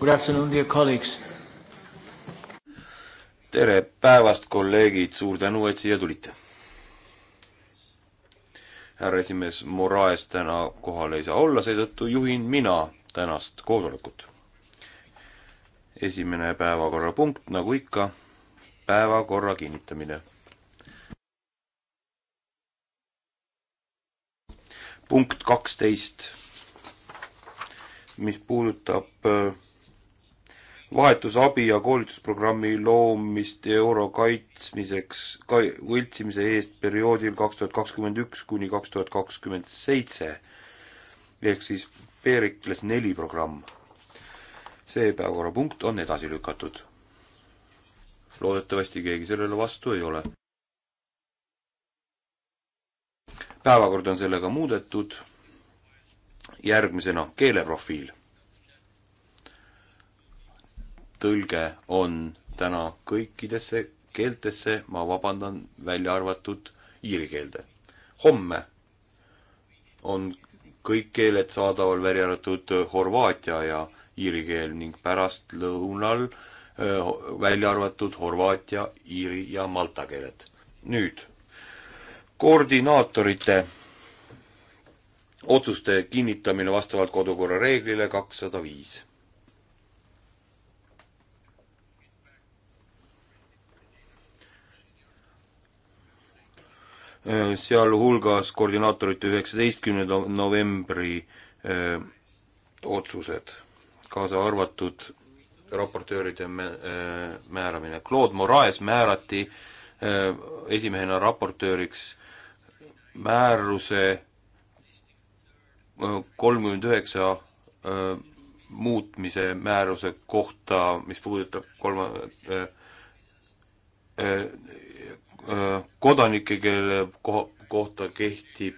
Good afternoon, dear colleagues. tere päevast, kolleegid, suur tänu, et siia tulite. härra esimees Moraes täna kohal ei saa olla, seetõttu juhin mina tänast koosolekut. esimene päevakorrapunkt, nagu ikka, päevakorra kinnitamine punkt kaksteist, mis puudutab äh, vahetusabi ja koolitusprogrammi loomist euro kaitsmiseks kai-, võltsimise eest perioodil kaks tuhat kakskümmend üks kuni kaks tuhat kakskümmend seitse, ehk siis Pericles neli programm. see päevakorrapunkt on edasi lükatud. loodetavasti keegi sellele vastu ei ole. päevakord on sellega muudetud, järgmisena keeleprofiil tõlge on täna kõikidesse keeltesse, ma vabandan, välja arvatud iiri keelde. homme on kõik keeled saadaval, välja arvatud äh, horvaatia ja iiri keel ning pärastlõunal äh, välja arvatud horvaatia, iiri ja malta keeled. nüüd koordinaatorite otsuste kinnitamine vastavalt kodukorra reeglile kakssada viis Äh, sealhulgas koordinaatorite üheksateistkümnenda novembri öö, äh, otsused, kaasa arvatud raportööride äh, määramine. Claude Moraes määrati öö, esimehena raportööriks määruse kolmkümmend üheksa muutmise määruse kohta, mis puudutab kolma- öö, kodanikke, kelle ko-, kohta kehtib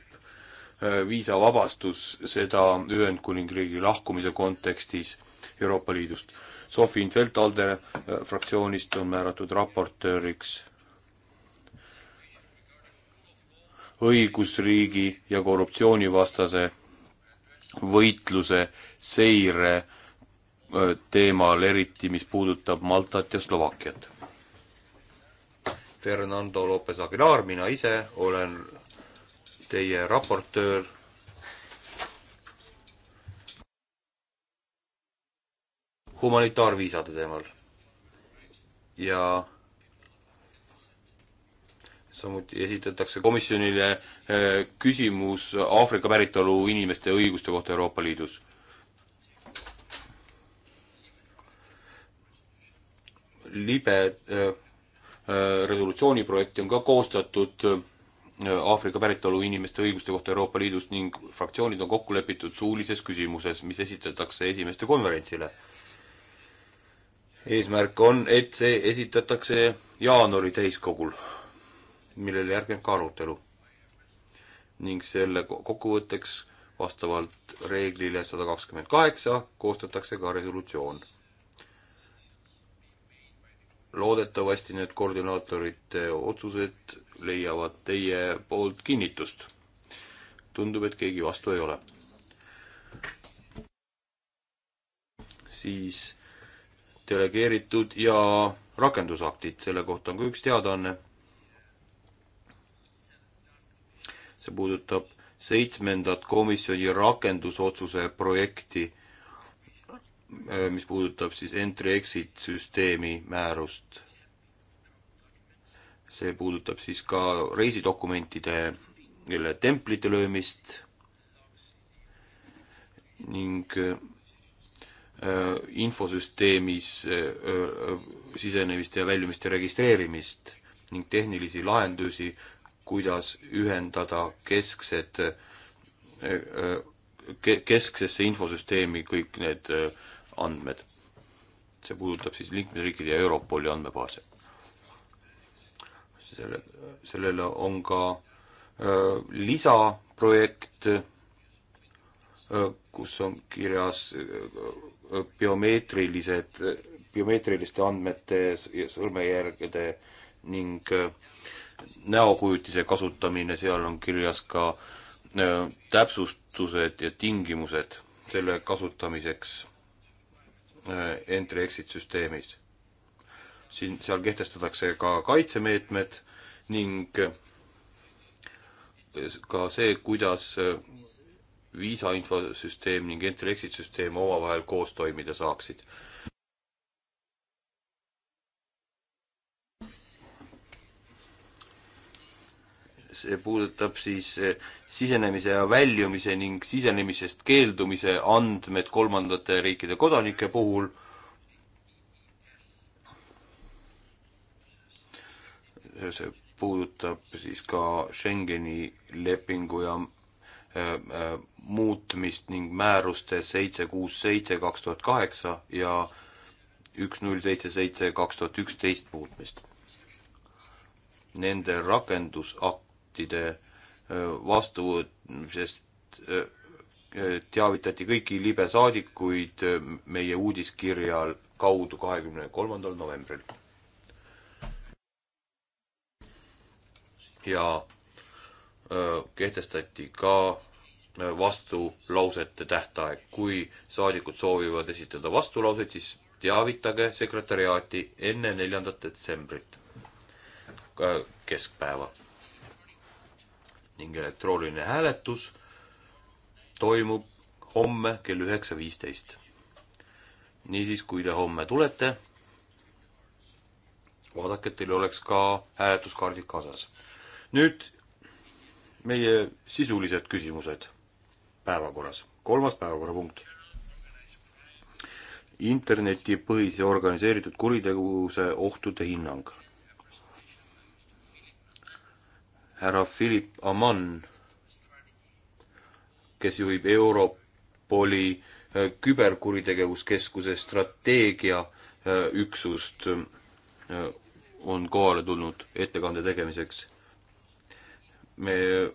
viisavabastus, seda Ühendkuningriigi lahkumise kontekstis Euroopa Liidust. Sofi Infeld-Alder fraktsioonist on määratud raportööriks õigusriigi ja korruptsioonivastase võitluse seire teemal, eriti mis puudutab Maltat ja Slovakkiat Fernando Lopez Aguilar, mina ise olen teie raportöör humanitaarviisade teemal. ja samuti esitatakse komisjonile eh, küsimus Aafrika päritolu inimeste õiguste kohta Euroopa Liidus. libe eh, Äh, resolutsiooni projekti on ka koostatud äh, Aafrika päritolu inimeste õiguste kohta Euroopa Liidus ning fraktsioonid on kokku lepitud suulises küsimuses, mis esitatakse esimeste konverentsile. eesmärk on, et see esitatakse jaanuari täiskogul, millele järgneb ka arutelu. ning selle kokkuvõtteks vastavalt reeglile sada kakskümmend kaheksa koostatakse ka resolutsioon loodetavasti need koordinaatorite otsused leiavad teie poolt kinnitust. tundub, et keegi vastu ei ole. siis delegeeritud ja rakendusaktid, selle kohta on ka üks teadaanne. see puudutab seitsmendat komisjoni rakendusotsuse projekti Äh, mis puudutab siis entry-exit süsteemi määrust. see puudutab siis ka reisidokumentide jälle templite löömist ning äh, infosüsteemis äh, äh sisenemiste ja väljumiste registreerimist ning tehnilisi lahendusi, kuidas ühendada kesksed äh,, äh kesksesse infosüsteemi kõik need äh, andmed. see puudutab siis liikmesriikide ja Europoli andmebaase. selle, sellele on ka öö, äh, lisaprojekt, äh, kus on kirjas öö, äh, biomeetrilised, biomeetriliste andmete ja sõrmejärgede ning öö, näokujutise kasutamine, seal on kirjas ka öö, täpsustused ja tingimused selle kasutamiseks Äh, entry-exit süsteemis. siin, seal kehtestatakse ka kaitsemeetmed ning äh, ka see, kuidas äh, viisa infosüsteem ning entry-exit süsteem omavahel koos toimida saaksid. see puudutab siis eh, sisenemise ja väljumise ning sisenemisest keeldumise andmed kolmandate riikide kodanike puhul. see puudutab siis ka Schengeni lepingu ja äh, muutmist ning määruste seitse, kuus, seitse, kaks tuhat kaheksa ja üks, null, seitse, seitse, kaks tuhat üksteist muutmist nende rakendusakt dokumentide vastuvõtmisest teavitati kõiki libe saadikuid meie uudiskirjal kaudu kahekümne kolmandal novembril. ja kehtestati ka vastulausete tähtaeg. kui saadikud soovivad esitada vastulauseid, siis teavitage sekretäriaati enne neljandat detsembrit keskpäeva ning elektrooniline hääletus toimub homme kell üheksa viisteist. niisiis, kui te homme tulete, vaadake, et teil oleks ka hääletuskaardid kaasas. nüüd meie sisulised küsimused päevakorras, kolmas päevakorrapunkt. internetipõhise organiseeritud kuritegevuse ohtude hinnang härra Philip Amann, kes juhib Europoli äh, küberkuritegevuskeskuse strateegiaüksust, äh, äh, on kohale tulnud ettekande tegemiseks. me öö,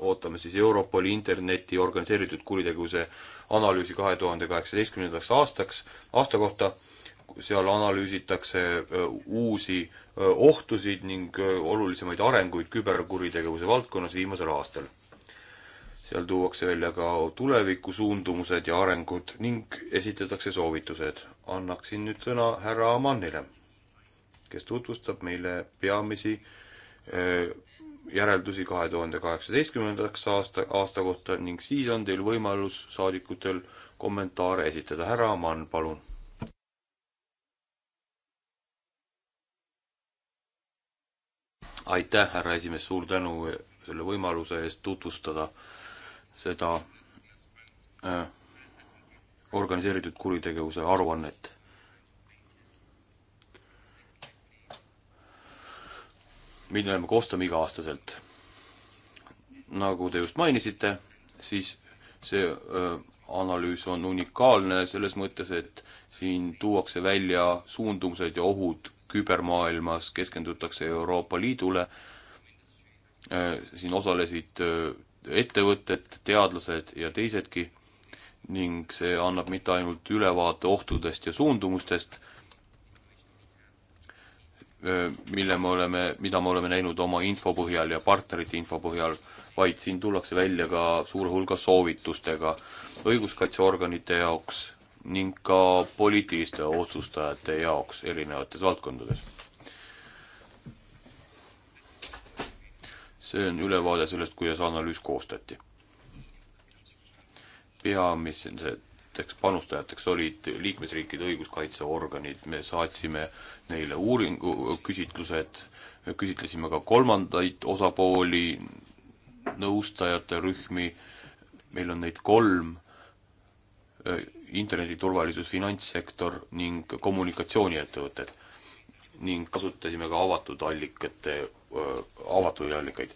ootame siis Europoli interneti organiseeritud kuritegevuse analüüsi kahe tuhande kaheksateistkümnendaks aastaks, aasta kohta, seal analüüsitakse uusi ohtusid ning olulisemaid arenguid küberkuritegevuse valdkonnas viimasel aastal. seal tuuakse välja ka tuleviku suundumused ja arengud ning esitatakse soovitused. annaksin nüüd sõna härra Amannile, kes tutvustab meile peamisi järeldusi kahe tuhande kaheksateistkümnendaks aasta, aasta kohta ning siis on teil võimalus saadikutel kommentaare esitada. härra Amann, palun aitäh, härra esimees, suur tänu selle võimaluse eest tutvustada seda äh, organiseeritud kuritegevuse aruannet. mille me koostame iga-aastaselt. nagu te just mainisite, siis see öö, äh, analüüs on unikaalne selles mõttes, et siin tuuakse välja suundumused ja ohud kübermaailmas keskendutakse Euroopa Liidule, äh, siin osalesid äh, ettevõtted, teadlased ja teisedki ning see annab mitte ainult ülevaate ohtudest ja suundumustest, äh, mille me oleme, mida me oleme näinud oma info põhjal ja partnerite info põhjal, vaid siin tullakse välja ka suure hulga soovitustega õiguskaitseorganite jaoks ning ka poliitiliste otsustajate jaoks erinevates valdkondades. see on ülevaade sellest, kuidas analüüs koostati. peamisteks panustajateks olid liikmesriikide õiguskaitseorganid, me saatsime neile uuringu, küsitlused, küsitlesime ka kolmandaid osapooli, nõustajate rühmi, meil on neid kolm, internetiturvalisus, finantssektor ning kommunikatsiooniettevõtted. ning kasutasime ka avatud allikate, avatud allikaid.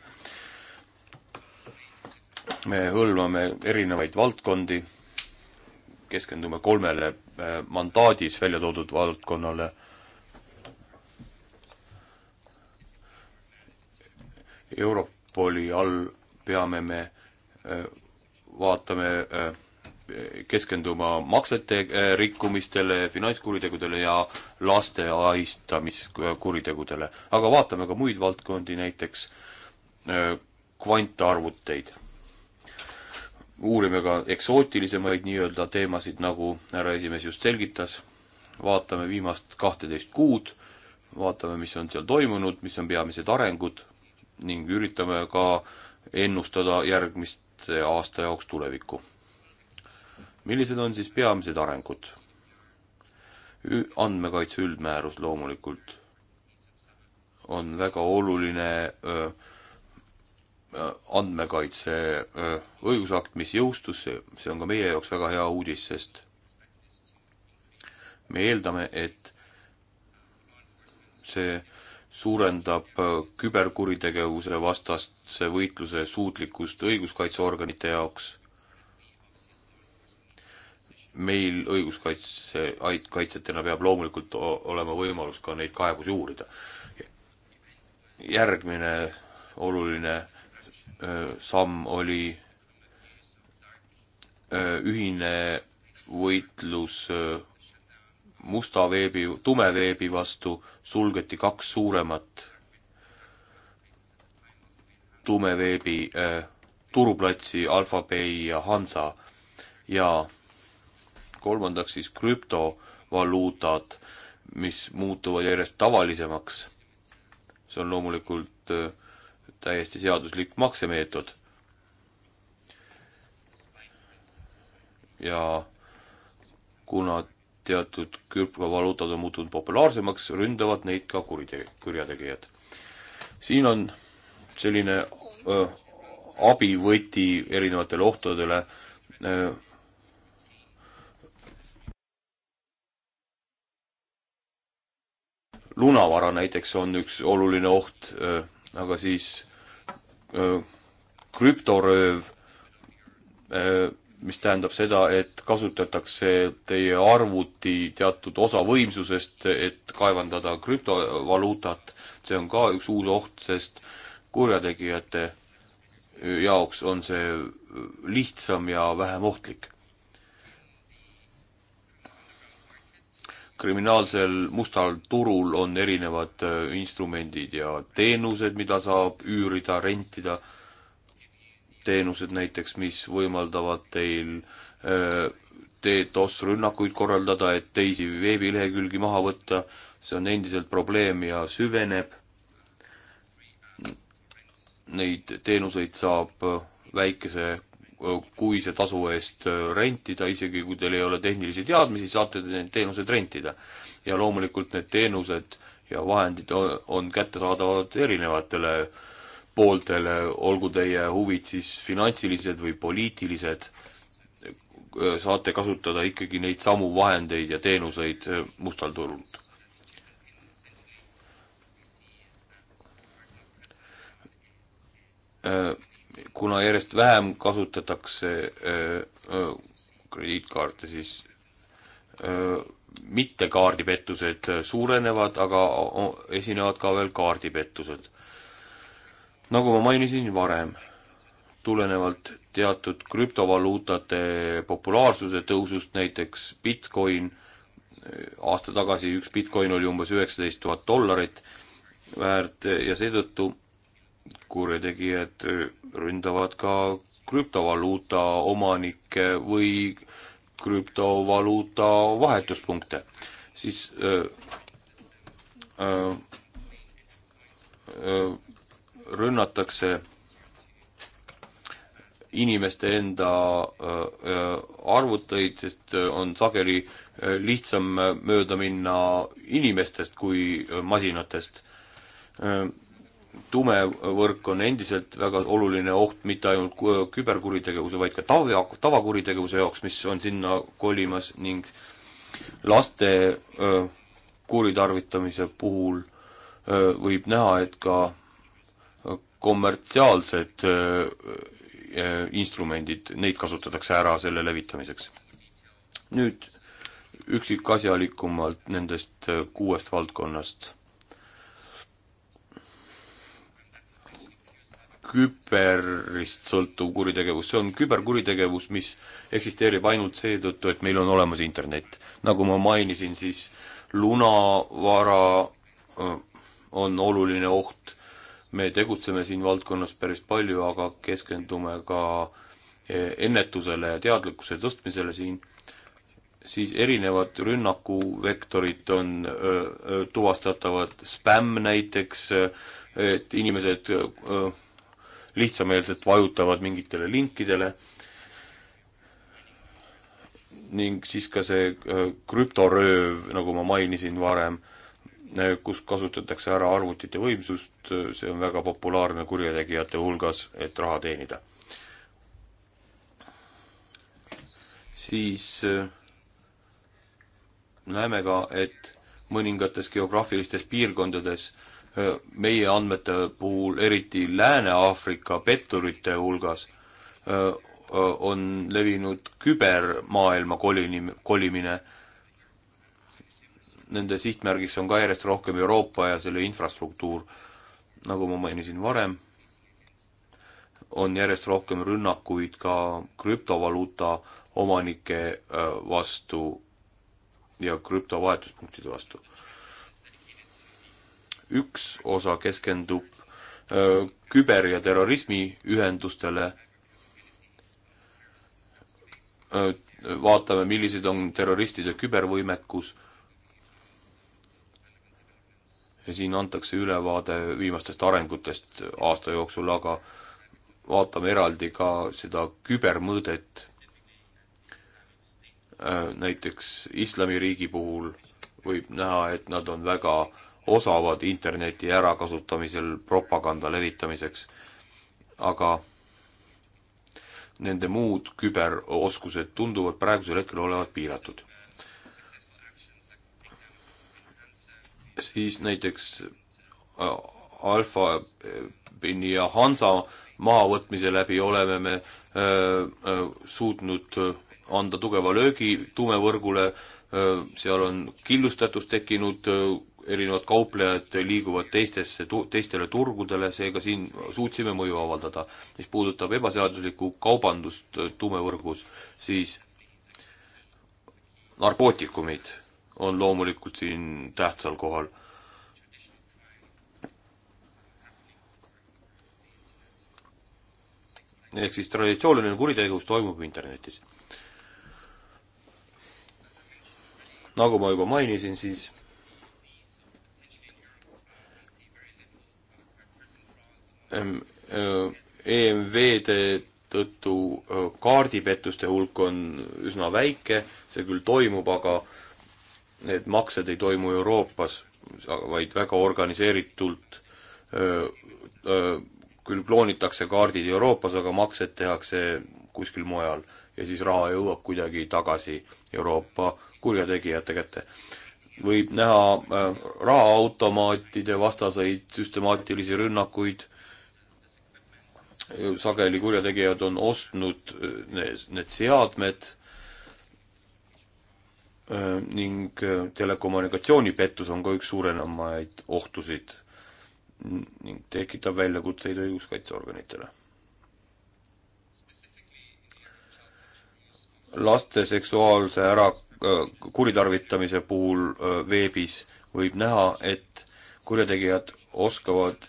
me hõlmame erinevaid valdkondi, keskendume kolmele mandaadis välja toodud valdkonnale Europoli all peame me, vaatame keskenduma maksete eh, rikkumistele, finantskuritegudele ja laste ahistamiskuritegudele. aga vaatame ka muid valdkondi, näiteks eh, kvantarvuteid. uurime ka eksootilisemaid nii-öelda teemasid, nagu härra esimees just selgitas, vaatame viimast kahteteist kuud, vaatame, mis on seal toimunud, mis on peamised arengud ning üritame ka ennustada järgmiste aasta jaoks tulevikku millised on siis peamised arengud? andmekaitse üldmäärus loomulikult on väga oluline öö, andmekaitse õigusakt, mis jõustus, see on ka meie jaoks väga hea uudis, sest me eeldame, et see suurendab küberkuritegevuse vastase võitluse suutlikkust õiguskaitseorganite jaoks meil õiguskaitse, kaitsjatena peab loomulikult olema võimalus ka neid kaebusi uurida. järgmine oluline samm oli ühine võitlus musta veebi, tume veebi vastu, sulgeti kaks suuremat tume veebi turuplatsi, Alphapay ja Hansa ja kolmandaks siis krüptovaluutad, mis muutuvad järjest tavalisemaks. see on loomulikult äh, täiesti seaduslik maksemeetod. ja kuna teatud krüptovaluutad on muutunud populaarsemaks, ründavad neid ka kuritege-, kurjategijad. siin on selline öö, äh, abivõti erinevatele ohtudele öö, äh, lunavara näiteks on üks oluline oht, aga siis krüptorööv, mis tähendab seda, et kasutatakse teie arvuti teatud osa võimsusest, et kaevandada krüptovaluutat, see on ka üks uus oht, sest kurjategijate jaoks on see lihtsam ja vähem ohtlik kriminaalsel mustal turul on erinevad äh, instrumendid ja teenused, mida saab üürida, rentida, teenused näiteks, mis võimaldavad teil DDoS äh, rünnakuid korraldada, et teisi veebilehekülgi maha võtta, see on endiselt probleem ja süveneb. Neid teenuseid saab äh, väikese kui see tasu eest rentida, isegi kui teil ei ole tehnilisi teadmisi, saate te need teenused rentida. ja loomulikult need teenused ja vahendid on, on kättesaadavad erinevatele pooltele, olgu teie huvid siis finantsilised või poliitilised, saate kasutada ikkagi neid samu vahendeid ja teenuseid mustal turul kuna järjest vähem kasutatakse äh, äh, krediitkaarte, siis äh, mittekaardipettused suurenevad, aga esinevad ka veel kaardipettused. nagu ma mainisin varem, tulenevalt teatud krüptovaluutade populaarsuse tõusust, näiteks Bitcoin, aasta tagasi üks Bitcoin oli umbes üheksateist tuhat dollarit väärt ja seetõttu kurjategijad ründavad ka krüptovaluuta omanikke või krüptovaluuta vahetuspunkte, siis öö, öö, öö, rünnatakse inimeste enda arvuteid, sest on sageli lihtsam mööda minna inimestest kui masinatest tume võrk on endiselt väga oluline oht mitte ainult küberkuritegevuse, vaid ka tava, tavakuritegevuse jaoks, mis on sinna kolimas ning laste öö, kuritarvitamise puhul öö, võib näha, et ka kommertsiaalsed öö, instrumendid, neid kasutatakse ära selle levitamiseks. nüüd üksikasjalikumalt nendest kuuest valdkonnast küberist sõltuv kuritegevus, see on küberkuritegevus, mis eksisteerib ainult seetõttu, et meil on olemas internet. nagu ma mainisin, siis lunavara on oluline oht, me tegutseme siin valdkonnas päris palju, aga keskendume ka e, ennetusele ja teadlikkuse tõstmisele siin, siis erinevad rünnakuvektorid on öö, tuvastatavad, spämm näiteks, et inimesed öö, lihtsameelselt vajutavad mingitele linkidele ning siis ka see äh, krüptorööv, nagu ma mainisin varem, äh, kus kasutatakse ära arvutite võimsust, äh, see on väga populaarne kurjategijate hulgas, et raha teenida. siis näeme ka, et mõningates geograafilistes piirkondades meie andmete puhul, eriti Lääne-Aafrika petturite hulgas, on levinud kübermaailma kolini-, kolimine. Nende sihtmärgiks on ka järjest rohkem Euroopa ja selle infrastruktuur. nagu ma mainisin varem, on järjest rohkem rünnakuid ka krüptovaluuta omanike vastu ja krüptovahetuspunktide vastu üks osa keskendub küber- ja terrorismiühendustele. vaatame, millised on terroristide kübervõimekus. ja siin antakse ülevaade viimastest arengutest aasta jooksul, aga vaatame eraldi ka seda kübermõõdet. näiteks islamiriigi puhul võib näha, et nad on väga äh, osavad interneti ärakasutamisel propaganda levitamiseks, aga nende muud küberoskused tunduvad praegusel hetkel olevat piiratud. siis näiteks äh, Alfa ja Hansa mahavõtmise läbi oleme me öö, äh, öö, äh, suutnud anda tugeva löögi tumevõrgule, seal on killustatus tekkinud, erinevad kauplejad liiguvad teistesse, teistele turgudele, seega siin suutsime mõju avaldada. mis puudutab ebaseaduslikku kaubandust äh, tumevõrgus, siis narkootikumid on loomulikult siin tähtsal kohal. ehk siis traditsiooniline kuritegevus toimub internetis. nagu ma juba mainisin, siis EMV-de e tõttu kaardipettuste hulk on üsna väike, see küll toimub, aga need maksed ei toimu Euroopas, vaid väga organiseeritult küll kloonitakse kaardid Euroopas, aga maksed tehakse kuskil mujal ja siis raha jõuab kuidagi tagasi Euroopa kurjategijate kätte. võib näha rahaautomaatide vastaseid süstemaatilisi rünnakuid sageli kurjategijad on ostnud äh, need, need seadmed äh, ning äh, telekommunikatsioonipettus on ka üks suurenemaid ohtusid ning tekitab väljakutseid õiguskaitseorganitele. laste seksuaalse ära kuritarvitamise puhul veebis võib näha, et kurjategijad oskavad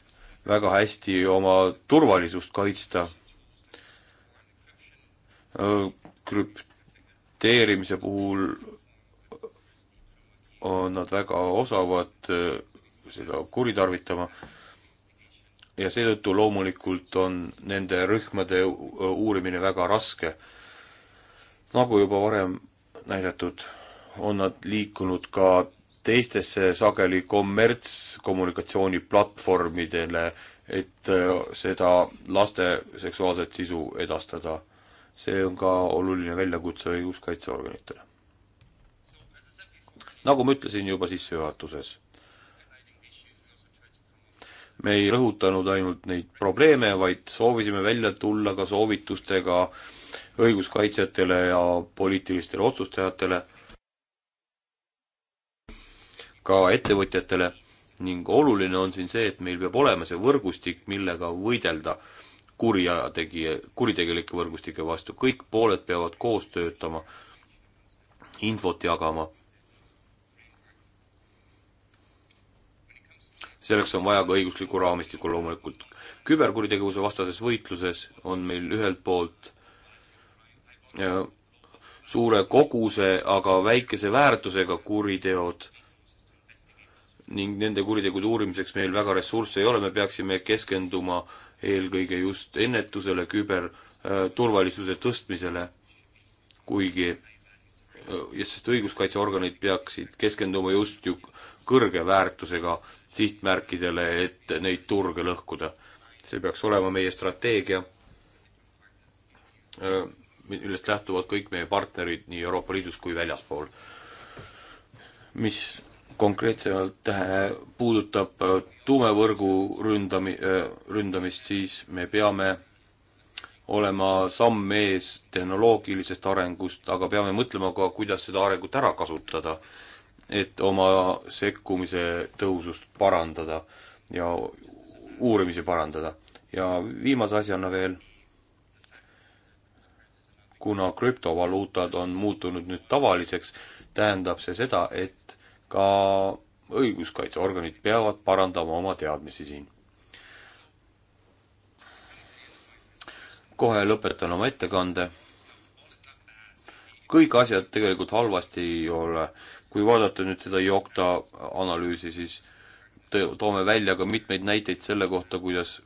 väga hästi oma turvalisust kaitsta. krüpteerimise puhul on nad väga osavad eh, seda kuritarvitama ja seetõttu loomulikult on nende rühmade uurimine väga raske. nagu juba varem näidatud, on nad liikunud ka teistesse sageli kommertskommunikatsiooniplatvormidele, et äh, seda laste seksuaalset sisu edastada. see on ka oluline väljakutse õiguskaitseorganitele. nagu ma ütlesin juba sissejuhatuses, me ei rõhutanud ainult neid probleeme, vaid soovisime välja tulla ka soovitustega õiguskaitsjatele ja poliitilistele otsustajatele ka ettevõtjatele ning oluline on siin see, et meil peab olema see võrgustik, millega võidelda kurjategija, kuritegelike võrgustike vastu, kõik pooled peavad koos töötama, infot jagama. selleks on vaja ka õiguslikku raamistikku loomulikult. küberkuritegevuse vastases võitluses on meil ühelt poolt äh, suure koguse, aga väikese väärtusega kuriteod ning nende kuritegude uurimiseks meil väga ressursse ei ole, me peaksime keskenduma eelkõige just ennetusele, küberturvalisuse äh, tõstmisele, kuigi äh, ja sest õiguskaitseorganid peaksid keskenduma just ju kõrge väärtusega sihtmärkidele, et neid turge lõhkuda. see peaks olema meie strateegia, äh, millest lähtuvad kõik meie partnerid nii Euroopa Liidus kui väljaspool. mis konkreetsemalt eh, puudutab eh, tuumevõrgu ründami-, eh, ründamist, siis me peame olema samm ees tehnoloogilisest arengust, aga peame mõtlema ka, kuidas seda arengut ära kasutada, et oma sekkumise tõhusust parandada ja uurimisi parandada. ja viimase asjana veel, kuna krüptovaluutad on muutunud nüüd tavaliseks, tähendab see seda, et ka õiguskaitseorganid peavad parandama oma teadmisi siin. kohe lõpetan oma ettekande. kõik asjad tegelikult halvasti ei ole. kui vaadata nüüd seda Yokta analüüsi, siis toome välja ka mitmeid näiteid selle kohta, kuidas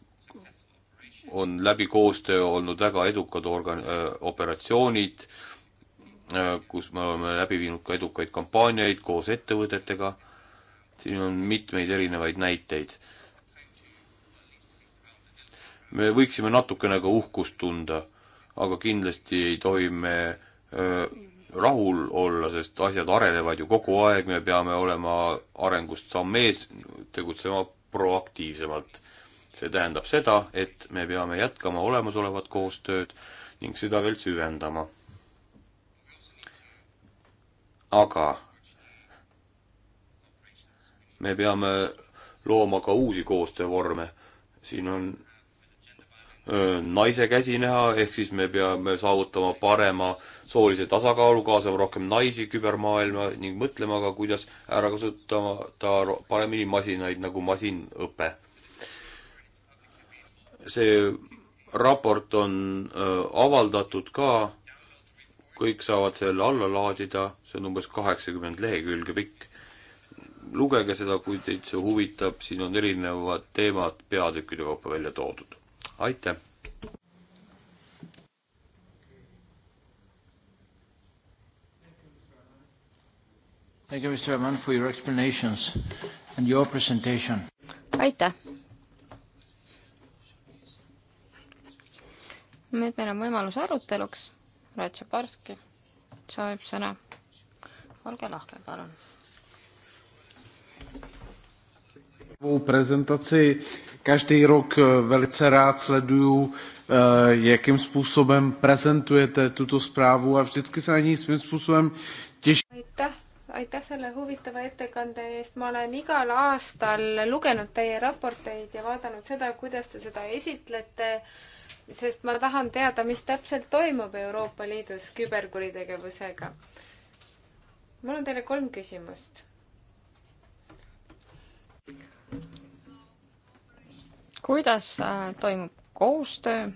on läbi koostöö olnud väga edukad organ-, operatsioonid äh,, Äh, kus me oleme läbi viinud ka edukaid kampaaniaid koos ettevõtetega. siin on mitmeid erinevaid näiteid. me võiksime natukene ka uhkust tunda, aga kindlasti ei tohi me äh, rahul olla, sest asjad arenevad ju kogu aeg, me peame olema arengust samm ees, tegutsema proaktiivsemalt. see tähendab seda, et me peame jätkama olemasolevat koostööd ning seda veel süvendama aga me peame looma ka uusi koostöövorme. siin on naise käsi näha, ehk siis me peame saavutama parema soolise tasakaalu, kaasama rohkem naisi kübermaailma ning mõtlema ka, kuidas ära kasutada paremini masinaid nagu masinõpe. see raport on avaldatud ka kõik saavad selle alla laadida, see on umbes kaheksakümmend lehekülge pikk. lugege seda, kui teid see huvitab, siin on erinevad teemad peatükkide kaupa välja toodud. aitäh! Thank you, Mr. Rahman, for your explanations and your presentation. aitäh! nüüd meil on võimalus aruteluks Ratšaparski soovib sõna. olge lahke, palun. prezentaci každý rok eh, velice rád sleduju, eh, jakým způsobem prezentujete tuto zprávu a vždycky se na ní svým způsobem těším. Aitäh, aitäh selle huvitava ettekande eest. Ma olen igal aastal lugenud teie raporteid ja vaadanud seda, kuidas te seda esitlete sest ma tahan teada, mis täpselt toimub Euroopa Liidus küberkuritegevusega. mul on teile kolm küsimust. kuidas äh, toimub koostöö?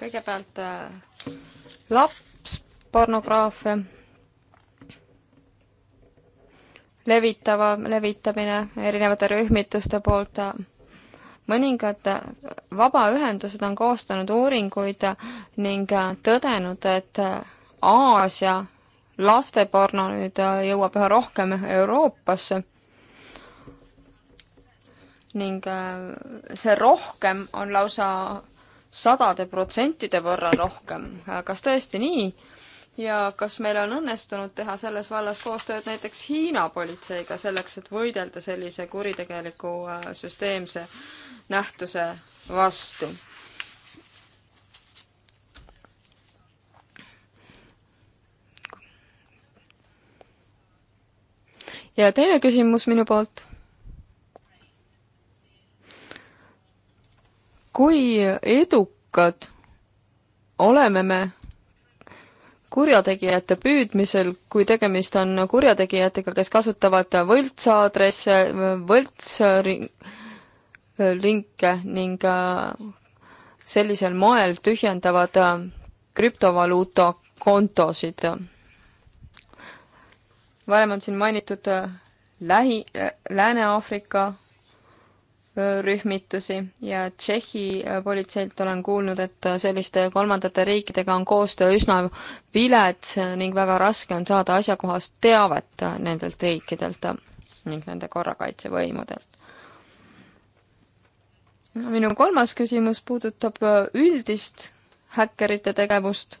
kõigepealt äh, laps pornograafia levitava, levitamine erinevate rühmituste poolt. mõningad vabaühendused on koostanud uuringuid ning tõdenud, et Aasia lasteporno nüüd jõuab üha rohkem Euroopasse ning äh, see rohkem on lausa sadade protsentide võrra rohkem. kas tõesti nii? ja kas meil on õnnestunud teha selles vallas koostööd näiteks Hiina politseiga selleks, et võidelda sellise kuritegeliku äh, süsteemse nähtuse vastu? ja teine küsimus minu poolt. kui edukad oleme me kurjategijate püüdmisel, kui tegemist on kurjategijatega, kes kasutavad võltsaadresse, võltslinke ning äh, sellisel moel tühjendavad äh, krüptovaluuta kontosid. varem on siin mainitud äh, Lähi, Lääne-Aafrika rühmitusi ja Tšehhi äh, politseilt olen kuulnud, et äh, selliste kolmandate riikidega on koostöö üsna vilets äh, ning väga raske on saada asjakohast teavet nendelt riikidelt ning nende korrakaitsevõimudelt. minu kolmas küsimus puudutab üldist häkkerite tegevust,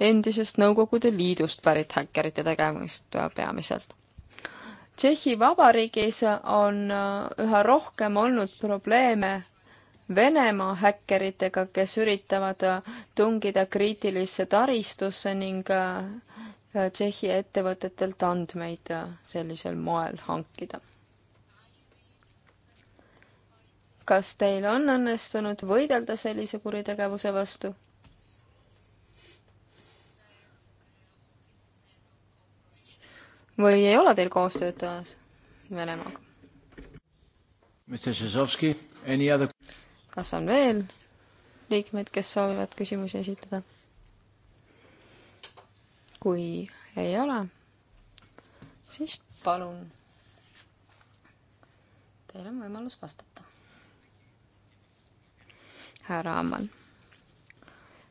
endisest Nõukogude Liidust pärit häkkerite tegevust peamiselt Tšehhi Vabariigis on äh, üha rohkem olnud probleeme Venemaa häkkeritega, kes üritavad äh, tungida kriitilisse taristusse ning äh, Tšehhi ettevõtetelt andmeid sellisel moel hankida. kas teil on õnnestunud võidelda sellise kuritegevuse vastu? või ei ole teil koostööd Venemaaga? Other... kas on veel liikmeid, kes soovivad küsimusi esitada? kui ei ole, siis palun. Teil on võimalus vastata. härra Amman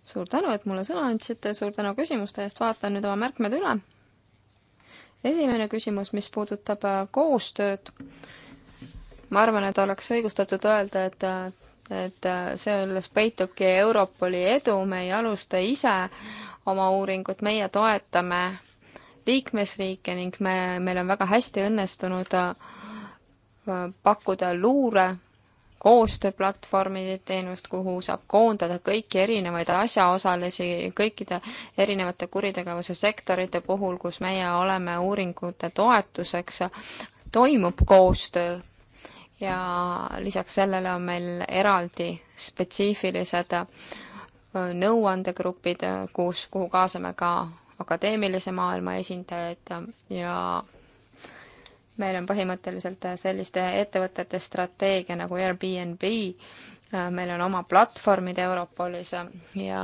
suur tänu, et mulle sõna andsite, suur tänu küsimuste eest, vaatan nüüd oma märkmed üle esimene küsimus, mis puudutab äh, koostööd. ma arvan, et oleks õigustatud öelda, et äh, et äh, selles peitubki Europoli edu, me ei alusta ise oma uuringut, meie toetame liikmesriike ning me, meil on väga hästi õnnestunud pakkuda luure koostööplatvormi teenust, kuhu saab koondada kõiki erinevaid asjaosalisi kõikide erinevate kuritegevuse sektorite puhul, kus meie oleme uuringute toetuseks, toimub koostöö ja lisaks sellele on meil eraldi spetsiifilised äh, nõuandegrupid, äh, kus, kuhu kaasame ka akadeemilise maailma esindajaid ja meil on põhimõtteliselt äh, selliste ettevõtete strateegia nagu Airbnb, äh, meil on oma platvormid Europolis äh, ja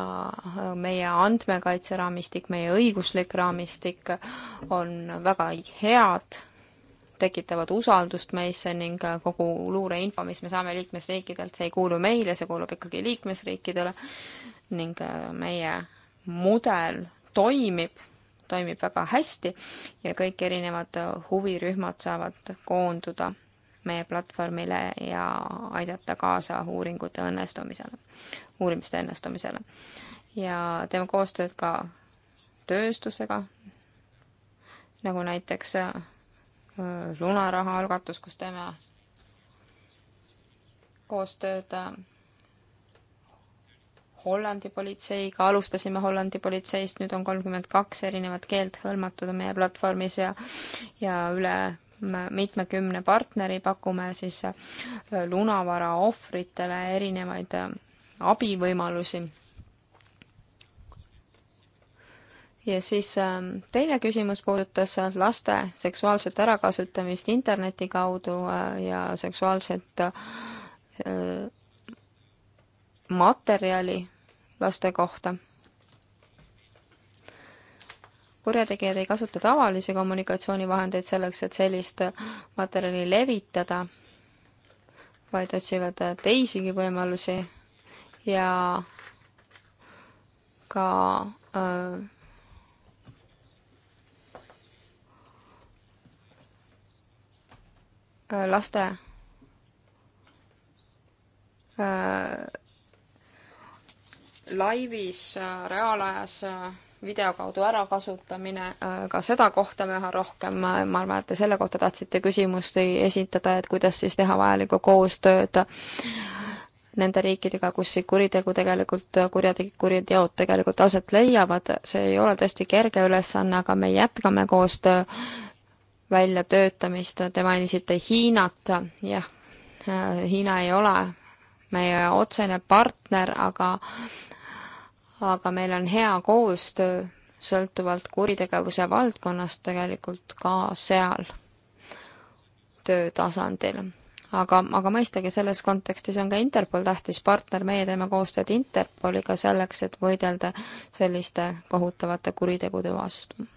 meie andmekaitseraamistik, meie õiguslik raamistik on väga head, tekitavad usaldust meisse ning kogu luureinfo, mis me saame liikmesriikidelt, see ei kuulu meile, see kuulub ikkagi liikmesriikidele ning meie mudel toimib toimib väga hästi ja kõik erinevad huvirühmad saavad koonduda meie platvormile ja aidata kaasa uuringute õnnestumisele, uurimiste õnnestumisele. ja teeme koostööd ka tööstusega, nagu näiteks äh, lunaraha algatus, kus teeme koostööd äh, Hollandi politseiga, alustasime Hollandi politseist, nüüd on kolmkümmend kaks erinevat keelt hõlmatud meie platvormis ja ja üle mitmekümne partneri pakume siis äh, lunavara ohvritele erinevaid äh, abivõimalusi. ja siis ähm, teine küsimus puudutas laste seksuaalset ärakasutamist interneti kaudu äh, ja seksuaalset materjali laste kohta. kurjategijad ei kasuta tavalisi kommunikatsioonivahendeid selleks, et sellist materjali levitada, vaid otsivad teisigi võimalusi ja ka öö, äh, laste öö, äh, laivis äh, reaalajas äh, video kaudu ärakasutamine, äh, ka seda kohtame üha rohkem, ma arvan, et te selle kohta tahtsite küsimust esitada, et kuidas siis teha vajalikku koostööd nende riikidega, kus see kuritegu tegelikult, kurjategi-, kuriteod tegelikult aset leiavad, see ei ole tõesti kerge ülesanne, aga me jätkame koostöö väljatöötamist, te mainisite Hiinat, jah, Hiina ei ole meie otsene partner, aga aga meil on hea koostöö sõltuvalt kuritegevuse valdkonnast tegelikult ka seal töötasandil. aga, aga mõistagi, selles kontekstis on ka Interpol tähtis partner, meie teeme koostööd Interpoliga selleks, et võidelda selliste kohutavate kuritegude vastu.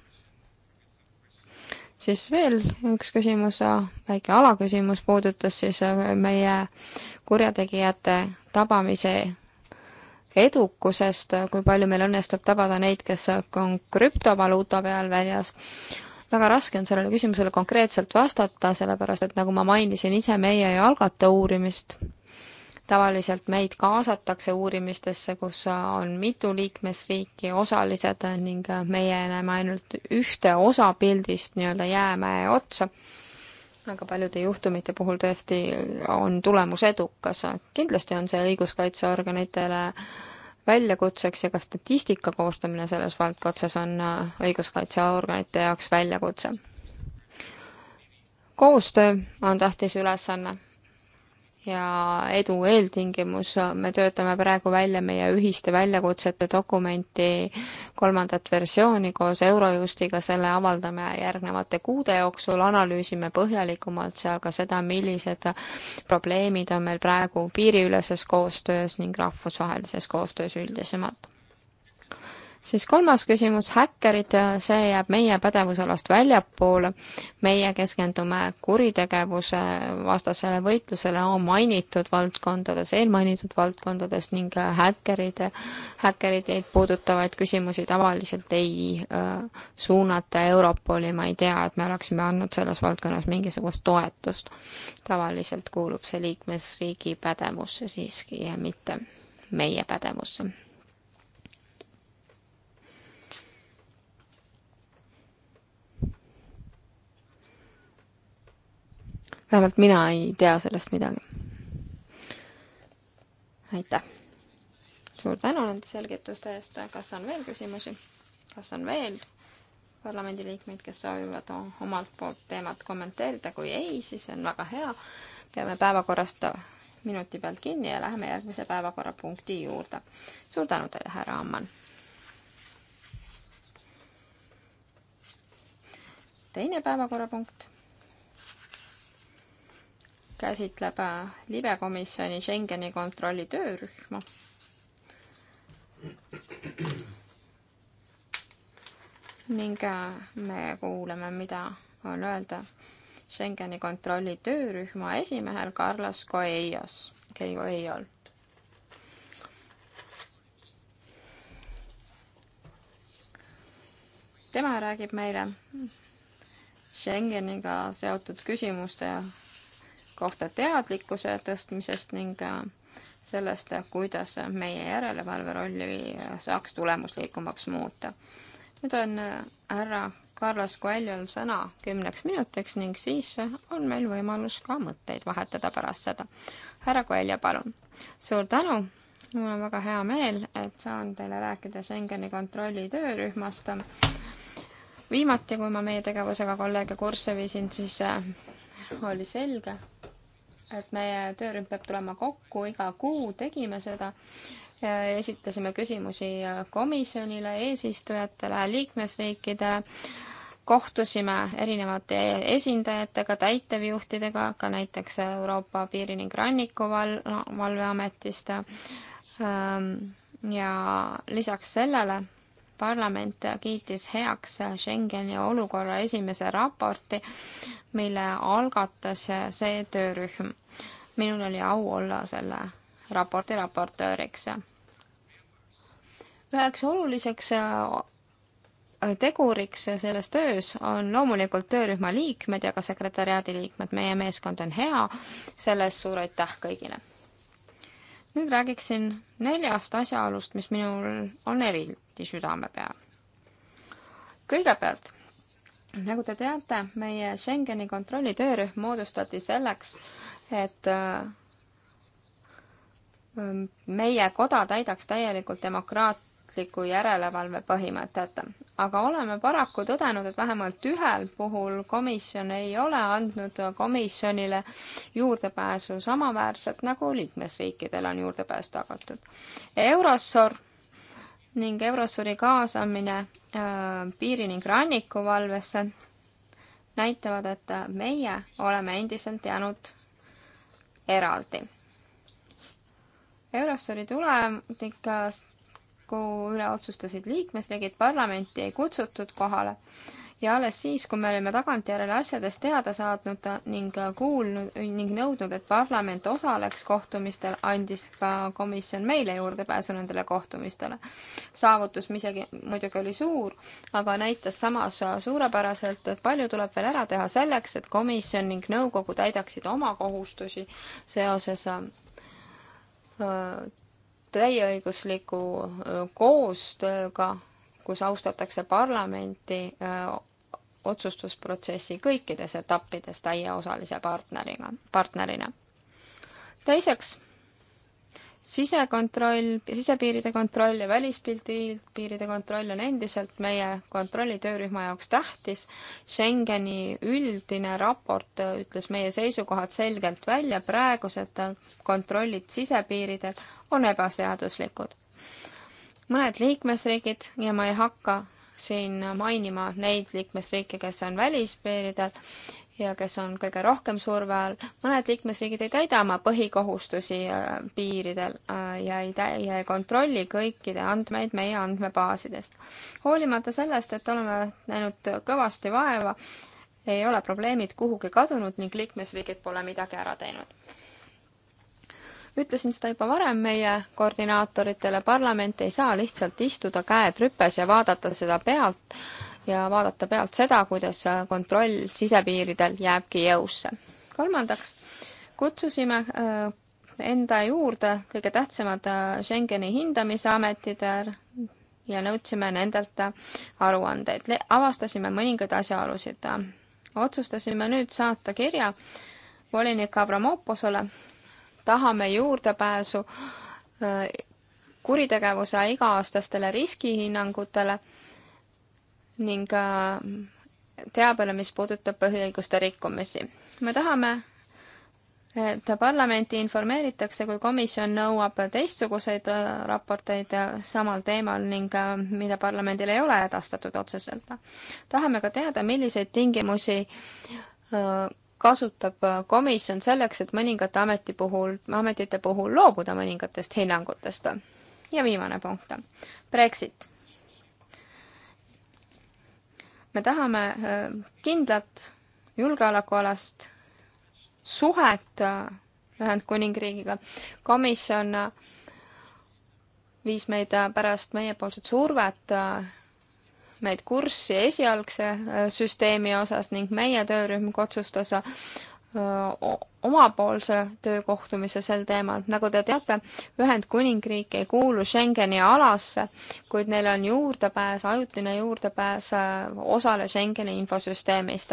siis veel üks küsimus, väike alaküsimus puudutas siis meie kurjategijate tabamise edukusest, kui palju meil õnnestub tabada neid, kes on krüptovaluuta peal väljas. väga raske on sellele küsimusele konkreetselt vastata, sellepärast et nagu ma mainisin ise, meie ei algata uurimist, tavaliselt meid kaasatakse uurimistesse, kus on mitu liikmesriiki osalised ning meie näeme ainult ühte osa pildist nii-öelda jäämäe otsa väga paljude juhtumite puhul tõesti on tulemus edukas. kindlasti on see õiguskaitseorganitele väljakutseks ja ka statistika koostamine selles valdkonnas on õiguskaitseorganite jaoks väljakutse. koostöö on tähtis ülesanne ja edu eeltingimus, me töötame praegu välja meie ühiste väljakutsete dokumenti kolmandat versiooni koos Eurojustiga, selle avaldame järgnevate kuude jooksul, analüüsime põhjalikumalt seal ka seda, millised probleemid on meil praegu piiriüleses koostöös ning rahvusvahelises koostöös üldisemalt siis kolmas küsimus, häkkerid, äh, see jääb meie pädevusalast väljapoole. meie keskendume kuritegevuse äh, vastasele võitlusele A mainitud valdkondades, eelmainitud valdkondades ning äh, häkkerid, häkkerideid puudutavaid küsimusi tavaliselt ei äh, suunata Europoli, ma ei tea, et me oleksime andnud selles valdkonnas mingisugust toetust. tavaliselt kuulub see liikmesriigi pädevusse siiski ja mitte meie pädevusse vähemalt mina ei tea sellest midagi. aitäh! suur tänu nende selgituste eest, kas on veel küsimusi? kas on veel parlamendiliikmeid, kes soovivad omalt poolt teemat kommenteerida, kui ei, siis on väga hea. peame päevakorrast minuti pealt kinni ja läheme järgmise päevakorrapunkti juurde. suur tänu teile, härra Amman. teine päevakorrapunkt käsitleb äh, libekomisjoni Schengeni kontrolli töörühma. ning äh, me kuuleme, mida on öelda Schengeni kontrolli töörühma esimehel Carlos Coelhos, Coelhol. tema räägib meile Schengeniga seotud küsimuste kohta teadlikkuse tõstmisest ning äh, sellest, kuidas meie järelevalve rolli saaks tulemuslikumaks muuta. nüüd on äh, härra Carlos Coelho'l sõna kümneks minutiks ning siis on meil võimalus ka mõtteid vahetada pärast seda. härra Coelho, palun. suur tänu mul on väga hea meel, et saan teile rääkida Schengeni kontrolli töörühmast. viimati, kui ma meie tegevusega kolleege kursse viisin, siis äh, oli selge, et meie töörühm peab tulema kokku iga kuu, tegime seda, esitasime küsimusi komisjonile, eesistujatele, liikmesriikidele, kohtusime erinevate esindajatega, täitevjuhtidega, ka näiteks Euroopa Piiri- ning Rannikuvalveametist ja lisaks sellele parlament kiitis heaks Schengeni olukorra esimese raporti, mille algatas see töörühm. minul oli au olla selle raporti raportööriks. üheks oluliseks äh, teguriks selles töös on loomulikult töörühma liikmed ja ka sekretäriaadi liikmed. meie meeskond on hea, selle eest suur aitäh kõigile. nüüd räägiksin neljast asjaolust, mis minul on eri, eriti südame peal. kõigepealt, nagu te teate, meie Schengeni kontrolli töörühm moodustati selleks, et äh, meie koda täidaks täielikult demokraatliku järelevalve põhimõtet. aga oleme paraku tõdenud, et vähemalt ühel puhul komisjon ei ole andnud komisjonile juurdepääsu samaväärselt, nagu liikmesriikidel on juurdepääs tagatud. Eurosor ning Eurosuri kaasamine äh, piiri- ning rannikuvalvesse näitavad, et meie oleme endiselt jäänud eraldi. Eurosuri tulemiku üle otsustasid liikmesriigid, parlamenti ei kutsutud kohale ja alles siis, kui me olime tagantjärele asjadest teada saatnud ning kuulnud ning nõudnud, et parlament osaleks kohtumistel, andis ka komisjon meile juurdepääsu nendele kohtumistele. saavutus isegi muidugi oli suur, aga näitas samas suurepäraselt, et palju tuleb veel ära teha selleks, et komisjon ning nõukogu täidaksid oma kohustusi seoses äh, täieõigusliku äh, koostööga kus austatakse parlamenti otsustusprotsessi kõikides etappides täieosalise partneriga, partnerina. teiseks, sisekontroll, sisepiiride kontroll ja välispiiride kontroll on endiselt meie kontrolli töörühma jaoks tähtis. Schengeni üldine raport ütles meie seisukohad selgelt välja, praegused kontrollid sisepiiridel on ebaseaduslikud mõned liikmesriigid ja ma ei hakka siin mainima neid liikmesriike, kes on välispiiridel ja kes on kõige rohkem surve all. mõned liikmesriigid ei täida oma põhikohustusi äh, piiridel äh, ja ei tä-, ja ei kontrolli kõikide andmeid meie andmebaasidest. hoolimata sellest, et oleme näinud kõvasti vaeva, ei ole probleemid kuhugi kadunud ning liikmesriigid pole midagi ära teinud ütlesin seda juba varem meie koordinaatoritele, parlament ei saa lihtsalt istuda käed rüpes ja vaadata seda pealt ja vaadata pealt seda, kuidas kontroll sisepiiridel jääbki jõusse. kolmandaks kutsusime äh, enda juurde kõige tähtsamad äh, Schengeni hindamisametid äh, ja nõudsime nendelt aruandeid. avastasime mõningaid asjaolusid. otsustasime nüüd saata kirja volinik Avramoposole tahame juurdepääsu äh, kuritegevuse iga-aastastele riskihinnangutele ning äh, teabele, mis puudutab põhiõiguste rikkumisi. me tahame, et parlamenti informeeritakse, kui komisjon nõuab teistsuguseid äh, raporteid samal teemal ning mida parlamendil ei ole edastatud otseselt. tahame ka teada, milliseid tingimusi kasutab äh, komisjon selleks, et mõningate ameti puhul, ametite puhul loobuda mõningatest hinnangutest. ja viimane punkt, Brexit. me tahame äh, kindlat julgeolekualast suhet äh, Ühendkuningriigiga. komisjon viis meid pärast meiepoolset survet meid kurssi esialgse äh, süsteemi osas ning meie töörühm otsustas äh, omapoolse töökohtumise sel teemal. nagu te teate, Ühendkuningriik ei kuulu Schengeni alasse, kuid neil on juurdepääs, ajutine juurdepääs äh, osale Schengeni infosüsteemist.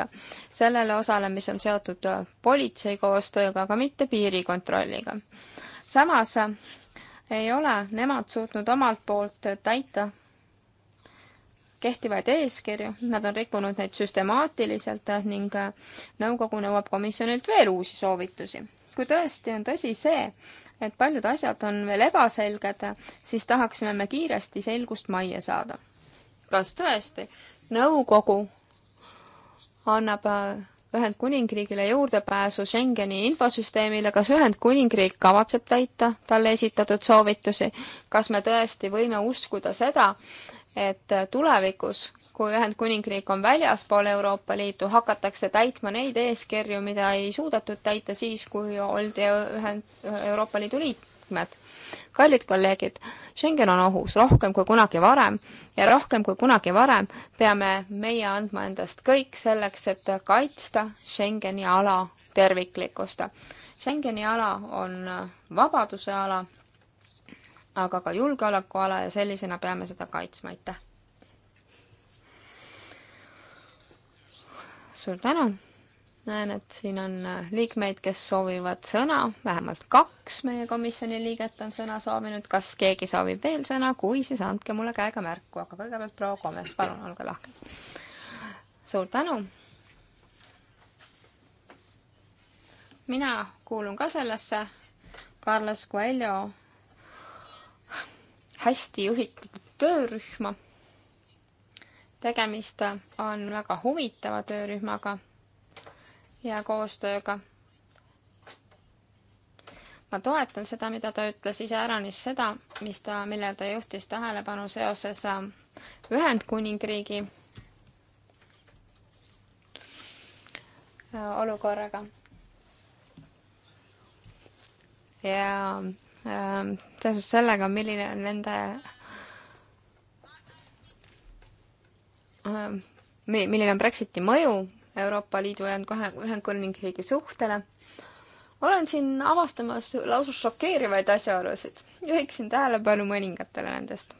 sellele osale, mis on seotud politsei koostööga, aga mitte piirikontrolliga. samas ei ole nemad suutnud omalt poolt täita kehtivaid eeskirju, nad on rikkunud neid süstemaatiliselt eh, ning eh, nõukogu nõuab komisjonilt veel uusi soovitusi. kui tõesti on tõsi see, et paljud asjad on veel ebaselged, siis tahaksime me kiiresti selgust majja saada. kas tõesti nõukogu annab eh, Ühendkuningriigile juurdepääsu Schengeni infosüsteemile, kas Ühendkuningriik kavatseb täita talle esitatud soovitusi, kas me tõesti võime uskuda seda, et tulevikus, kui Ühendkuningriik on väljaspool Euroopa Liitu, hakatakse täitma neid eeskirju, mida ei suudetud täita siis, kui oldi Ühend-, Euroopa Liidu liikmed. kallid kolleegid, Schengen on ohus rohkem kui kunagi varem ja rohkem kui kunagi varem peame meie andma endast kõik selleks, et kaitsta Schengeni ala terviklikkust. Schengeni ala on vabaduse ala aga ka julgeolekuala ja sellisena peame seda kaitsma, aitäh! suur tänu! näen, et siin on äh, liikmeid, kes soovivad sõna, vähemalt kaks meie komisjoni liiget on sõna soovinud, kas keegi soovib veel sõna, kui, siis andke mulle käega märku, aga kõigepealt proua Komes, palun, olge lahke. suur tänu. mina kuulun ka sellesse Carlos Coelho hästi juhitud töörühma. tegemist on väga huvitava töörühmaga ja koostööga. ma toetan seda, mida ta ütles, iseäranis seda, mis ta, millele ta juhtis tähelepanu seoses äh, Ühendkuningriigi äh, olukorraga. ja Ähm, seoses sellega, milline on nende ähm, milline on Brexiti mõju Euroopa Liidu ja Ühendkuningriigi suhtele, olen siin avastamas lausa šokeerivaid asjaolusid. juhiksin tähelepanu mõningatele nendest.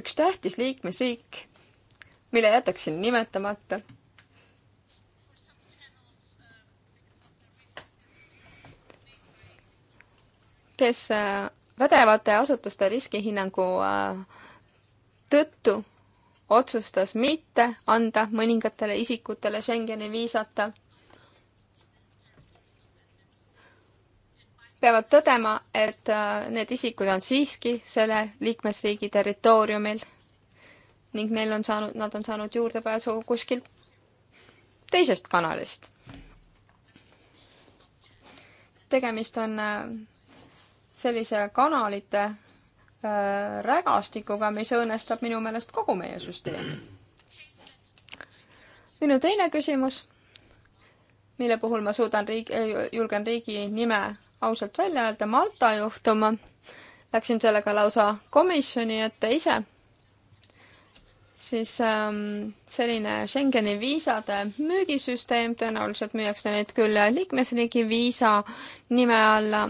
üks tähtis liikmesriik, mille jätaksin nimetamata kes äh, pädevate asutuste riskihinnangu äh, tõttu otsustas mitte anda mõningatele isikutele Schengeni viisata, peavad tõdema, et äh, need isikud on siiski selle liikmesriigi territooriumil ning neil on saanud, nad on saanud juurdepääsu kuskilt teisest kanalist. tegemist on sellise kanalite äh, rägastikuga, mis õõnestab minu meelest kogu meie süsteemi. minu teine küsimus, mille puhul ma suudan riigi, äh, julgen riigi nime ausalt välja öelda, Malta juhtum. Läksin sellega lausa komisjoni ette ise. siis ähm, selline Schengeni viisade müügisüsteem, tõenäoliselt müüakse neid küll liikmesriigi viisa nime alla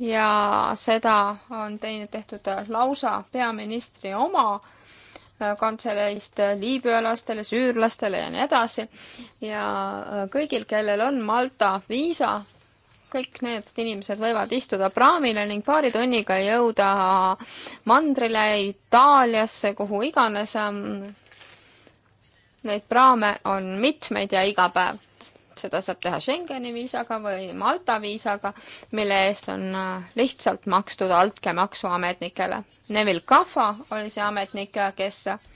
ja seda on teinud, tehtud äh, lausa peaministri oma äh, kantseleist äh, liibüalastele, süürlastele ja nii edasi. ja kõigil, kellel on Malta viisa, kõik need inimesed võivad istuda praamile ning paari tunniga jõuda mandrile, Itaaliasse, kuhu iganes. Ähm, neid praame on mitmeid ja iga päev seda saab teha Schengeni viisaga või Malta viisaga, mille eest on äh, lihtsalt makstud altkäemaksu ametnikele. Neville Kaffa oli see ametnik, äh, kes äh,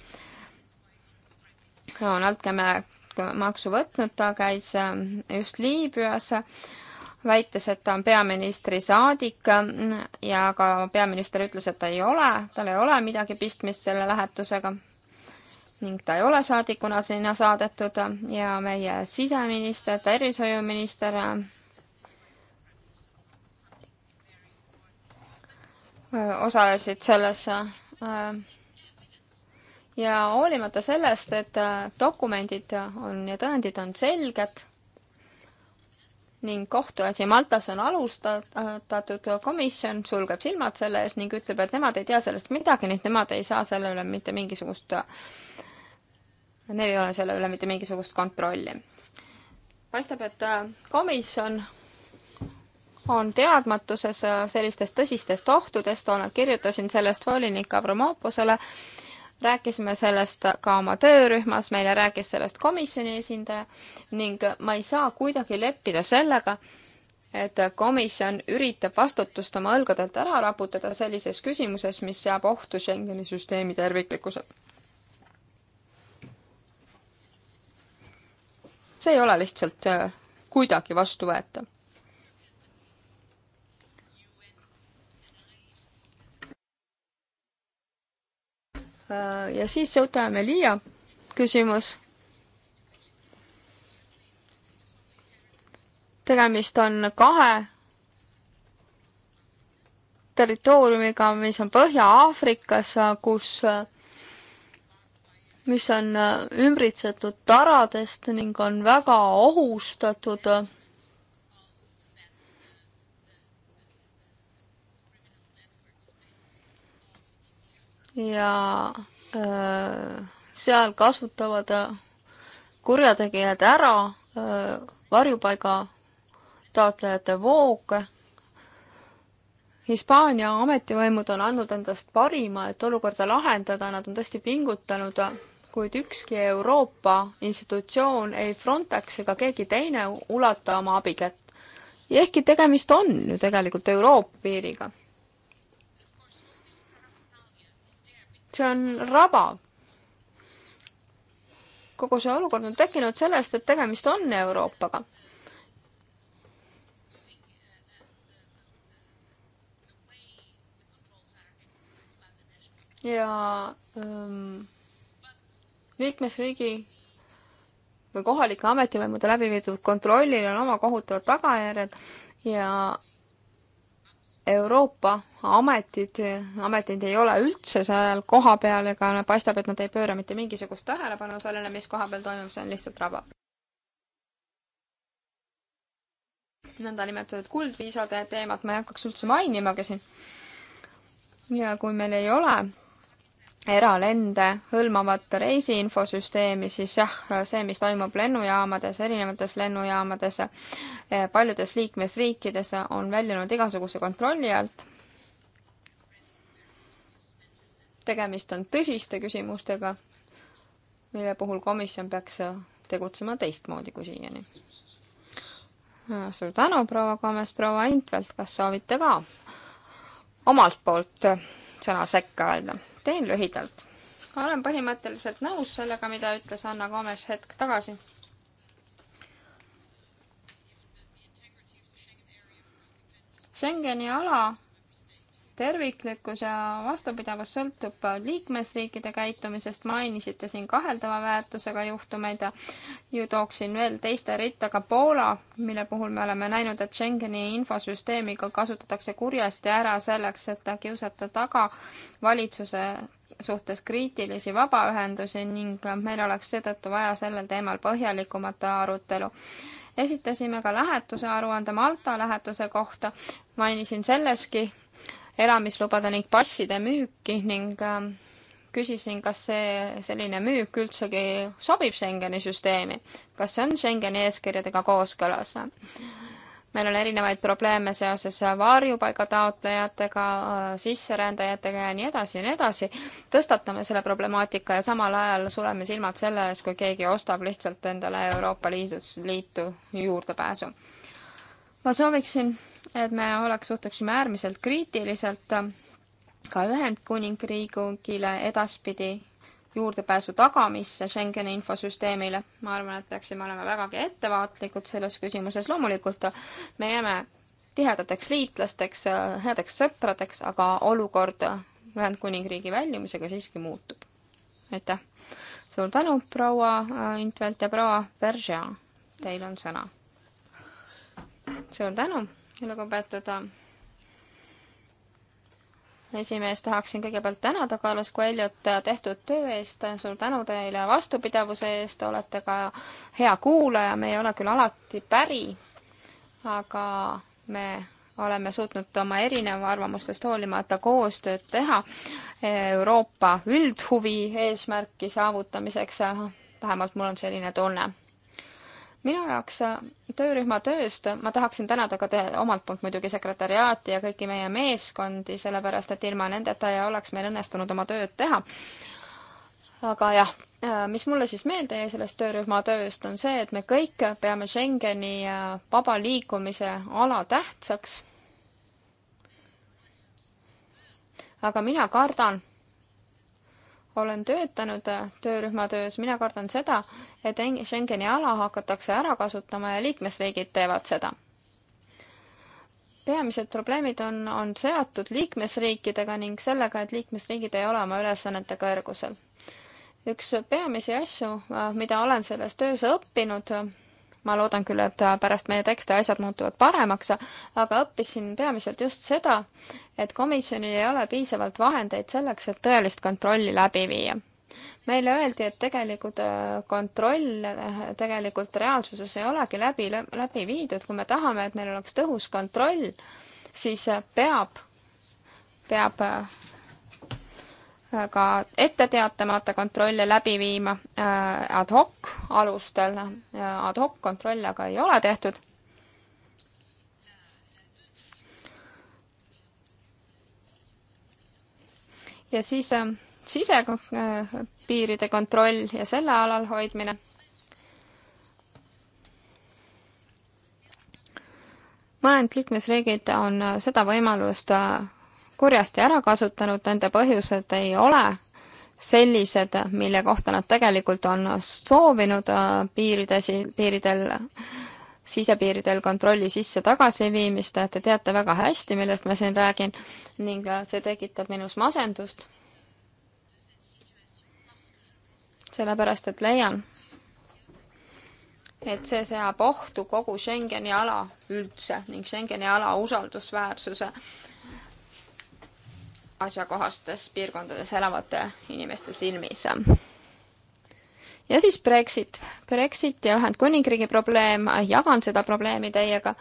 on altkäemaksu võtnud, ta käis just Liibüas väites, et ta on peaministri saadik ja ka peaminister ütles, et ta ei ole, tal ei ole midagi pistmist selle lähetusega ning ta ei ole saadikuna sinna saadetud ja meie siseminister, tervishoiuminister äh, osalesid selles äh, ja hoolimata sellest, et äh, dokumendid on ja tõendid on selged ning kohtuasi Maltas on alustatud, komisjon sulgeb silmad selle ees ning ütleb, et nemad ei tea sellest midagi, nii et nemad ei saa selle üle mitte mingisugust neil ei ole selle üle mitte mingisugust kontrolli. paistab, et äh, komisjon on teadmatuses äh, sellistest tõsistest ohtudest, kirjutasin sellest volinik Avramoposele, rääkisime sellest ka oma töörühmas, meile rääkis sellest komisjoni esindaja ning ma ei saa kuidagi leppida sellega, et komisjon üritab vastutust oma õlgadelt ära raputada sellises küsimuses, mis seab ohtu Schengeni süsteemi terviklikkuse see ei ole lihtsalt äh, kuidagi vastuvõetav. Äh, ja siis Sõuta Melia küsimus. tegemist on kahe territooriumiga, mis on Põhja-Aafrikas, kus äh, mis on äh, ümbritsetud taradest ning on väga ohustatud. ja öö, äh, seal kasutavad äh, kurjategijad ära öö, varjupaiga taotlejate vooge. Hispaania ametivõimud on andnud endast parima, et olukorda lahendada, nad on tõesti pingutanud kuid ükski Euroopa institutsioon, ei Frontex ega keegi teine ulata oma abikätt. ehkki tegemist on ju tegelikult Euroopa piiriga. see on raba. kogu see olukord on tekkinud sellest, et tegemist on Euroopaga ja ähm, liikmesriigi või kohalike ametivõimude läbi viidud kontrollil on oma kohutavad tagajärjed ja Euroopa ametid, ametid ei ole üldse seal kohapeal ega paistab, et nad ei pööra mitte mingisugust tähelepanu sellele, mis kohapeal toimub, see on lihtsalt raba. nõndanimetatud kuldviisade teemat ma ei hakkaks üldse mainimagi siin. ja kui meil ei ole eralende hõlmavat reisiinfosüsteemi, siis jah, see, mis toimub lennujaamades, erinevates lennujaamades, eh, paljudes liikmesriikides on väljunud igasuguse kontrolli alt. tegemist on tõsiste küsimustega, mille puhul komisjon peaks tegutsema teistmoodi kui siiani. suur tänu, proua Kames, proua Intvelt, kas soovite ka omalt poolt sõna sekka öelda? teen lühidalt. olen põhimõtteliselt nõus sellega, mida ütles Anna Gomes hetk tagasi. Schengeni ala terviklikkus ja vastupidavus sõltub liikmesriikide käitumisest, mainisite siin kaheldava väärtusega juhtumeid ja ju tooksin veel teiste rittaga Poola, mille puhul me oleme näinud, et Schengeni infosüsteemiga kasutatakse kurjasti ära selleks, et kiusata taga valitsuse suhtes kriitilisi vabaühendusi ning meil oleks seetõttu vaja sellel teemal põhjalikumat arutelu esitasime ka lähetuse aruande Malta lähetuse kohta. mainisin selleski elamislubade ning passide müüki ning ähm, küsisin, kas see selline müük üldsegi sobib Schengeni süsteemi, kas see on Schengeni eeskirjadega kooskõlas. meil on erinevaid probleeme seoses varjupaiga taotlejatega, sisserändajatega ja nii edasi ja nii edasi. tõstatame selle problemaatika ja samal ajal suleme silmad selle ees, kui keegi ostab lihtsalt endale Euroopa Liidus, liitu juurdepääsu. ma sooviksin et me oleks, suhtuksime äärmiselt kriitiliselt äh, ka Ühendkuningriigile edaspidi juurdepääsu tagamisse Schengeni infosüsteemile. ma arvan, et peaksime olema vägagi ettevaatlikud selles küsimuses. loomulikult äh, me jääme tihedateks liitlasteks, äh, headeks sõpradeks, aga olukord Ühendkuningriigi väljumisega siiski muutub. aitäh! suur tänu, proua Intvelt ja proua Berger, teil on sõna. suur tänu! lugupeetud äh, esimees, tahaksin kõigepealt tänada Carlos Coelhot äh, tehtud töö eest, suur tänu teile vastupidavuse eest, olete ka hea kuulaja, me ei ole küll alati päri, aga me oleme suutnud oma erineva arvamustest hoolimata koostööd teha Euroopa üldhuvi eesmärki saavutamiseks, vähemalt mul on selline tunne minu jaoks äh, töörühma tööst äh, ma tahaksin tänada ka te omalt poolt muidugi sekretäriaati ja kõiki meie meeskondi, sellepärast et ilma nendeta ei oleks meil õnnestunud oma tööd teha. aga jah, äh, mis mulle siis meelde jäi sellest töörühma tööst, on see, et me kõik peame Schengeni vaba liikumise ala tähtsaks. aga mina kardan olen töötanud äh, töörühma töös, mina kardan seda, et Schengeni ala hakatakse ära kasutama ja liikmesriigid teevad seda. peamised probleemid on, on seotud liikmesriikidega ning sellega, et liikmesriigid ei ole oma ülesannete kõrgusel. üks peamisi asju, äh, mida olen selles töös õppinud, ma loodan küll, et pärast meie tekste asjad muutuvad paremaks, aga õppisin peamiselt just seda, et komisjonil ei ole piisavalt vahendeid selleks, et tõelist kontrolli läbi viia. meile öeldi, et tegelikult äh, kontroll äh, tegelikult reaalsuses ei olegi läbi, läbi viidud, kui me tahame, et meil oleks tõhus kontroll, siis äh, peab, peab ka ette teatamata kontrolle läbi viima äh, ad hoc alustel. Äh, ad hoc kontrolle aga ei ole tehtud. ja siis äh, sisepiiride kontroll ja selle alal hoidmine mõned liikmesriigid on seda võimalust kurjasti ära kasutanud, nende põhjused ei ole sellised, mille kohta nad tegelikult on soovinud äh, piiridesi, piiridel, sisepiiridel kontrolli sisse-tagasiviimist, te teate väga hästi, millest ma siin räägin ning äh, see tekitab minus masendust. sellepärast, et leian, et see seab ohtu kogu Schengeni ala üldse ning Schengeni ala usaldusväärsuse äh, asjakohastes piirkondades elavate inimeste silmis. ja siis Brexit. Brexit ja Ühendkuningriigi probleem, jagan seda probleemi teiega.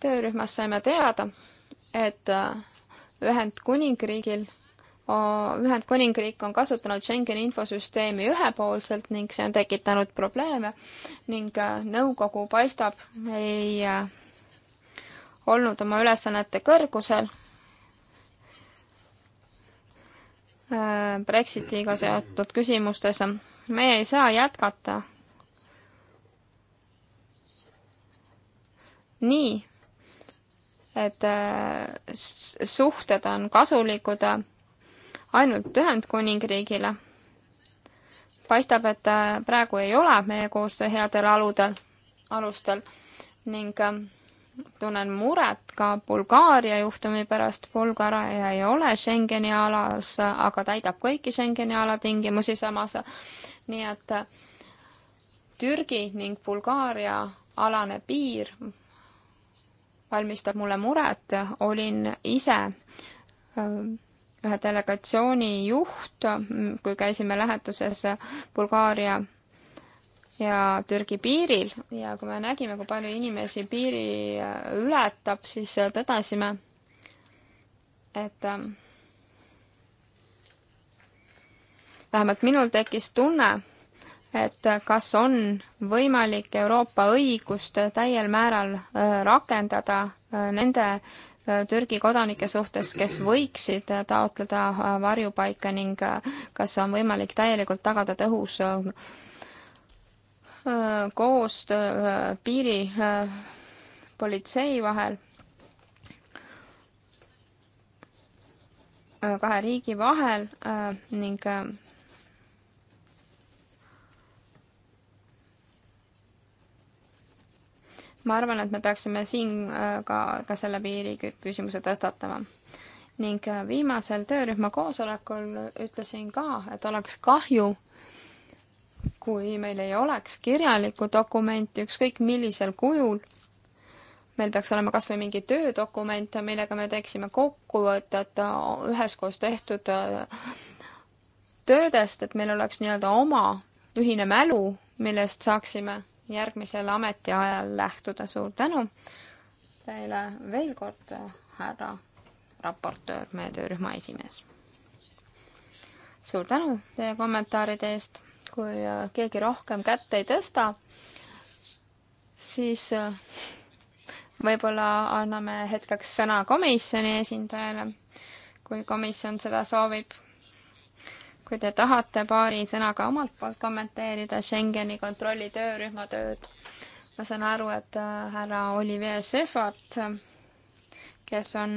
töörühmas saime teada, et Ühendkuningriigil Ühendkuningriik on kasutanud Schengeni infosüsteemi ühepoolselt ning see on tekitanud probleeme ning nõukogu paistab, ei äh, olnud oma ülesannete kõrgusel Äh, Brexitiga seotud küsimustes. meie ei saa jätkata nii, et äh, suhted on kasulikud ainult Ühendkuningriigile. paistab, et äh, praegu ei ole meie koostöö headel aludel, alustel ning tunnen muret ka Bulgaaria juhtumi pärast. Bulgaaria ei ole Schengeni alas, aga täidab kõiki Schengeni ala tingimusi samas. nii et Türgi ning Bulgaaria alane piir valmistab mulle muret. olin ise äh, ühe delegatsiooni juht, kui käisime lähetuses Bulgaaria ja Türgi piiril ja kui me nägime, kui palju inimesi piiri äh, ületab, siis äh, tõdesime, et ähm, vähemalt minul tekkis tunne, et äh, kas on võimalik Euroopa õigust täiel määral rakendada nende Türgi kodanike suhtes, kes võiksid taotleda varjupaika ning kas on võimalik täielikult tagada tõhus Äh, koostöö äh, piiripolitsei äh, vahel, kahe riigi vahel ning ma arvan, et me peaksime siin ka, ka selle piiri küsimuse tõstatama. ning viimasel töörühma koosolekul ütlesin ka, et oleks kahju, kui meil ei oleks kirjalikku dokumenti ükskõik millisel kujul, meil peaks olema kas või mingi töödokument, millega me teeksime kokkuvõtet äh, üheskoos tehtud äh, töödest, et meil oleks nii-öelda oma ühine mälu, millest saaksime järgmisel ametiajal lähtuda. suur tänu teile veel kord, äh, härra raportöör, meie töörühma esimees. suur tänu teie kommentaaride eest kui äh, keegi rohkem kätt ei tõsta, siis äh, võib-olla anname hetkeks sõna komisjoni esindajale, kui komisjon seda soovib. kui te tahate paari sõnaga omalt poolt kommenteerida Schengeni kontrolli töörühma tööd, ma saan aru, et äh, härra Olivier Sefart, kes on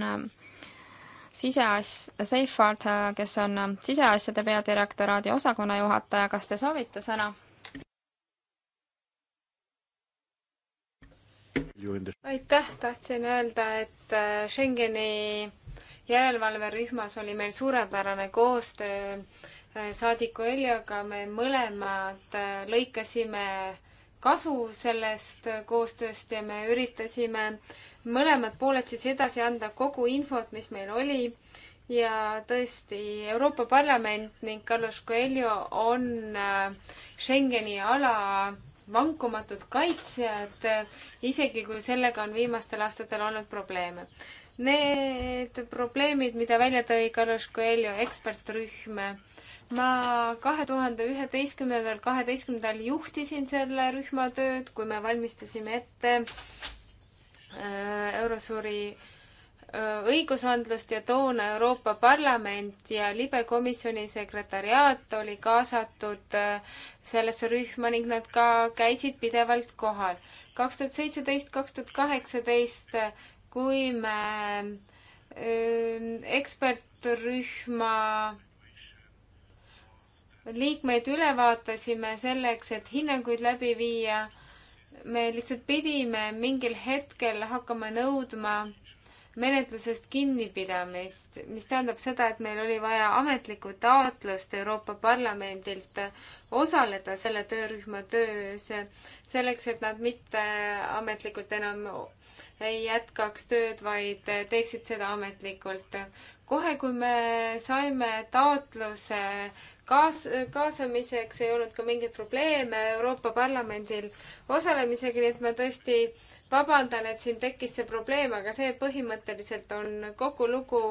siseas-, Seifard, kes on siseasjade peadirektoraadi osakonna juhataja, kas te soovite sõna? aitäh, tahtsin öelda, et äh, Schengeni järelevalverühmas oli meil suurepärane koostöö äh, saadiku Heljoga, me mõlemad äh, lõikasime kasu sellest koostööst ja me üritasime mõlemad pooled siis edasi anda kogu infot, mis meil oli ja tõesti, Euroopa Parlament ning Carlos Coelho on äh, Schengeni ala vankumatud kaitsjad, isegi kui sellega on viimastel aastatel olnud probleeme. Need probleemid, mida välja tõi Carlos Coelho ekspertrühm, ma kahe tuhande üheteistkümnendal, kaheteistkümnendal juhtisin selle rühma tööd, kui me valmistasime ette Äh, Eurosuri äh, õigusandlust ja toona Euroopa Parlament ja libekomisjoni sekretariaat oli kaasatud äh, sellesse rühma ning nad ka käisid pidevalt kohal. kaks tuhat seitseteist, kaks tuhat kaheksateist, kui me ekspertrühma liikmeid üle vaatasime selleks, et hinnanguid läbi viia me lihtsalt pidime mingil hetkel hakkama nõudma menetlusest kinnipidamist, mis tähendab seda, et meil oli vaja ametlikku taotlust Euroopa Parlamendilt osaleda selle töörühma töös, selleks et nad mitte ametlikult enam ei jätkaks tööd, vaid teeksid seda ametlikult kohe, kui me saime taotluse kaas-, kaasamiseks, ei olnud ka mingeid probleeme Euroopa Parlamendil osalemisega, nii et ma tõesti vabandan, et siin tekkis see probleem, aga see põhimõtteliselt on kogu lugu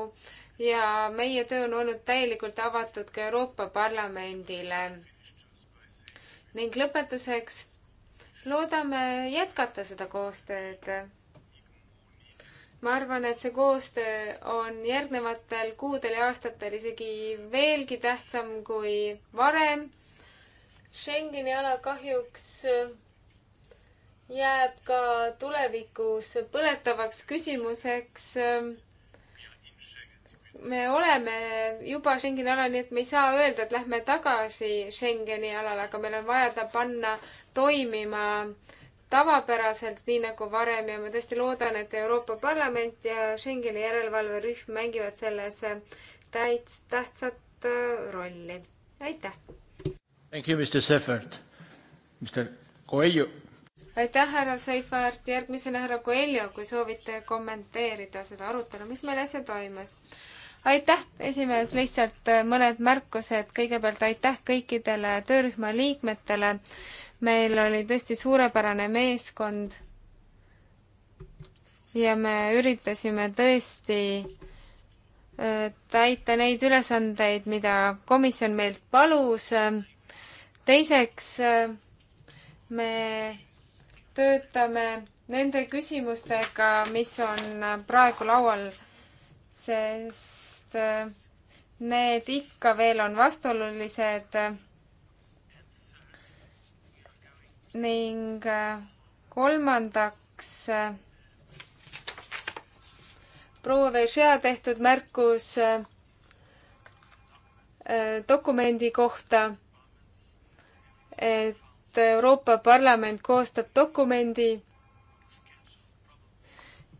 ja meie töö on olnud täielikult avatud ka Euroopa Parlamendile. ning lõpetuseks loodame jätkata seda koostööd ma arvan, et see koostöö on järgnevatel kuudel ja aastatel isegi veelgi tähtsam kui varem. Schengeni ala kahjuks jääb ka tulevikus põletavaks küsimuseks. me oleme juba Schengeni alal, nii et me ei saa öelda, et lähme tagasi Schengeni alale, aga meil on vaja ta panna toimima äh, tavapäraselt, nii nagu varem ja ma tõesti loodan, et Euroopa Parlament ja Schengeni järelevalverühm mängivad selles täits-, tähtsat äh, rolli. aitäh! aitäh, härra Seifert, järgmisena härra Coelho, kui soovite kommenteerida seda arutelu, mis meil äsja toimus aitäh, esimees, lihtsalt äh, mõned märkused, kõigepealt aitäh kõikidele töörühma liikmetele meil oli tõesti suurepärane meeskond ja me üritasime tõesti äh, täita neid ülesandeid, mida komisjon meilt palus. teiseks, äh, me töötame nende küsimustega, mis on praegu laual, sest äh, need ikka veel on vastuolulised ning äh, kolmandaks äh, proua Veržea tehtud märkus äh, dokumendi kohta, et Euroopa Parlament koostab dokumendi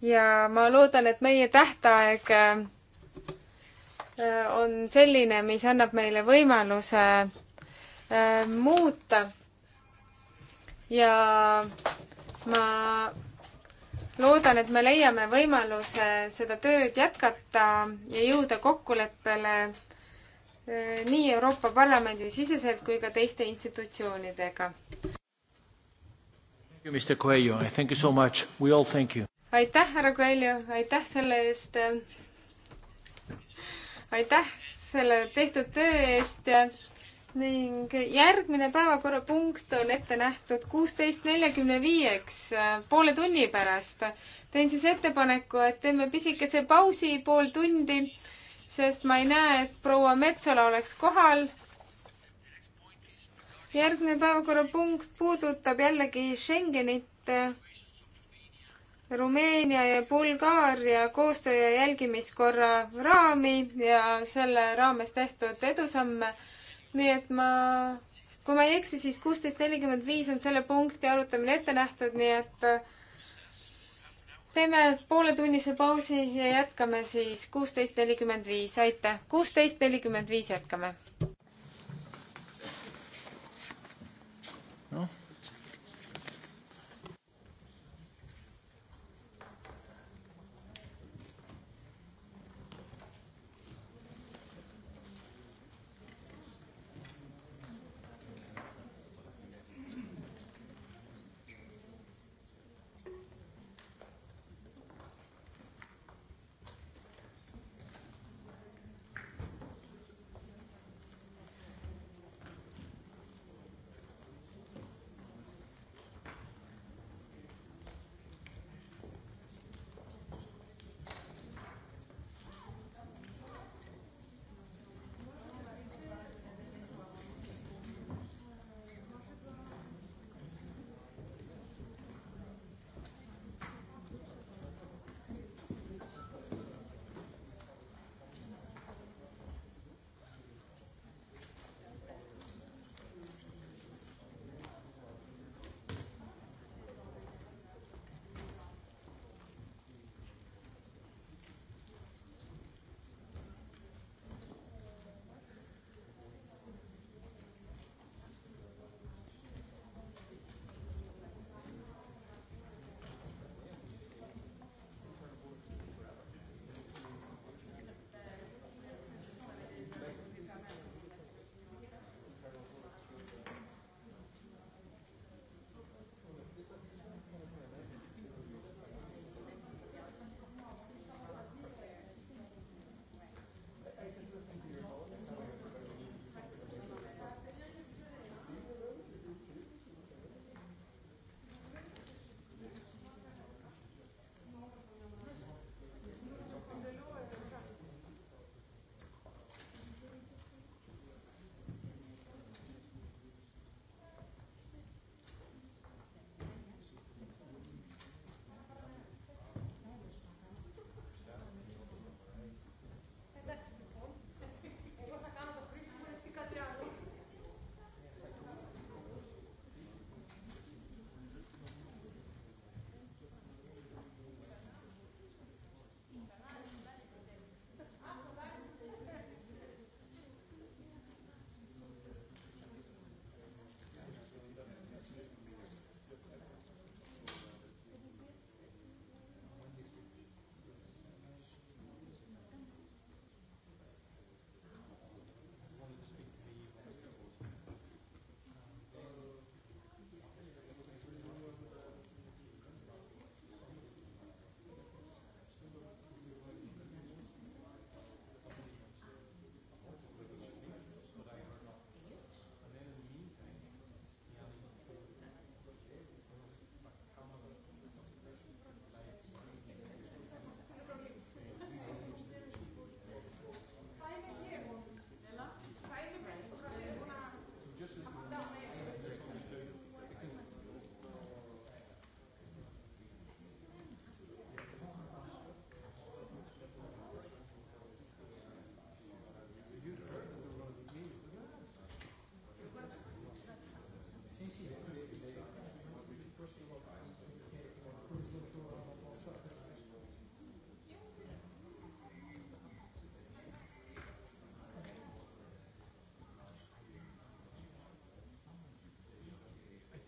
ja ma loodan, et meie tähtaeg on selline, mis annab meile võimaluse muuta ja ma loodan, et me leiame võimaluse seda tööd jätkata ja jõuda kokkuleppele eh, nii Euroopa Parlamendi siseselt kui ka teiste institutsioonidega. aitäh, härra Coelho, aitäh selle eest. aitäh selle tehtud töö eest ning järgmine päevakorrapunkt on ette nähtud kuusteist neljakümne viieks, poole tunni pärast. teen siis ettepaneku, et teeme pisikese pausi pool tundi, sest ma ei näe, et proua Metsola oleks kohal. järgmine päevakorrapunkt puudutab jällegi Schengenit, Rumeenia ja Bulgaaria koostöö ja jälgimiskorra raami ja selle raames tehtud edusamme nii et ma, kui ma ei eksi, siis kuusteist nelikümmend viis on selle punkti arutamine ette nähtud, nii et äh, teeme pooletunnise pausi ja jätkame siis kuusteist nelikümmend viis, aitäh. kuusteist nelikümmend viis jätkame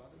var det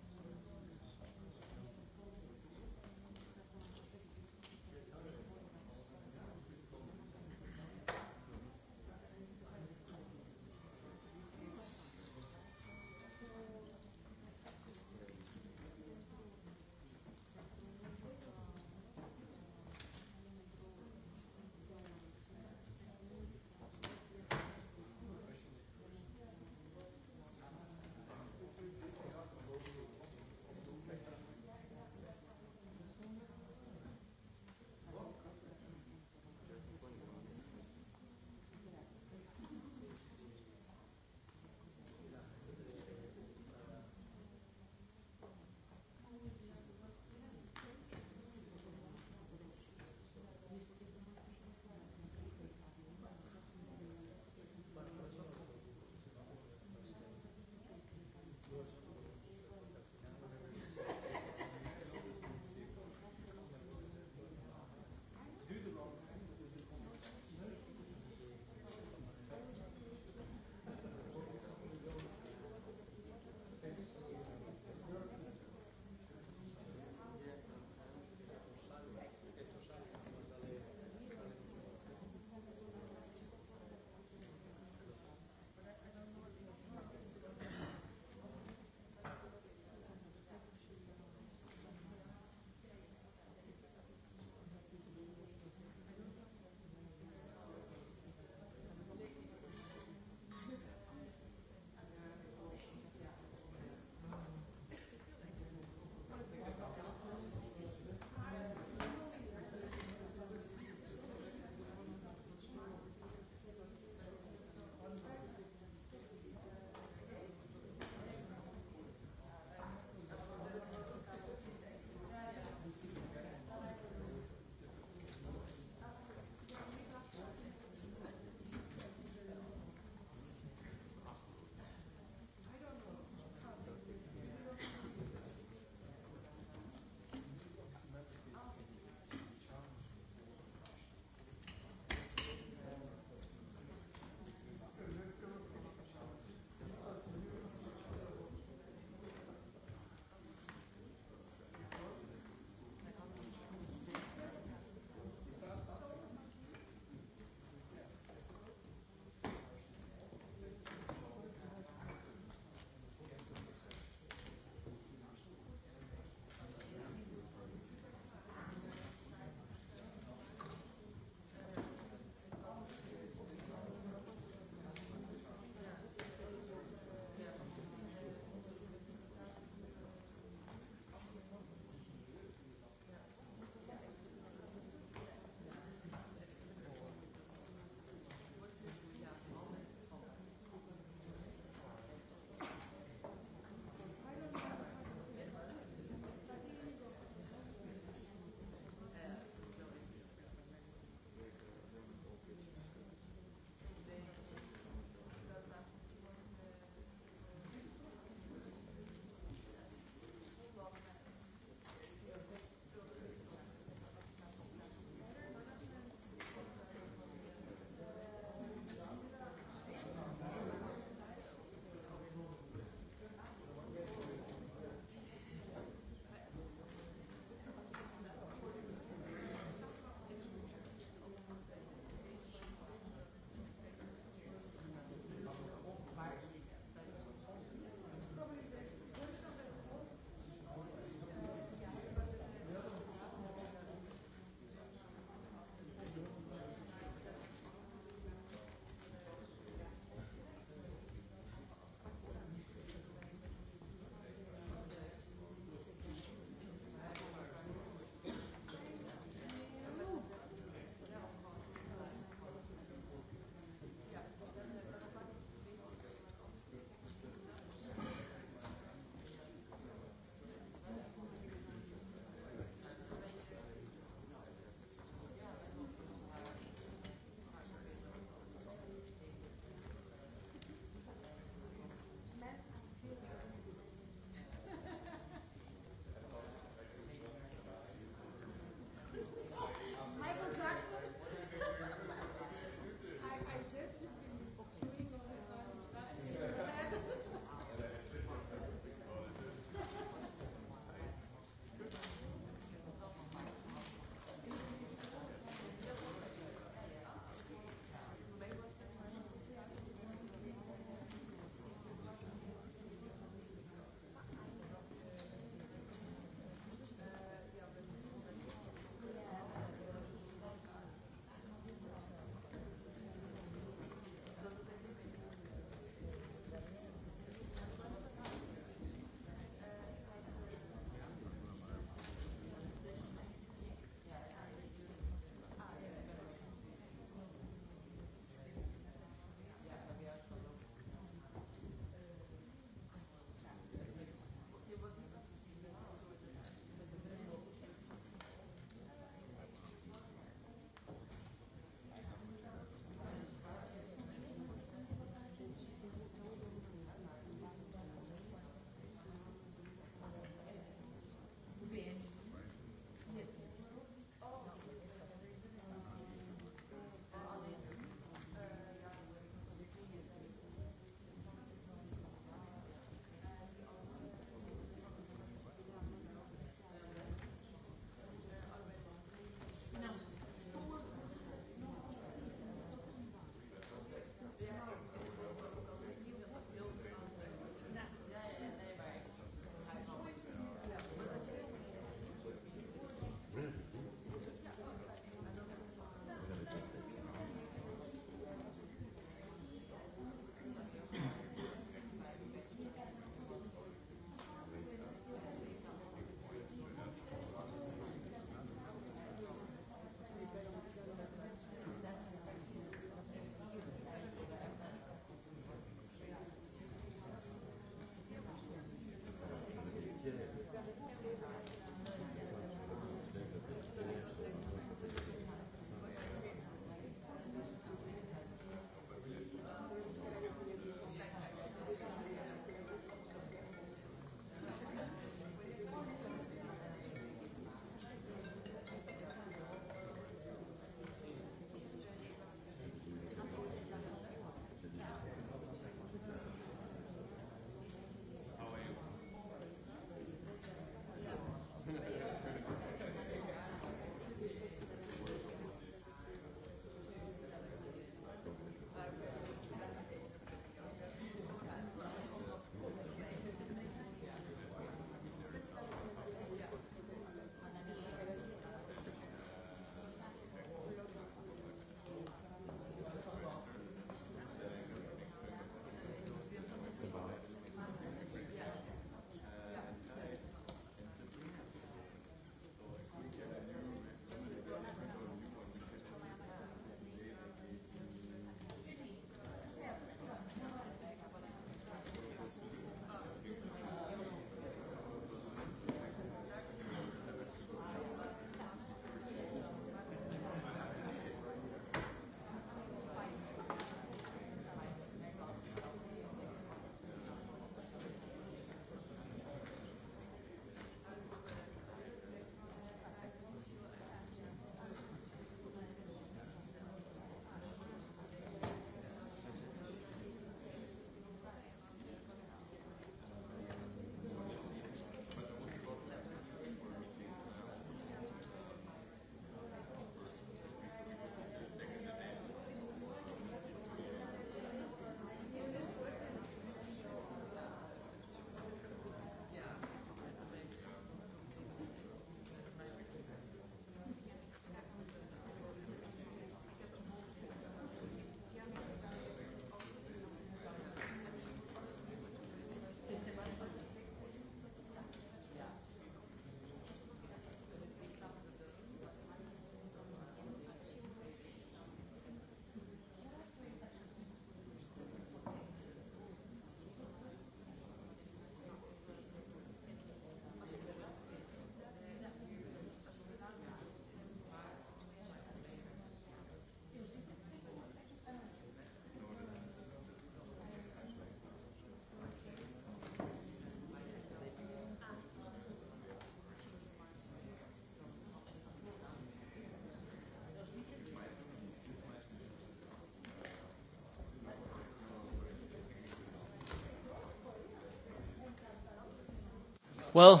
Well,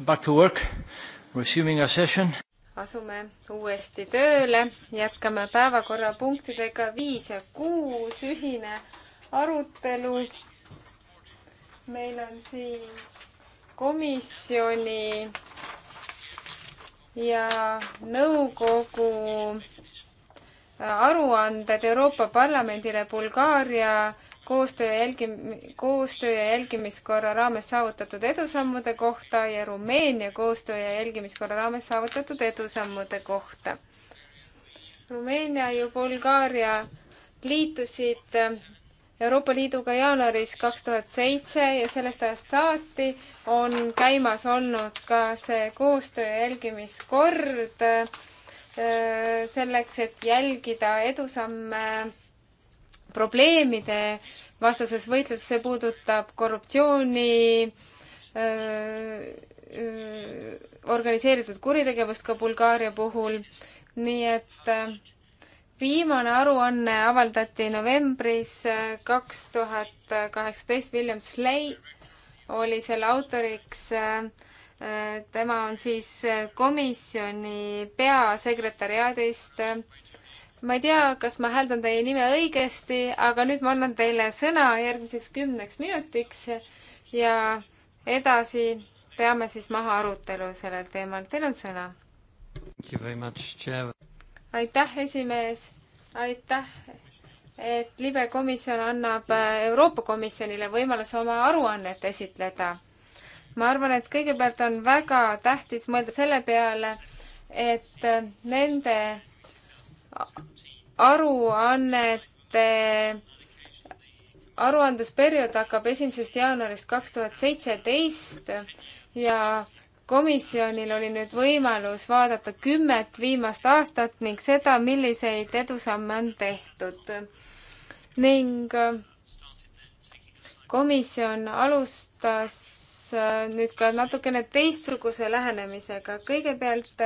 back to work, resuming our session. asume uuesti tööle, jätkame päevakorrapunktidega viis ja kuus, ühine arutelu. meil on siin komisjoni ja nõukogu aruanded Euroopa Parlamendile Bulgaaria koostöö jälgi-, koostöö ja jälgimiskorra raames saavutatud edusammude kohta ja Rumeenia koostöö ja jälgimiskorra raames saavutatud edusammude kohta. Rumeenia ja Bulgaaria liitusid eh, Euroopa Liiduga jaanuaris kaks tuhat seitse ja sellest ajast saati on käimas olnud ka see koostöö ja jälgimiskord eh, selleks, et jälgida edusamme probleemide vastases võitluses, see puudutab korruptsiooni, organiseeritud kuritegevust ka Bulgaaria puhul, nii et äh, viimane aruanne avaldati novembris äh, kaks tuhat kaheksateist, William Slay oli selle autoriks. Äh, tema on siis komisjoni peasekretäriaadist ma ei tea, kas ma hääldan teie nime õigesti, aga nüüd ma annan teile sõna järgmiseks kümneks minutiks ja edasi peame siis maha arutelu sellel teemal. Teil on sõna. aitäh, esimees. aitäh, et libe komisjon annab äh, Euroopa Komisjonile võimaluse oma aruannet esitleda. ma arvan, et kõigepealt on väga tähtis mõelda selle peale, et äh, nende aruannete aruandlusperiood hakkab esimesest jaanuarist kaks tuhat seitseteist ja komisjonil oli nüüd võimalus vaadata kümmet viimast aastat ning seda, milliseid edusamme on tehtud. ning äh, komisjon alustas Äh, nüüd ka natukene teistsuguse lähenemisega. kõigepealt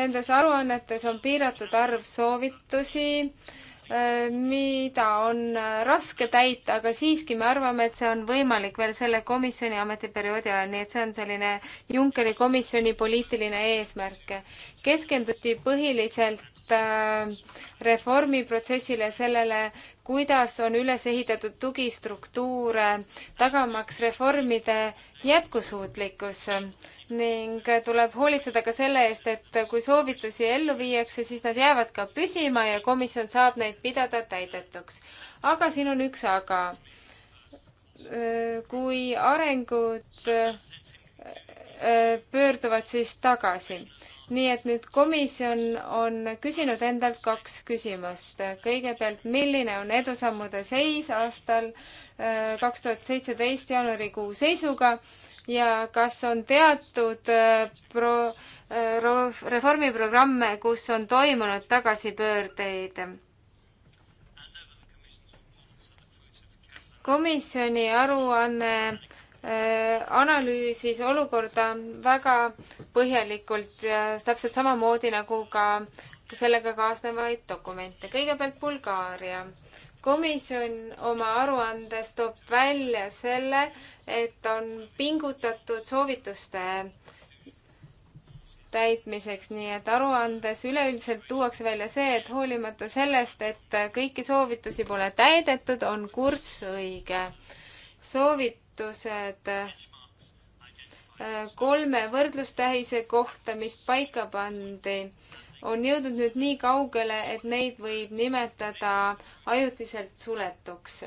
nendes aruannetes on piiratud arv soovitusi, äh, mida on äh, raske täita, aga siiski me arvame, et see on võimalik veel selle komisjoni ametiperioodi ajal, nii et see on selline Junckeri komisjoni poliitiline eesmärk. keskenduti põhiliselt Äh, reformiprotsessile ja sellele, kuidas on üles ehitatud tugistruktuure, tagamaks reformide jätkusuutlikkus ning äh, tuleb hoolitseda ka selle eest, et kui soovitusi ellu viiakse, siis nad jäävad ka püsima ja komisjon saab neid pidada täidetuks. aga siin on üks aga. Äh, kui arengud pöörduvad siis tagasi nii et nüüd komisjon on küsinud endalt kaks küsimust. kõigepealt, milline on edusammude seis aastal äh, kaks tuhat seitseteist jaanuarikuu seisuga ja kas on teatud äh, pro-, äh, ro-, reformiprogramme, kus on toimunud tagasipöördeid? komisjoni aruanne on Äh, analüüsis olukorda väga põhjalikult ja täpselt samamoodi nagu ka sellega kaasnevaid dokumente. kõigepealt Bulgaaria. komisjon oma aruandes toob välja selle, et on pingutatud soovituste täitmiseks, nii et aruandes üleüldiselt tuuakse välja see, et hoolimata sellest, et kõiki soovitusi pole täidetud, on kurss õige. soovid väärtused äh, kolme võrdlustähise kohta, mis paika pandi, on jõudnud nüüd nii kaugele, et neid võib nimetada ajutiselt suletuks.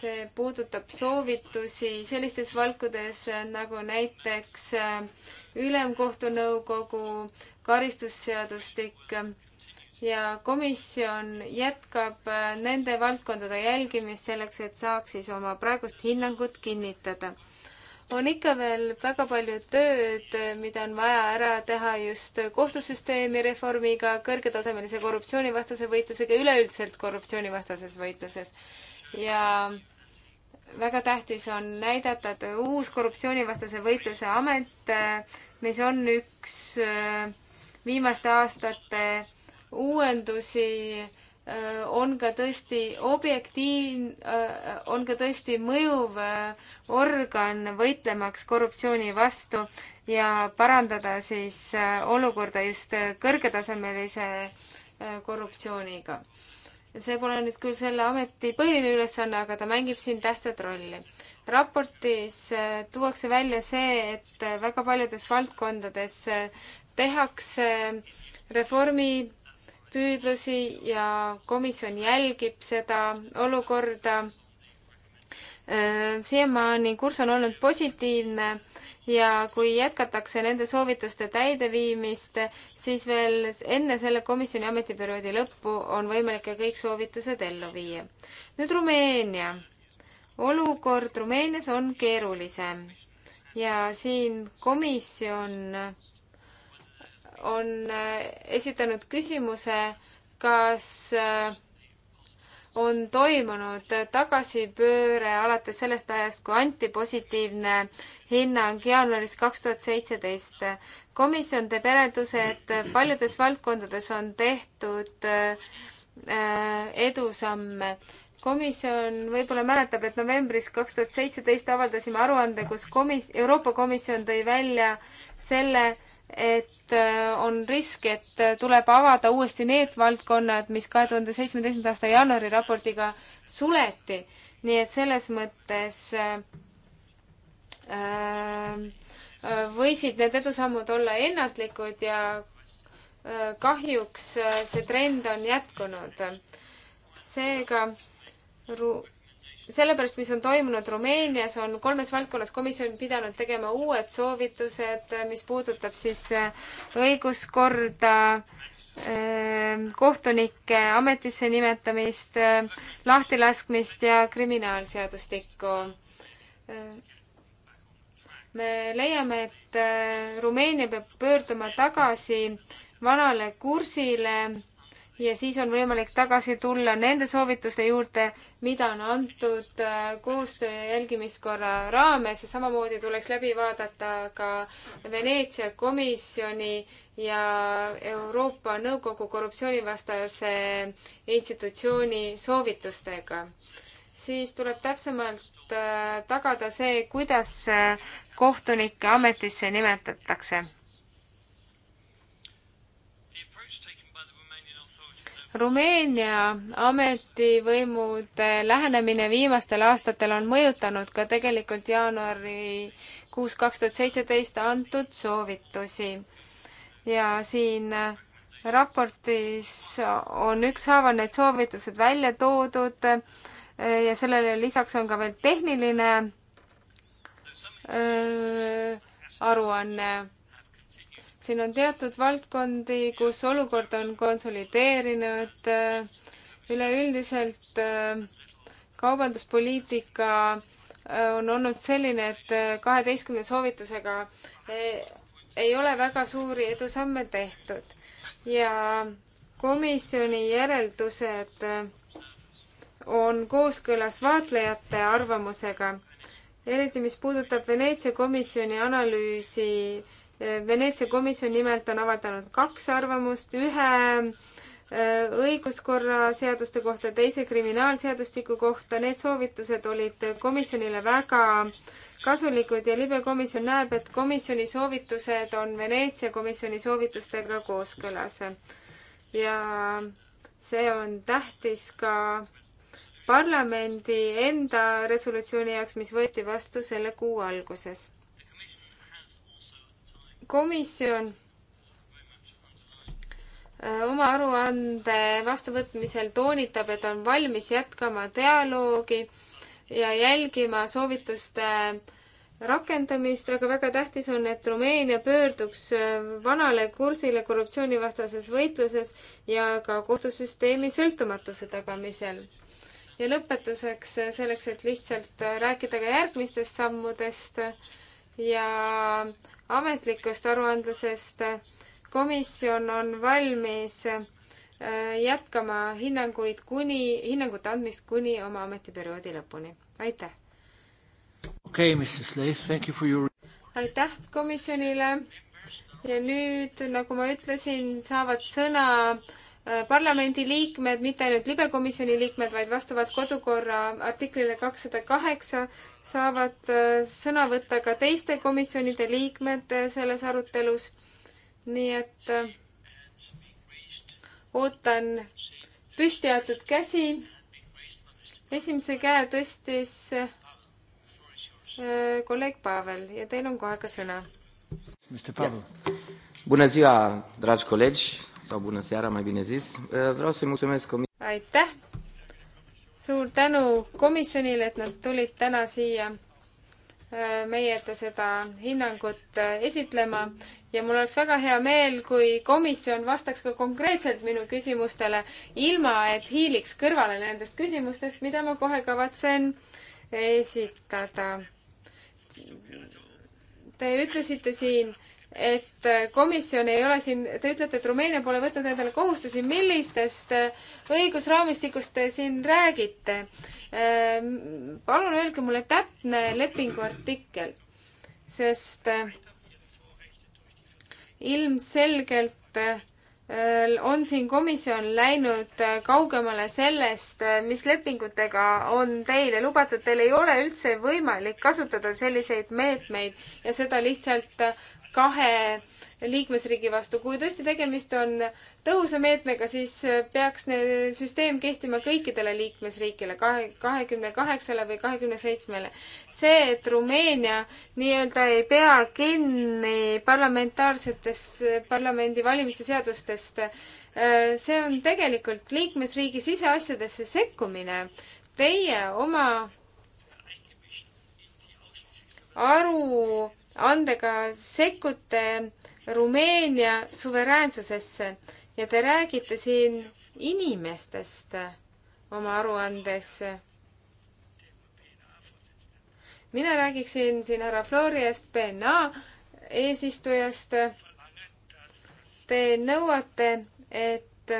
see puudutab soovitusi sellistes valkudes nagu näiteks äh, ülemkohtu nõukogu, karistusseadustik ja komisjon jätkab äh, nende valdkondade jälgimist selleks, et saaks siis oma praegust hinnangut kinnitada. on ikka veel väga palju tööd, äh, mida on vaja ära teha just kohtusüsteemi reformiga, kõrgetasemelise korruptsioonivastase võitlusega, üleüldiselt korruptsioonivastases võitluses ja väga tähtis on näidata, et uus korruptsioonivastase võitluse amet, äh, mis on üks viimaste aastate uuendusi äh, on ka tõesti objektiiv, äh, on ka tõesti mõjuv äh, organ võitlemaks korruptsiooni vastu ja parandada siis olukorda just kõrgetasemelise korruptsiooniga. see pole nüüd küll selle ameti põhiline ülesanne, aga ta mängib siin tähtsat rolli. raportis tuuakse välja see, et väga paljudes valdkondades tehakse reformi püüdlusi ja komisjon jälgib seda olukorda. Äh, siiamaani kurss on olnud positiivne ja kui jätkatakse nende soovituste täideviimist, siis veel enne selle komisjoni ametiperioodi lõppu on võimalik ka kõik soovitused ellu viia. nüüd Rumeenia. olukord Rumeenias on keerulisem ja siin komisjon on äh, esitanud küsimuse, kas äh, on toimunud tagasipööre alates sellest ajast, kui anti positiivne hinnang jaanuaris kaks tuhat seitseteist. komisjon teeb järelduse, et paljudes valdkondades on tehtud äh, edusamme. komisjon võib-olla mäletab, et novembris kaks tuhat seitseteist avaldasime aruande, kus komis-, Euroopa Komisjon tõi välja selle, et äh, on risk, et äh, tuleb avada uuesti need valdkonnad, mis kahe tuhande seitsmeteistkümnenda aasta jaanuari raportiga suleti. nii et selles mõttes äh, võisid need edusammud olla ennatlikud ja kahjuks see trend on jätkunud. seega ru-, selle pärast, mis on toimunud Rumeenias, on kolmes valdkonnas komisjon pidanud tegema uued soovitused, mis puudutab siis äh, õiguskorda, äh, kohtunike ametisse nimetamist, äh, lahtilaskmist ja kriminaalseadustikku. me leiame, et Rumeenia peab pöörduma tagasi vanale kursile ja siis on võimalik tagasi tulla nende soovituste juurde, mida on antud äh, koostöö ja jälgimiskorra raames ja samamoodi tuleks läbi vaadata ka Veneetsia komisjoni ja Euroopa Nõukogu korruptsioonivastase institutsiooni soovitustega. siis tuleb täpsemalt äh, tagada see, kuidas äh, kohtunikke ametisse nimetatakse Rumeenia ametivõimude lähenemine viimastel aastatel on mõjutanud ka tegelikult jaanuarikuus kaks tuhat seitseteist antud soovitusi. ja siin raportis on ükshaaval need soovitused välja toodud ja sellele lisaks on ka veel tehniline öö, äh, aruanne siin on teatud valdkondi, kus olukord on konsolideerinud, äh, üleüldiselt äh, kaubanduspoliitika äh, on olnud selline, et kaheteistkümne soovitusega ei ole väga suuri edusamme tehtud ja komisjoni järeldused on kooskõlas vaatlejate arvamusega, eriti mis puudutab Veneetsia komisjoni analüüsi Veneetsia komisjon nimelt on avaldanud kaks arvamust, ühe äh, õiguskorra seaduste kohta, teise kriminaalseadustiku kohta. Need soovitused olid komisjonile väga kasulikud ja libe komisjon näeb, et komisjoni soovitused on Veneetsia komisjoni soovitustega kooskõlas. ja see on tähtis ka parlamendi enda resolutsiooni jaoks, mis võeti vastu selle kuu alguses komisjon äh, oma aruande vastuvõtmisel toonitab, et on valmis jätkama dialoogi ja jälgima soovituste rakendamist, aga väga tähtis on, et Rumeenia pöörduks äh, vanale kursile korruptsioonivastases võitluses ja ka kohtusüsteemi sõltumatuse tagamisel. ja lõpetuseks äh, selleks, et lihtsalt rääkida ka järgmistest sammudest ja äh, ametlikust aruandlusest. komisjon on valmis äh, jätkama hinnanguid kuni, hinnangute andmist kuni oma ametiperioodi lõpuni. aitäh! okei okay,, Mrs Leif, thank you for your aitäh komisjonile ja nüüd, nagu ma ütlesin, saavad sõna Äh, parlamendiliikmed, mitte ainult libekomisjoni liikmed, vaid vastavalt kodukorra artiklile kakssada kaheksa saavad äh, sõna võtta ka teiste komisjonide liikmed äh, selles arutelus. nii et ootan püsti aetud käsi. esimese käe tõstis kolleeg Pavel ja teil on kohe ka sõna. Bună ziua, dragi colegi! sau bună seara, mai bine zis. Vreau să-i mulțumesc comisiei. Aitäh! Suur tänu komisjonile, et nad tulid täna siia meie ette seda hinnangut esitlema ja mul oleks väga hea meel, kui komisjon vastaks ka konkreetselt minu küsimustele, ilma et hiiliks kõrvale nendest küsimustest, mida ma kohe kavatsen esitada. Te ütlesite siin, et komisjon ei ole siin, te ütlete, et Rumeenia pole võtnud endale kohustusi, millistest õigusraamistikust te siin räägite? Ehm, palun öelge mulle täpne lepingu artikkel, sest eh, ilmselgelt eh, on siin komisjon läinud kaugemale sellest, eh, mis lepingutega on teile lubatud, teil ei ole üldse võimalik kasutada selliseid meetmeid ja seda lihtsalt kahe liikmesriigi vastu. kui tõesti tegemist on tõhusa meetmega, siis peaks need, süsteem kehtima kõikidele liikmesriikidele, kahe, kahekümne kaheksale või kahekümne seitsmele. see, et Rumeenia nii-öelda ei pea kinni parlamentaarsetest, parlamendivalimiste seadustest, äh, see on tegelikult liikmesriigi siseasjadesse sekkumine. Teie oma aru andega sekkute Rumeenia suveräänsusesse ja te räägite siin inimestest oma aruandes. mina räägiksin siin härra Floriast, BNA eesistujast. Te nõuate, et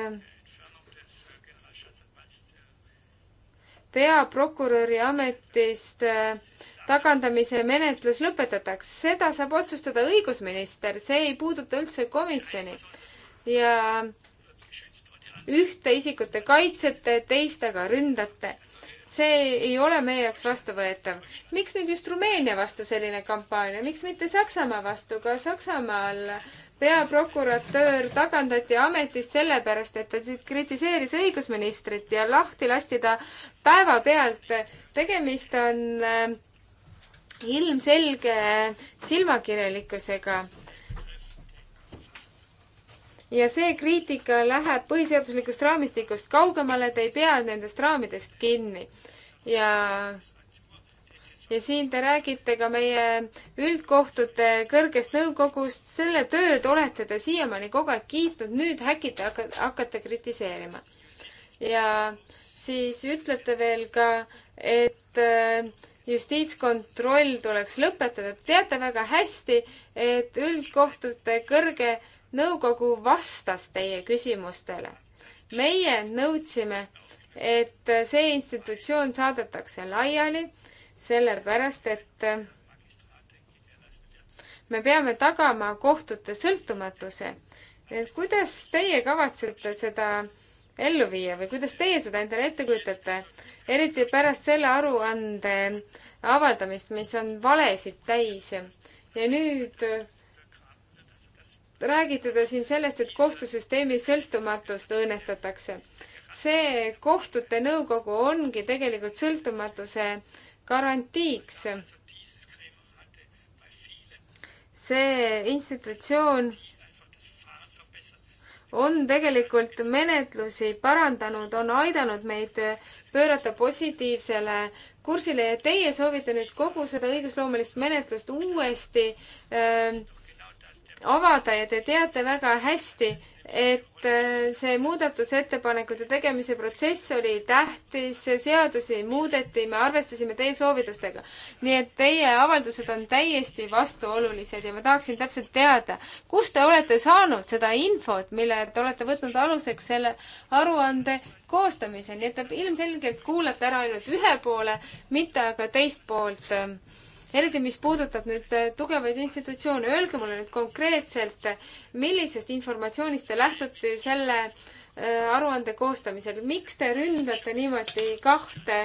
peaprokuröri ametist äh, tagandamise menetlus lõpetataks. seda saab otsustada õigusminister, see ei puuduta üldse komisjoni. ja ühte isikute kaitsete, teist aga ründate. see ei ole meie jaoks vastuvõetav. miks nüüd just Rumeenia vastu selline kampaania, miks mitte Saksamaa vastu, ka Saksamaal peaprokuratöör tagandati ametist sellepärast, et ta kritiseeris õigusministrit ja lahti lasti ta päevapealt. tegemist on äh, ilmselge silmakirjalikkusega. ja see kriitika läheb põhiseaduslikust raamistikust kaugemale, te ei pea nendest raamidest kinni ja ja siin te räägite ka meie üldkohtute kõrgest nõukogust, selle tööd olete te siiamaani kogu aeg kiitnud, nüüd häkite, hakkate kritiseerima. ja siis ütlete veel ka, et justiitskontroll tuleks lõpetada. Te teate väga hästi, et üldkohtute kõrge nõukogu vastas teie küsimustele. meie nõudsime, et see institutsioon saadetakse laiali, sellepärast et me peame tagama kohtute sõltumatuse. et kuidas teie kavatsete seda ellu viia või kuidas teie seda endale ette kujutate? eriti pärast selle aruande avaldamist, mis on valesid täis. ja nüüd räägite te siin sellest, et kohtusüsteemi sõltumatust õõnestatakse. see kohtute nõukogu ongi tegelikult sõltumatuse garantiiks. see institutsioon on tegelikult menetlusi parandanud, on aidanud meid pöörata positiivsele kursile ja teie soovite nüüd kogu seda õigusloomelist menetlust uuesti öö, ähm, avada ja te teate väga hästi, et äh, see muudatusettepanekute tegemise protsess oli tähtis, seadusi muudeti, me arvestasime teie soovitustega. nii et teie avaldused on täiesti vastuolulised ja ma tahaksin täpselt teada, kust te olete saanud seda infot, mille te olete võtnud aluseks selle aruande koostamisel, nii et te ilmselgelt kuulate ära ainult ühe poole, mitte aga teist poolt äh, eriti mis puudutab nüüd äh, tugevaid institutsioone, öelge mulle nüüd konkreetselt, millisest informatsioonist te lähtute selle äh, aruande koostamisel, miks te ründate niimoodi kahte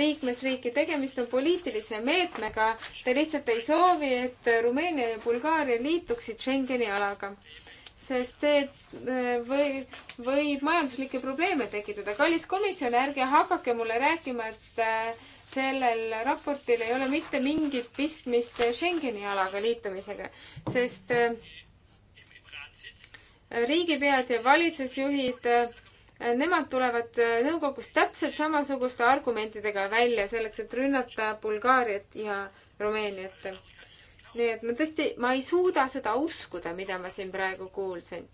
liikmesriiki, tegemist on poliitilise meetmega, te lihtsalt ei soovi, et Rumeenia ja Bulgaaria liituksid Schengeni alaga sest see äh, või, võib majanduslikke probleeme tekitada. kallis komisjon, ärge hakake mulle rääkima, et sellel raportil ei ole mitte mingit pistmist Schengeni alaga liitumisega, sest äh, riigipead ja valitsusjuhid, äh, nemad tulevad äh, nõukogust täpselt samasuguste argumentidega välja selleks, et rünnata Bulgaariat ja Rumeeniat. nii et ma tõesti, ma ei suuda seda uskuda, mida ma siin praegu kuulsin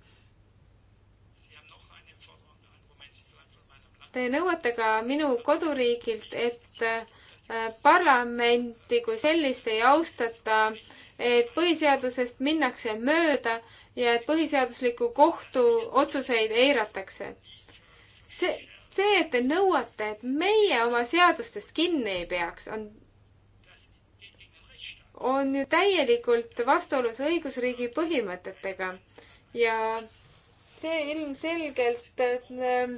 Te nõuate ka minu koduriigilt, et äh, parlamenti kui sellist ei austata, et põhiseadusest minnakse mööda ja et põhiseadusliku kohtu otsuseid eiratakse. see, see, et te nõuate, et meie oma seadustest kinni ei peaks, on on ju täielikult vastuolus õigusriigi põhimõtetega ja see ilmselgelt äh,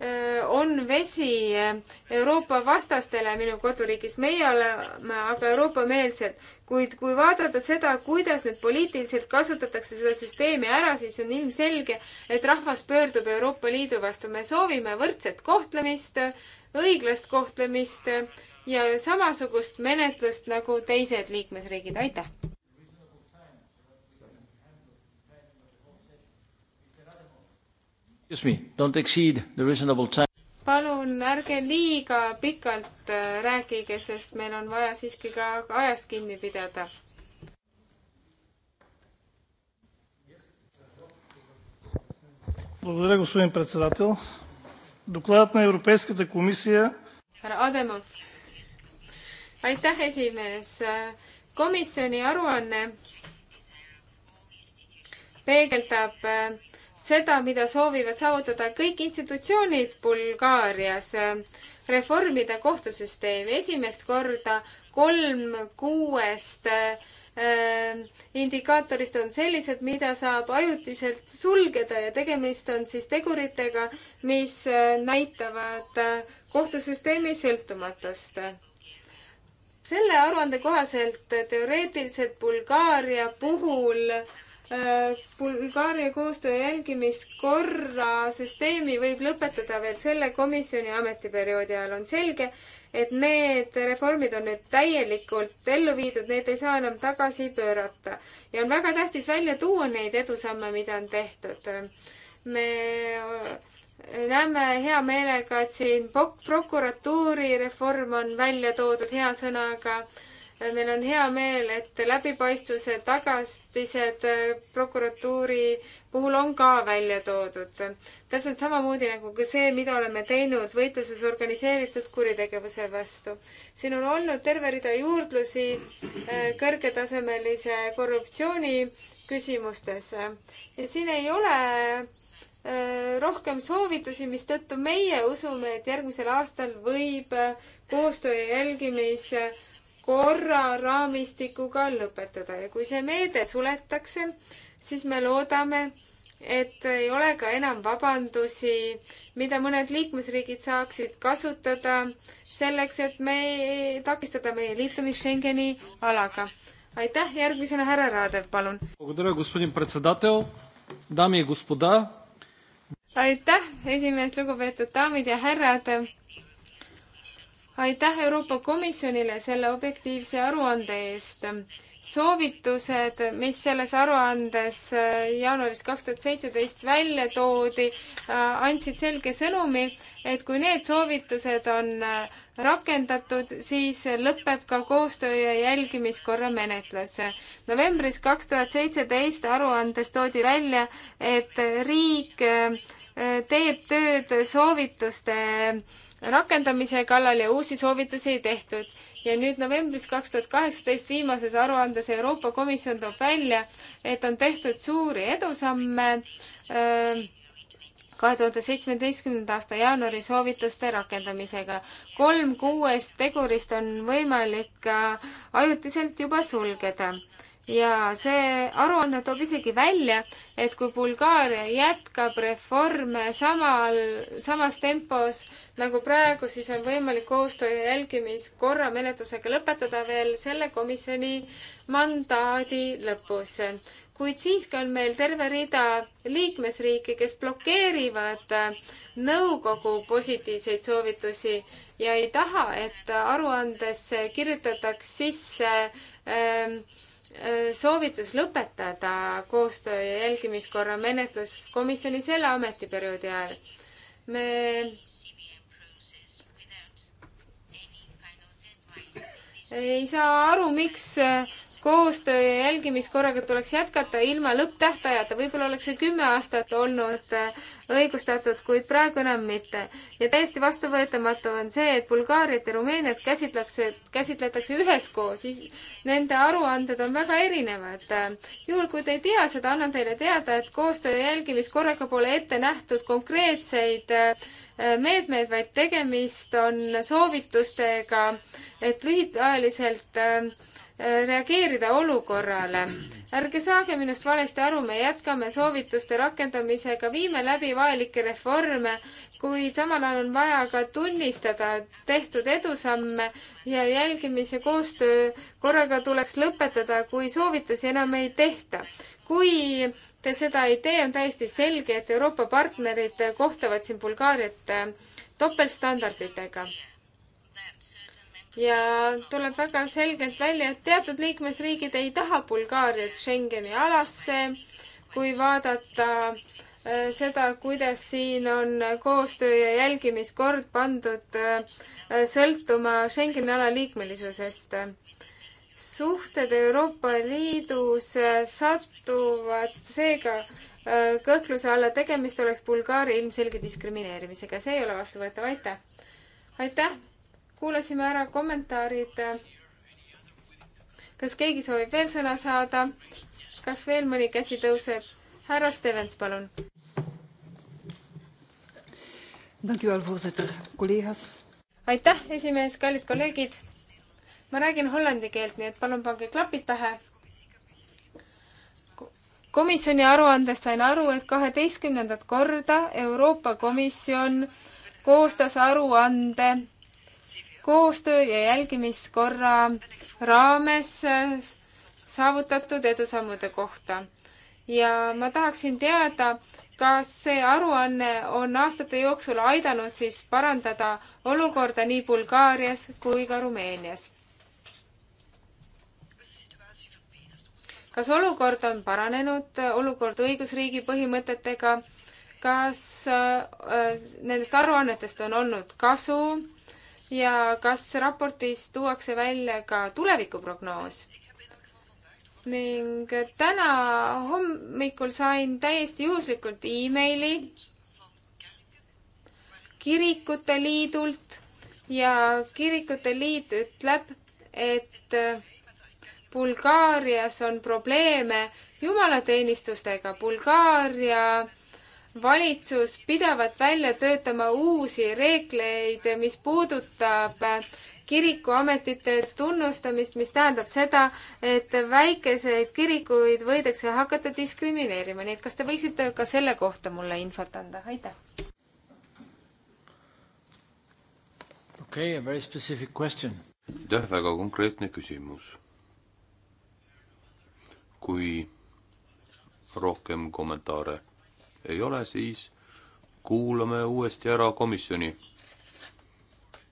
Äh, on vesi äh, Euroopa vastastele minu koduriigis. meie oleme aga Euroopa-meelsed, kuid kui vaadata seda, kuidas nüüd poliitiliselt kasutatakse seda süsteemi ära, siis on ilmselge, et rahvas pöördub Euroopa Liidu vastu. me soovime võrdset kohtlemist, õiglast kohtlemist ja samasugust menetlust nagu teised liikmesriigid. aitäh! palun ärge liiga pikalt äh, rääkige, sest meil on vaja siiski ka ajast kinni pidada. Благодаря, господин председател. Докладът на Европейската комисия... Härra Ademov. Aitäh, esimees. Komisjoni aruanne peegeldab äh, seda, mida soovivad saavutada kõik institutsioonid Bulgaarias, äh, reformida kohtusüsteemi. esimest korda kolm kuuest äh, indikaatorist on sellised, mida saab ajutiselt sulgeda ja tegemist on siis teguritega, mis äh, näitavad kohtusüsteemi sõltumatust. selle aruande kohaselt teoreetiliselt Bulgaaria puhul äh, Äh, Bulgaaria koostöö jälgimiskorra süsteemi võib lõpetada veel selle komisjoni ametiperioodi ajal, on selge, et need reformid on nüüd täielikult ellu viidud, need ei saa enam tagasi pöörata. ja on väga tähtis välja tuua neid edusamme, mida on tehtud. me äh, näeme hea meelega, et siin prokuratuuri reform on välja toodud hea sõnaga meil on hea meel, et läbipaistvuse tagastised äh, prokuratuuri puhul on ka välja toodud. täpselt samamoodi nagu ka see, mida oleme teinud võitluses organiseeritud kuritegevuse vastu. siin on olnud terve rida juurdlusi äh, kõrgetasemelise korruptsiooni küsimustes ja siin ei ole äh, rohkem soovitusi, mistõttu meie usume, et järgmisel aastal võib koostöö ja jälgimise korraraamistikuga lõpetada ja kui see meede suletakse, siis me loodame, et ei ole ka enam vabandusi, mida mõned liikmesriigid saaksid kasutada selleks, et me ei takistada meie liitumist Schengeni alaga. aitäh, järgmisena härra Raadev, palun. aitäh, esimees, lugupeetud daamid ja härrad aitäh Euroopa Komisjonile selle objektiivse aruande eest. soovitused, mis selles aruandes äh, jaanuaris kaks tuhat seitseteist välja toodi, äh, andsid selge sõnumi, et kui need soovitused on äh, rakendatud, siis lõpeb ka koostöö ja jälgimiskorra menetlus. novembris kaks tuhat seitseteist aruandes toodi välja, et riik teeb tööd soovituste rakendamise kallal ja uusi soovitusi ei tehtud. ja nüüd novembris kaks tuhat kaheksateist viimases aruandes Euroopa Komisjon toob välja, et on tehtud suuri edusamme äh, kahe tuhande seitsmeteistkümnenda aasta jaanuari soovituste rakendamisega. kolm kuuest tegurist on võimalik äh, ajutiselt juba sulgeda ja see aruanne toob isegi välja, et kui Bulgaaria jätkab reforme samal, samas tempos nagu praegu, siis on võimalik koostöö ja jälgimiskorra menetlusega lõpetada veel selle komisjoni mandaadi lõpus. kuid siiski on meil terve rida liikmesriike, kes blokeerivad nõukogu positiivseid soovitusi ja ei taha, et aruandesse kirjutataks sisse äh, soovitus lõpetada koostöö ja jälgimiskorra menetlus komisjoni selle ametiperioodi ajal. me ei saa aru, miks koostöö ja jälgimiskorraga tuleks jätkata ilma lõpptähtajata, võib-olla oleks see kümme aastat olnud äh, õigustatud, kuid praegu enam mitte. ja täiesti vastuvõetamatu on see, et Bulgaariat ja Rumeeniat käsitlakse, käsitletakse üheskoos, siis nende aruanded on väga erinevad. juhul, kui te ei tea seda, annan teile teada, et koostöö ja jälgimiskorraga pole ette nähtud konkreetseid äh, meetmeid, vaid tegemist on soovitustega, et lühiajaliselt äh, reageerida olukorrale. ärge saage minust valesti aru, me jätkame soovituste rakendamisega, viime läbi vajalikke reforme, kuid samal ajal on vaja ka tunnistada tehtud edusamme ja jälgimise koostöö korraga tuleks lõpetada, kui soovitusi enam ei tehta. kui te seda ei tee, on täiesti selge, et Euroopa partnerid kohtavad siin Bulgaariat äh, topeltstandarditega ja tuleb väga selgelt välja, et teatud liikmesriigid ei taha Bulgaariat Schengeni alasse, kui vaadata äh, seda, kuidas siin on koostöö ja jälgimiskord pandud äh, sõltuma Schengeni ala liikmelisusest. suhted Euroopa Liidus äh, satuvad seega kõhkluse alla, tegemist oleks Bulgaaria ilmselge diskrimineerimisega, see ei ole vastuvõetav, aitäh! aitäh! kuulasime ära kommentaarid. kas keegi soovib veel sõna saada? kas veel mõni käsi tõuseb? härra Stevens, palun. aitäh, esimees, kallid kolleegid. ma räägin hollandi keelt, nii et palun pange klapid pähe komisjoni aruandest sain aru, et kaheteistkümnendat korda Euroopa Komisjon koostas aruande koostöö ja jälgimiskorra raames saavutatud edusammude kohta. ja ma tahaksin teada, kas see aruanne on aastate jooksul aidanud siis parandada olukorda nii Bulgaarias kui ka Rumeenias. kas olukord on paranenud, olukord õigusriigi põhimõtetega, kas äh, nendest aruannetest on olnud kasu ja kas raportis tuuakse välja ka tulevikuprognoos? ning täna hommikul sain täiesti juhuslikult emaili kirikute liidult ja kirikute liit ütleb, et Bulgaarias on probleeme jumalateenistustega. Bulgaaria valitsus pidavat välja töötama uusi reegleid, mis puudutab kirikuametite tunnustamist, mis tähendab seda, et väikeseid kirikuid võidakse hakata diskrimineerima, nii et kas te võiksite ka selle kohta mulle infot anda, aitäh. okei okay,, a very specific question. aitäh, väga konkreetne küsimus. kui rohkem kommentaare ei ole, siis kuulame uuesti ära komisjoni.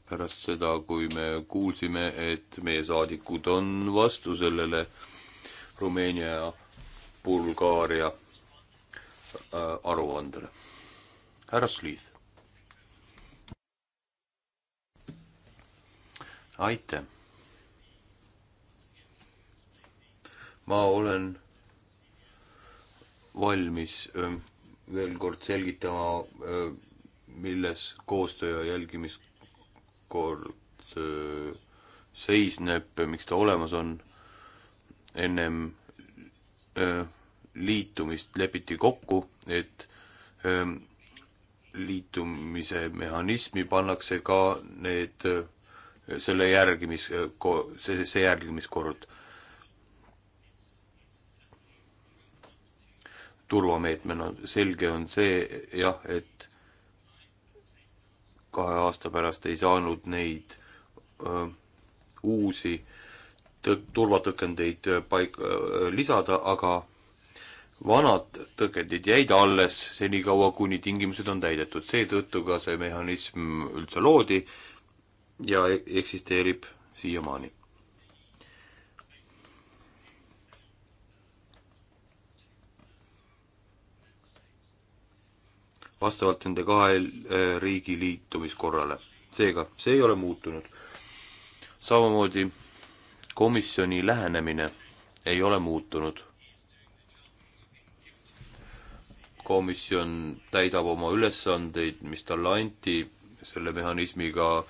pärast seda, kui me kuulsime, et meie saadikud on vastu sellele Rumeenia ja Bulgaaria äh, aruandele. härra Sliith. aitäh. ma olen valmis ähm, veel kord selgitama, milles koostöö ja jälgimiskord seisneb, miks ta olemas on. ennem liitumist lepiti kokku, et liitumise mehhanismi pannakse ka need, selle järgimis, see, see järgimiskord turvameetmena, selge on see jah, et kahe aasta pärast ei saanud neid öö, uusi tõ-, turvatõkendeid paik-, lisada, aga vanad tõkendid jäid alles senikaua, kuni tingimused on täidetud, seetõttu ka see mehhanism üldse loodi ja e-, eksisteerib siiamaani. vastavalt nende kahe äh, riigi liitumiskorrale. seega, see ei ole muutunud. samamoodi komisjoni lähenemine ei ole muutunud. komisjon täidab oma ülesandeid, mis talle anti selle mehhanismiga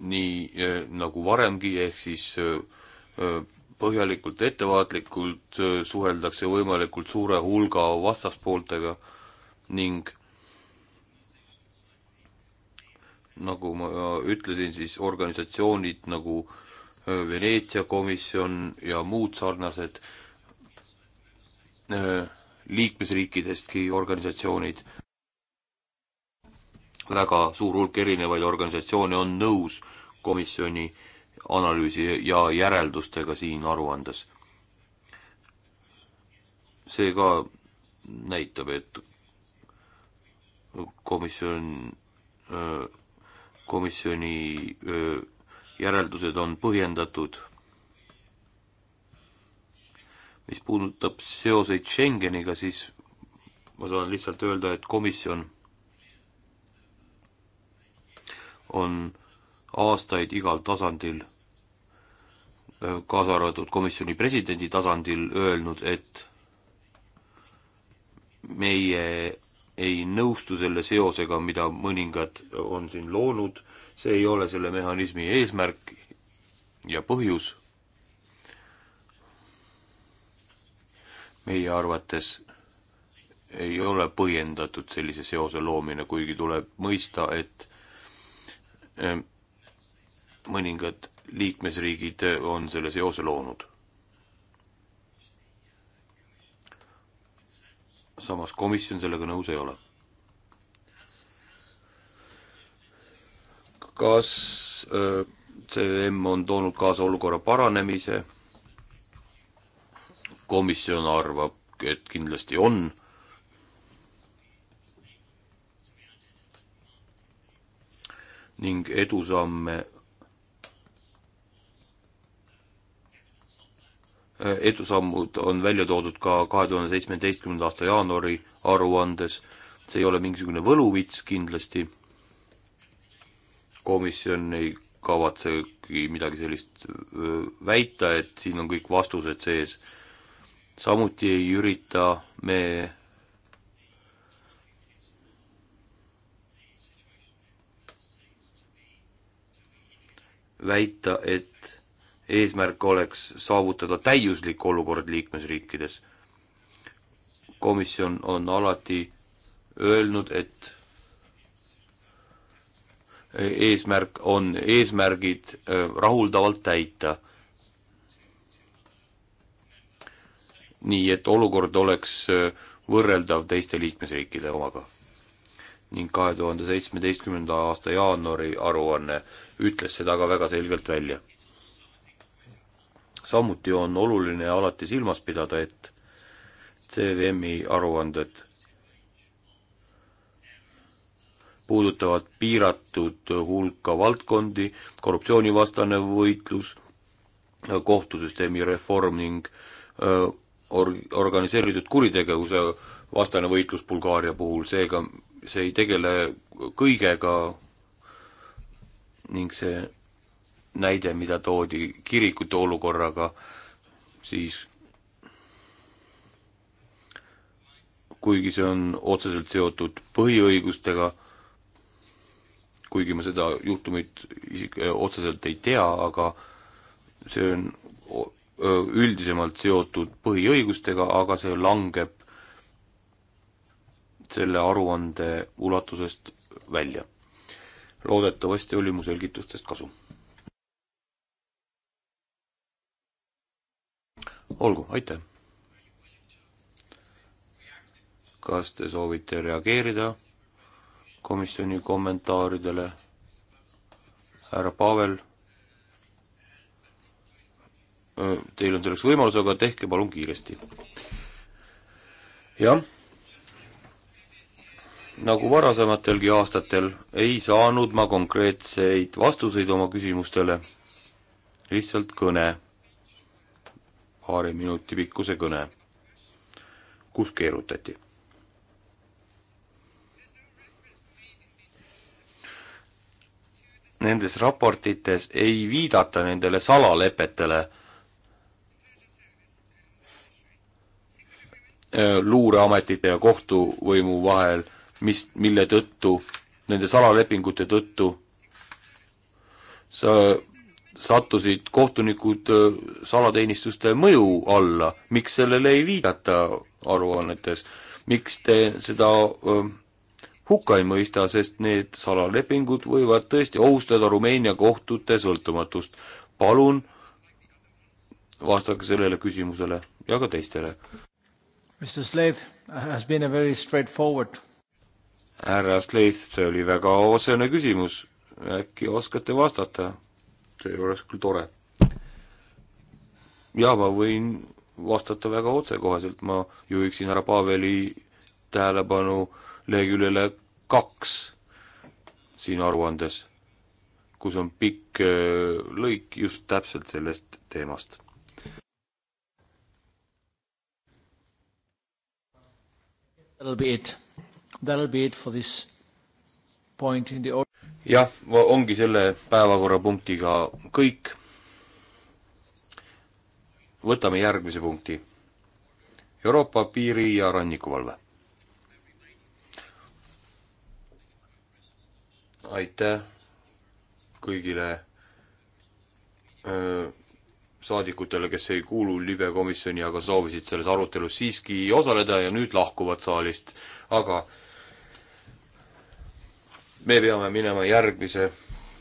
nii äh, nagu varemgi, ehk siis äh, äh põhjalikult ettevaatlikult äh, suheldakse võimalikult suure hulga vastaspooltega ning nagu ma ütlesin, siis organisatsioonid nagu äh, Veneetsia komisjon ja muud sarnased äh, liikmesriikidestki organisatsioonid, väga suur hulk erinevaid organisatsioone on nõus komisjoni analüüsi ja järeldustega siin aruandes. see ka näitab, et komisjon äh, komisjoni järeldused on põhjendatud. mis puudutab seoseid Schengeniga, siis ma saan lihtsalt öelda, et komisjon on aastaid igal tasandil, kaasa arvatud komisjoni presidendi tasandil öelnud, et meie ei nõustu selle seosega, mida mõningad on siin loonud, see ei ole selle mehhanismi eesmärk ja põhjus. meie arvates ei ole põhjendatud sellise seose loomine, kuigi tuleb mõista, et eh, mõningad liikmesriigid on selle seose loonud. samas komisjon sellega nõus ei ole. kas äh, CM on toonud kaasa olukorra paranemise? komisjon arvab, et kindlasti on. ning edusamme Äh, edusammud on välja toodud ka kahe tuhande seitsmeteistkümnenda aasta jaanuari aruandes, see ei ole mingisugune võluvits kindlasti, komisjon ei kavatsegi midagi sellist väita, et siin on kõik vastused sees. samuti ei ürita me väita, et eesmärk oleks saavutada täiuslik olukord liikmesriikides. komisjon on alati öelnud, et eesmärk on eesmärgid äh, rahuldavalt täita. nii et olukord oleks äh, võrreldav teiste liikmesriikide omaga. ning kahe tuhande seitsmeteistkümnenda aasta jaanuari aruanne ütles seda ka väga selgelt välja samuti on oluline alati silmas pidada, et CVM-i aruanded puudutavad piiratud hulka valdkondi, korruptsioonivastane võitlus, kohtusüsteemi reform ning or-, organiseeritud kuritegevuse vastane võitlus Bulgaaria puhul, seega see ei tegele kõigega ning see näide, mida toodi kirikute olukorraga, siis kuigi see on otseselt seotud põhiõigustega, kuigi ma seda juhtumit isik-, otseselt ei tea, aga see on üldisemalt seotud põhiõigustega, aga see langeb selle aruande ulatusest välja. loodetavasti oli mu selgitustest kasu. olgu, aitäh. kas te soovite reageerida komisjoni kommentaaridele? härra Pavel, teil on selleks võimalus, aga tehke palun kiiresti. jah, nagu varasematelgi aastatel, ei saanud ma konkreetseid vastuseid oma küsimustele, lihtsalt kõne paari minuti pikkuse kõne, kus keerutati. Nendes raportites ei viidata nendele salalepetele äh, luureametite ja kohtuvõimu vahel, mis, mille tõttu, nende salalepingute tõttu sa sattusid kohtunikud äh, salateenistuste mõju alla, miks sellele ei viidata aruannetes, miks te seda äh, hukka ei mõista, sest need salalepingud võivad tõesti ohustada Rumeenia kohtute sõltumatust. palun vastake sellele küsimusele ja ka teistele. Mr Slade has been a very straightforward. härra Slade, see oli väga otsene küsimus, äkki oskate vastata? see oleks küll tore. jaa, ma võin vastata väga otsekoheselt, ma juhiksin härra Paveli tähelepanu leheküljele kaks siin aruandes, kus on pikk äh, lõik just täpselt sellest teemast. That'll be it. That'll be it for this point in the jah, ongi selle päevakorrapunktiga kõik. võtame järgmise punkti. Euroopa piiri- ja rannikuvalve. aitäh kõigile öö, saadikutele, kes ei kuulu libe komisjoni, aga soovisid selles arutelus siiski osaleda ja nüüd lahkuvad saalist, aga me peame minema järgmise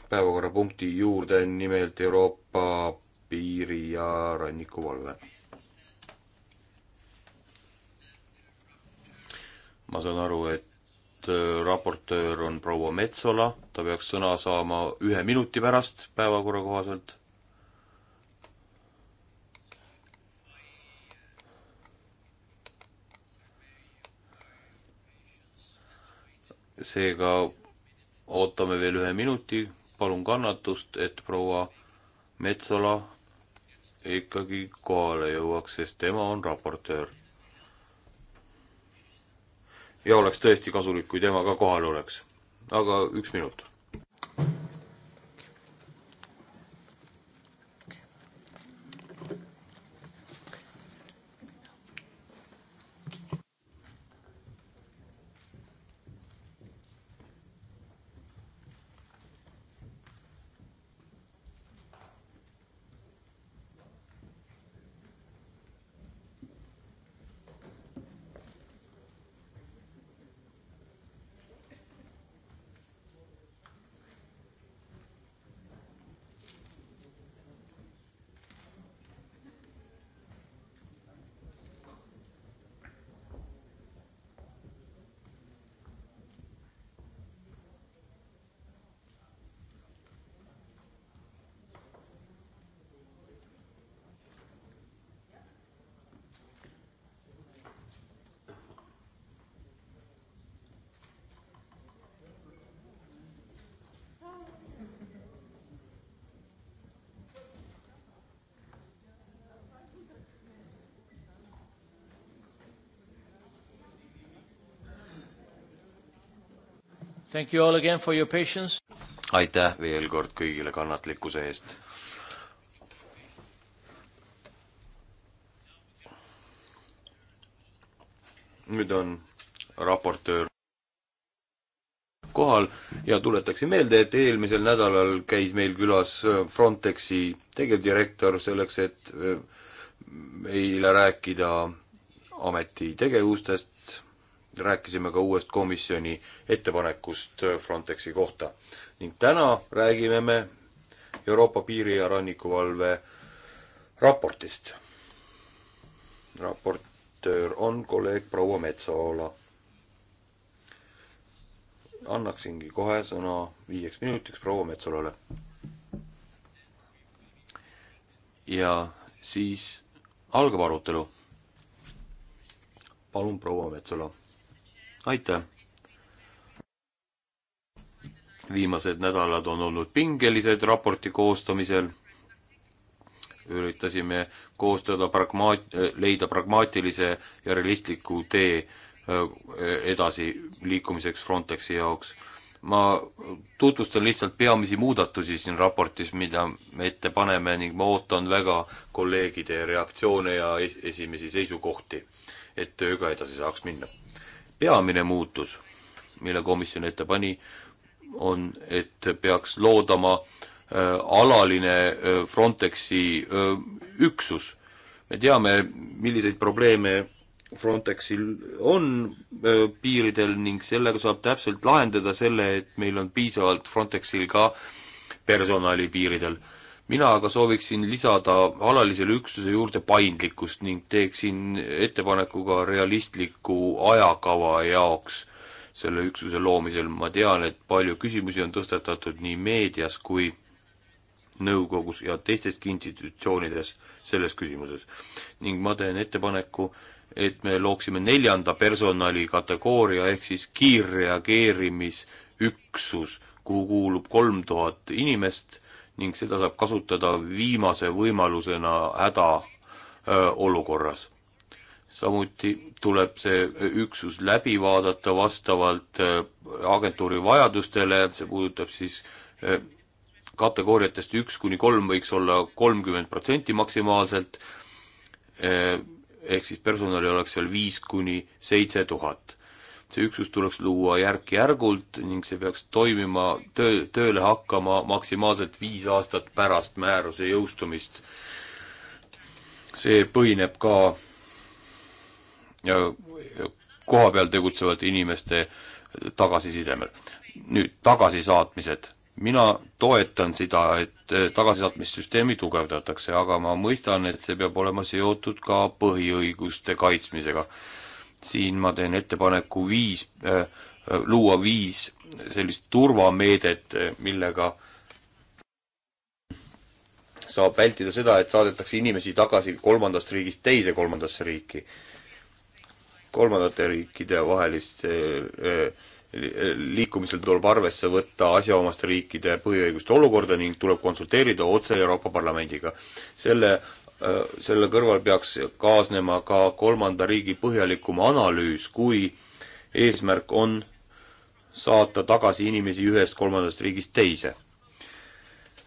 päevakorrapunkti juurde, nimelt Euroopa piiri- ja rannikuvalve. ma saan aru, et äh, raportöör on proua Metsola, ta peaks sõna saama ühe minuti pärast päevakorra kohaselt. seega ootame veel ühe minuti, palun kannatust, et proua Metsola ikkagi kohale jõuaks, sest tema on raportöör. ja oleks tõesti kasulik, kui tema ka kohal oleks. aga üks minut Thank you all again for your patience. aitäh veel kord kõigile kannatlikkuse eest. nüüd on raportöör kohal ja tuletaksin meelde, et eelmisel nädalal käis meil külas äh, Frontexi tegevdirektor selleks, et äh, meile rääkida ameti tegevustest rääkisime ka uuest komisjoni ettepanekust Frontexi kohta. ning täna räägime me Euroopa Piiri- ja Rannikuvalve raportist. raportöör on kolleeg proua Metsaola. annaksingi kohe sõna viieks minutiks proua Metsolale. ja siis algab arutelu. palun, proua Metsola aitäh! viimased nädalad on olnud pingelised raporti koostamisel, üritasime koostada pragmaat-, leida pragmaatilise ja realistliku tee eh, edasiliikumiseks Frontexi jaoks. ma tutvustan lihtsalt peamisi muudatusi siin raportis, mida me ette paneme ning ma ootan väga kolleegide reaktsioone ja es-, esimesi seisukohti, et tööga edasi saaks minna peamine muutus, mille komisjon ette pani, on, et peaks loodama äh, alaline äh, Frontexi äh, üksus. me teame, milliseid probleeme Frontexil on öö, äh, piiridel ning sellega saab täpselt lahendada selle, et meil on piisavalt Frontexil ka personali piiridel mina aga sooviksin lisada alalisele üksuse juurde paindlikkust ning teeksin ettepaneku ka realistliku ajakava jaoks selle üksuse loomisel. ma tean, et palju küsimusi on tõstatatud nii meedias kui nõukogus ja teisteski institutsioonides selles küsimuses. ning ma teen ettepaneku, et me looksime neljanda personalikategooria ehk siis kiirreageerimisüksus, kuhu kuulub kolm tuhat inimest ning seda saab kasutada viimase võimalusena hädaolukorras. samuti tuleb see üksus läbi vaadata vastavalt agentuuri vajadustele, see puudutab siis kategooriatest üks kuni kolm võiks olla kolmkümmend protsenti maksimaalselt, ehk siis personali oleks seal viis kuni seitse tuhat see üksus tuleks luua järk-järgult ning see peaks toimima, töö, tööle hakkama maksimaalselt viis aastat pärast määruse jõustumist. see põhineb ka koha peal tegutsevate inimeste tagasisidemel. nüüd tagasisaatmised. mina toetan seda, et eh, tagasisaatmissüsteemi tugevdatakse, aga ma mõistan, et see peab olema seotud ka põhiõiguste kaitsmisega siin ma teen ettepaneku viis äh,, äh luua viis sellist turvameedet, äh, millega saab vältida seda, et saadetakse inimesi tagasi kolmandast riigist teise kolmandasse riiki. kolmandate riikide vahelist äh, liikumisel tuleb arvesse võtta asjaomaste riikide põhiõiguste olukorda ning tuleb konsulteerida otse Euroopa Parlamendiga. selle Äh, selle kõrval peaks kaasnema ka kolmanda riigi põhjalikum analüüs, kui eesmärk on saata tagasi inimesi ühest kolmandast riigist teise.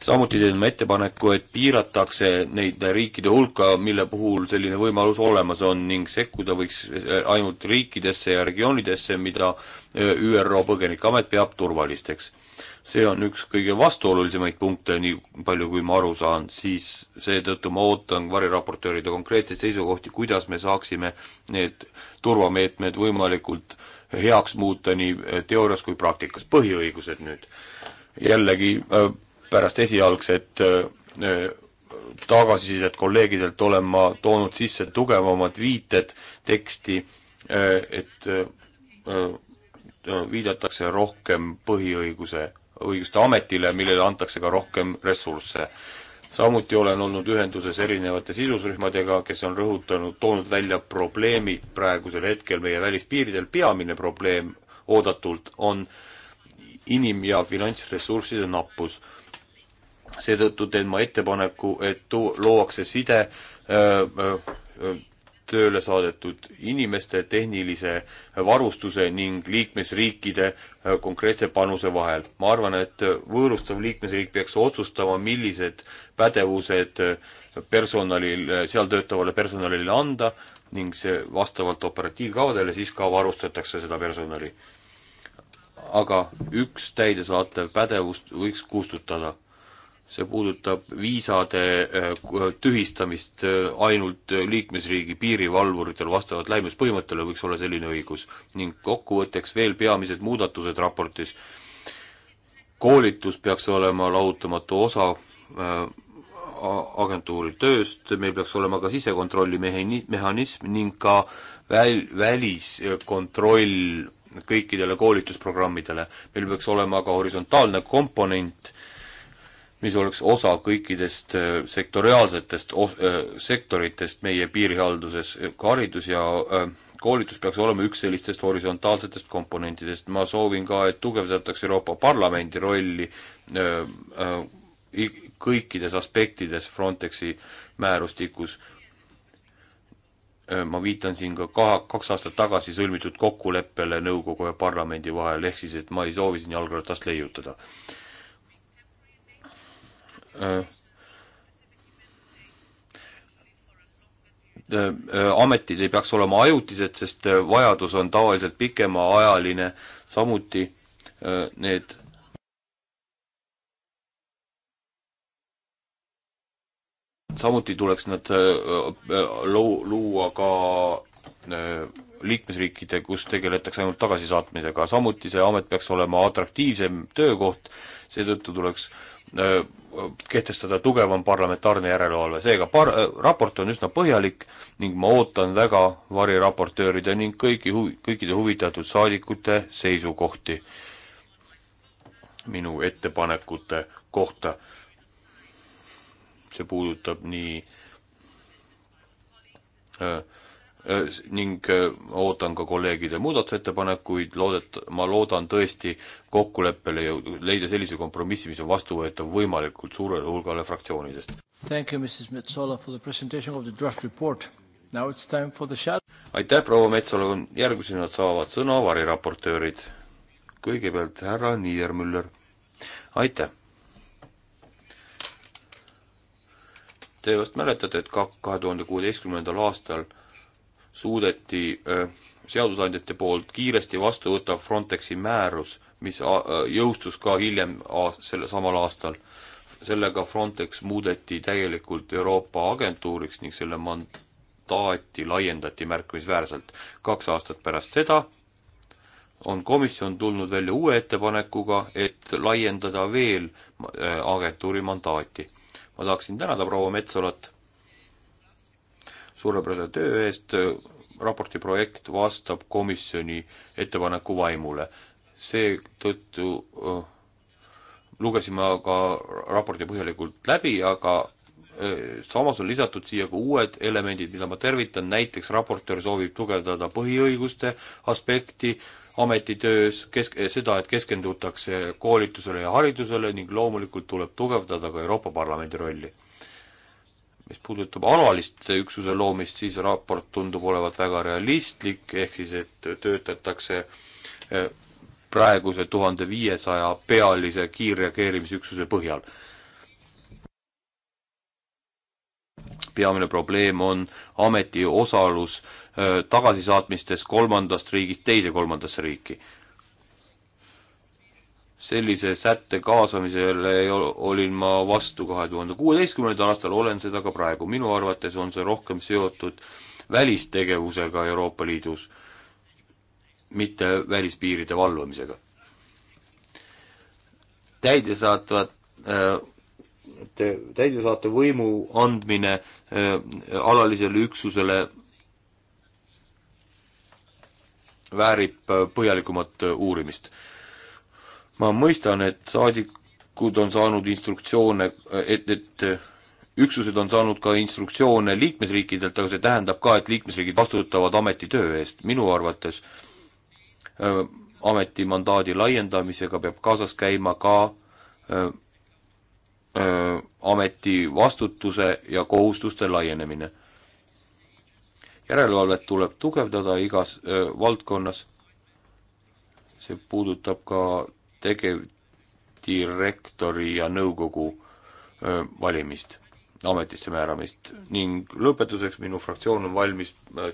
samuti teen ma ettepaneku, et piiratakse neid riikide hulka, mille puhul selline võimalus olemas on ning sekkuda võiks äh, ainult riikidesse ja regioonidesse, mida äh, ÜRO Põgenikeamet peab turvalisteks see on üks kõige vastuolulisemaid punkte, nii palju kui ma aru saan, siis seetõttu ma ootan variraportööride konkreetseid seisukohti, kuidas me saaksime need turvameetmed võimalikult heaks muuta nii teoorias kui praktikas, põhiõigused nüüd. jällegi äh, pärast esialgset äh, tagasisidet kolleegidelt olen ma toonud sisse tugevamad viited teksti, äh, et viidatakse rohkem põhiõiguse Õiguste Ametile, millele antakse ka rohkem ressursse. samuti olen olnud ühenduses erinevate sisusrühmadega, kes on rõhutanud, toonud välja probleemid praegusel hetkel meie välispiiridel, peamine probleem oodatult on inim- ja finantsressursside nappus. seetõttu teen ma ettepaneku, et tu-, luuakse side öö, öö, tööle saadetud inimeste tehnilise varustuse ning liikmesriikide äh, konkreetse panuse vahel. ma arvan, et võõrustav liikmesriik peaks otsustama, millised pädevused äh, personalil, äh, seal töötavale personalile anda ning see vastavalt operatiivkavadele siis ka varustatakse seda personali. aga üks täidesaatev pädevus võiks kustutada see puudutab viisade äh, tühistamist äh, ainult liikmesriigi piirivalvuritel vastavalt lähimuspõhimõttele võiks olla selline õigus. ning kokkuvõtteks veel peamised muudatused raportis. koolitus peaks olema lahutamatu osa äh, agentuuri tööst, meil peaks olema ka sisekontrolli mehhanism, mehhanism ning ka väl-, väliskontroll kõikidele koolitusprogrammidele. meil peaks olema ka horisontaalne komponent, mis oleks osa kõikidest äh, sektoriaalsetest os-, äh, sektoritest meie piirihalduses, haridus ja äh, koolitus peaks olema üks sellistest horisontaalsetest komponentidest, ma soovin ka, et tugevdatakse Euroopa Parlamendi rolli kõikides aspektides Frontexi määrustikus, ma viitan siin ka kaha, kaks aastat tagasi sõlmitud kokkuleppele nõukogu ja parlamendi vahel, ehk siis et ma ei soovi siin jalgratast leiutada. Äh, äh, ametid ei peaks olema ajutised, sest äh, vajadus on tavaliselt pikemaajaline, samuti need samuti tuleks nad loo-, luua ka liikmesriikide, kus tegeletakse ainult tagasisaatmisega, samuti see amet peaks olema atraktiivsem töökoht, seetõttu tuleks äh, Äh, kehtestada tugevam parlamentaarne järelevalve, seega par-, äh, raport on üsna põhjalik ning ma ootan väga variraportööride ning kõigi hu-, kõikide huvitatud saadikute seisukohti minu ettepanekute kohta. see puudutab nii äh, Äh, ning äh, ootan ka kolleegide muudatusettepanekuid, loodet-, ma loodan tõesti kokkuleppele jõud-, leida sellise kompromissi, mis on vastuvõetav võimalikult suurele hulgale fraktsioonidest. aitäh, proua Metsalu, järgmisena saavad sõna variraportöörid. kõigepealt härra Niedermüller, aitäh! Te vast mäletate, et ka kahe tuhande kuueteistkümnendal aastal suudeti äh, seadusandjate poolt kiiresti vastu võtta Frontexi määrus, mis äh, jõustus ka hiljem selle samal aastal. sellega Frontex muudeti täielikult Euroopa agentuuriks ning selle mandaati laiendati märkimisväärselt. kaks aastat pärast seda on komisjon tulnud välja uue ettepanekuga, et laiendada veel äh, agentuuri mandaati. ma tahaksin tänada proua Metsolat suurepärase töö eest, raporti projekt vastab komisjoni ettepaneku vaimule. seetõttu äh, lugesin ma ka raporti põhjalikult läbi, aga äh, samas on lisatud siia ka uued elemendid, mida ma tervitan, näiteks raportöör soovib tugevdada põhiõiguste aspekti ametitöös, kesk-, äh, seda, et keskendutakse koolitusele ja haridusele ning loomulikult tuleb tugevdada ka Euroopa Parlamendi rolli mis puudutab alalist üksuse loomist, siis raport tundub olevat väga realistlik, ehk siis et töötatakse eh, praeguse tuhande viiesaja pealise kiirreageerimisüksuse põhjal. peamine probleem on ameti osalus eh, tagasisaatmistes kolmandast riigist teise kolmandasse riiki sellise sätte kaasamisele olin ma vastu kahe tuhande kuueteistkümnendal aastal, olen seda ka praegu. minu arvates on see rohkem seotud välistegevusega Euroopa Liidus, mitte välispiiride valvamisega. täidesaatvad äh, täidesaatva võimu andmine äh, alalisele üksusele väärib äh, põhjalikumat äh, uurimist ma mõistan, et saadikud on saanud instruktsioone, et, et üksused on saanud ka instruktsioone liikmesriikidelt, aga see tähendab ka, et liikmesriigid vastutavad ametitöö eest, minu arvates äh, ametimandaadi laiendamisega peab kaasas käima ka äh, äh, ameti vastutuse ja kohustuste laienemine. järelevalvet tuleb tugevdada igas äh, valdkonnas, see puudutab ka tegevdirektori ja nõukogu valimist, ametisse määramist ning lõpetuseks minu fraktsioon on valmis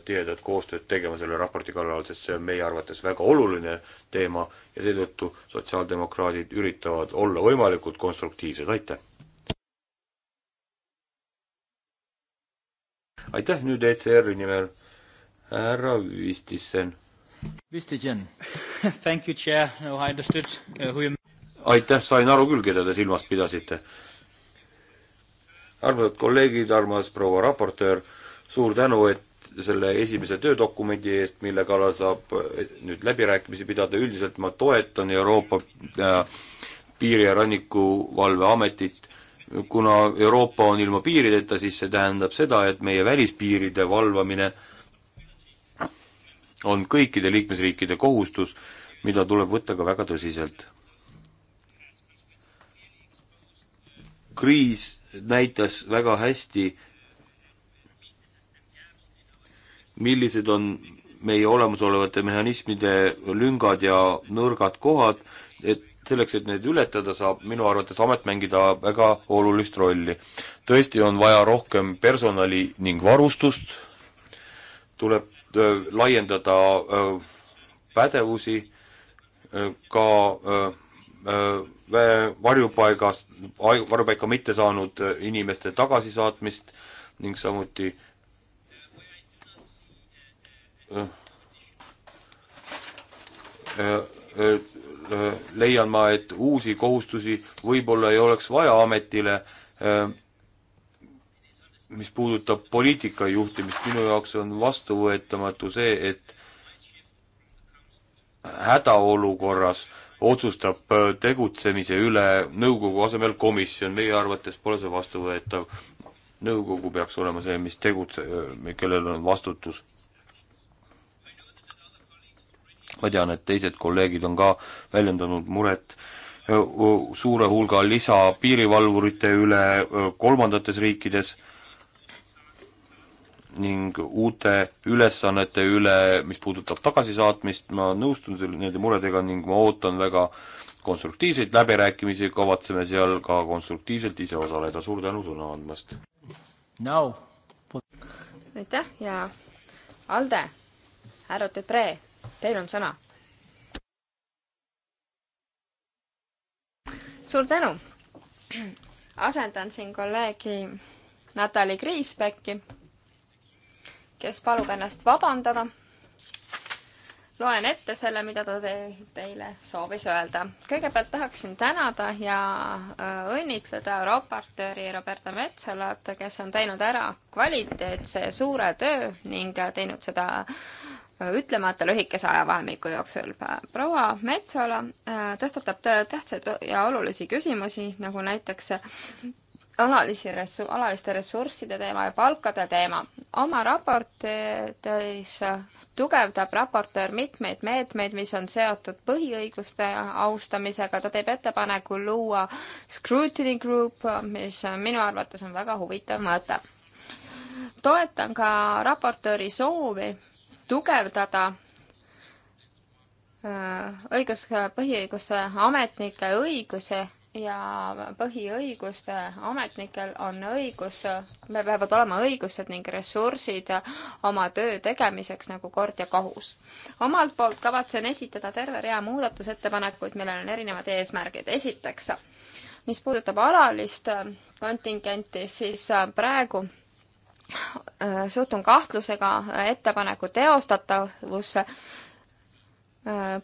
tihedat koostööd tegema selle raporti kallal, sest see on meie arvates väga oluline teema ja seetõttu sotsiaaldemokraadid üritavad olla võimalikult konstruktiivsed, aitäh! aitäh nüüd ECR-i nimel, härra Vistisen Uh, aitäh, sain aru küll, keda te silmas pidasite. armsad kolleegid, armas proua raportöör, suur tänu, et selle esimese töödokumendi eest, mille kallal saab eh, nüüd läbirääkimisi pidada, üldiselt ma toetan Euroopa äh, Piiri- ja Rannikuvalveametit, kuna Euroopa on ilma piirideta, siis see tähendab seda, et meie välispiiride valvamine äh, on kõikide liikmesriikide kohustus, mida tuleb võtta ka väga tõsiselt. kriis näitas väga hästi, millised on meie olemasolevate mehhanismide lüngad ja nõrgad kohad, et selleks, et need ületada, saab minu arvates amet mängida väga olulist rolli. tõesti on vaja rohkem personali ning varustust, tuleb Äh, laiendada äh, pädevusi äh, ka varjupaigas, varjupaika mitte saanud inimeste tagasisaatmist ning samuti leian ma, et uusi kohustusi võib-olla ei oleks vaja ametile mis puudutab poliitika juhtimist, minu jaoks on vastuvõetamatu see, et hädaolukorras otsustab äh, tegutsemise üle nõukogu asemel komisjon, meie arvates pole see vastuvõetav. nõukogu peaks olema see, mis tegutse-, äh, kellel on vastutus. ma tean, et teised kolleegid on ka väljendanud muret äh, suure hulga lisapiirivalvurite üle kolmandates riikides ning uute ülesannete üle, mis puudutab tagasisaatmist, ma nõustun selle, nende muredega ning ma ootan väga konstruktiivseid läbirääkimisi, kavatseme seal ka konstruktiivselt ise osaleda, suur tänu sõna andmast! aitäh ja Alde, härra Debre, teil on sõna. suur tänu! asendan siin kolleegi Natali Kriisbecki kes palub ennast vabandada. loen ette selle, mida ta te, teile soovis öelda. kõigepealt tahaksin tänada ja äh, õnnitleda raportööri Roberta Metsalat, kes on teinud ära kvaliteetse suure töö ning teinud seda äh, ütlemata lühikese ajavahemiku jooksul. proua Metsola äh, tõstatab tähtsaid ja olulisi küsimusi, nagu näiteks alalisi ressu-, alaliste ressursside teema ja palkade teema. oma raportis tugevdab raportöör mitmeid meetmeid, mis on seotud põhiõiguste austamisega, ta teeb ettepaneku luua scrutiny group, mis minu arvates on väga huvitav mõte. toetan ka raportööri soovi tugevdada äh, õigus, põhiõiguste ametnike õigusi ja põhiõiguste ametnikel on õigus, meil peavad olema õigused ning ressursid oma töö tegemiseks nagu kord ja kohus. omalt poolt kavatsen esitada terve rea muudatusettepanekuid, millel on erinevad eesmärgid. esiteks, mis puudutab alalist kontingenti, siis praegu äh, suhtun kahtlusega ettepaneku teostatavusse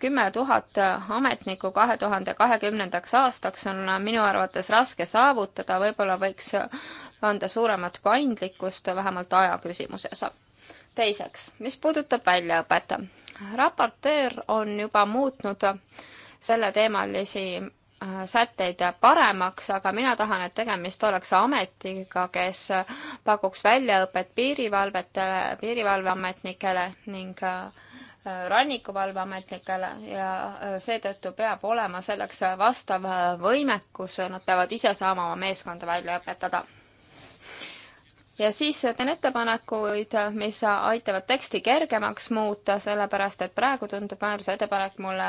kümme tuhat ametnikku kahe tuhande kahekümnendaks aastaks on minu arvates raske saavutada, võib-olla võiks anda suuremat paindlikkust vähemalt aja küsimuses. teiseks, mis puudutab väljaõpet. raportöör on juba muutnud selleteemalisi äh, sätteid paremaks, aga mina tahan, et tegemist oleks ametiga, kes pakuks väljaõpet piirivalvetele, piirivalveametnikele ning äh, rannikuvalveametnikele ja äh, seetõttu peab olema selleks vastav äh, võimekus, nad peavad ise saama oma meeskonda välja õpetada. ja siis teen ettepanekuid, mis aitavad teksti kergemaks muuta, sellepärast et praegu tundub määruse ettepanek mulle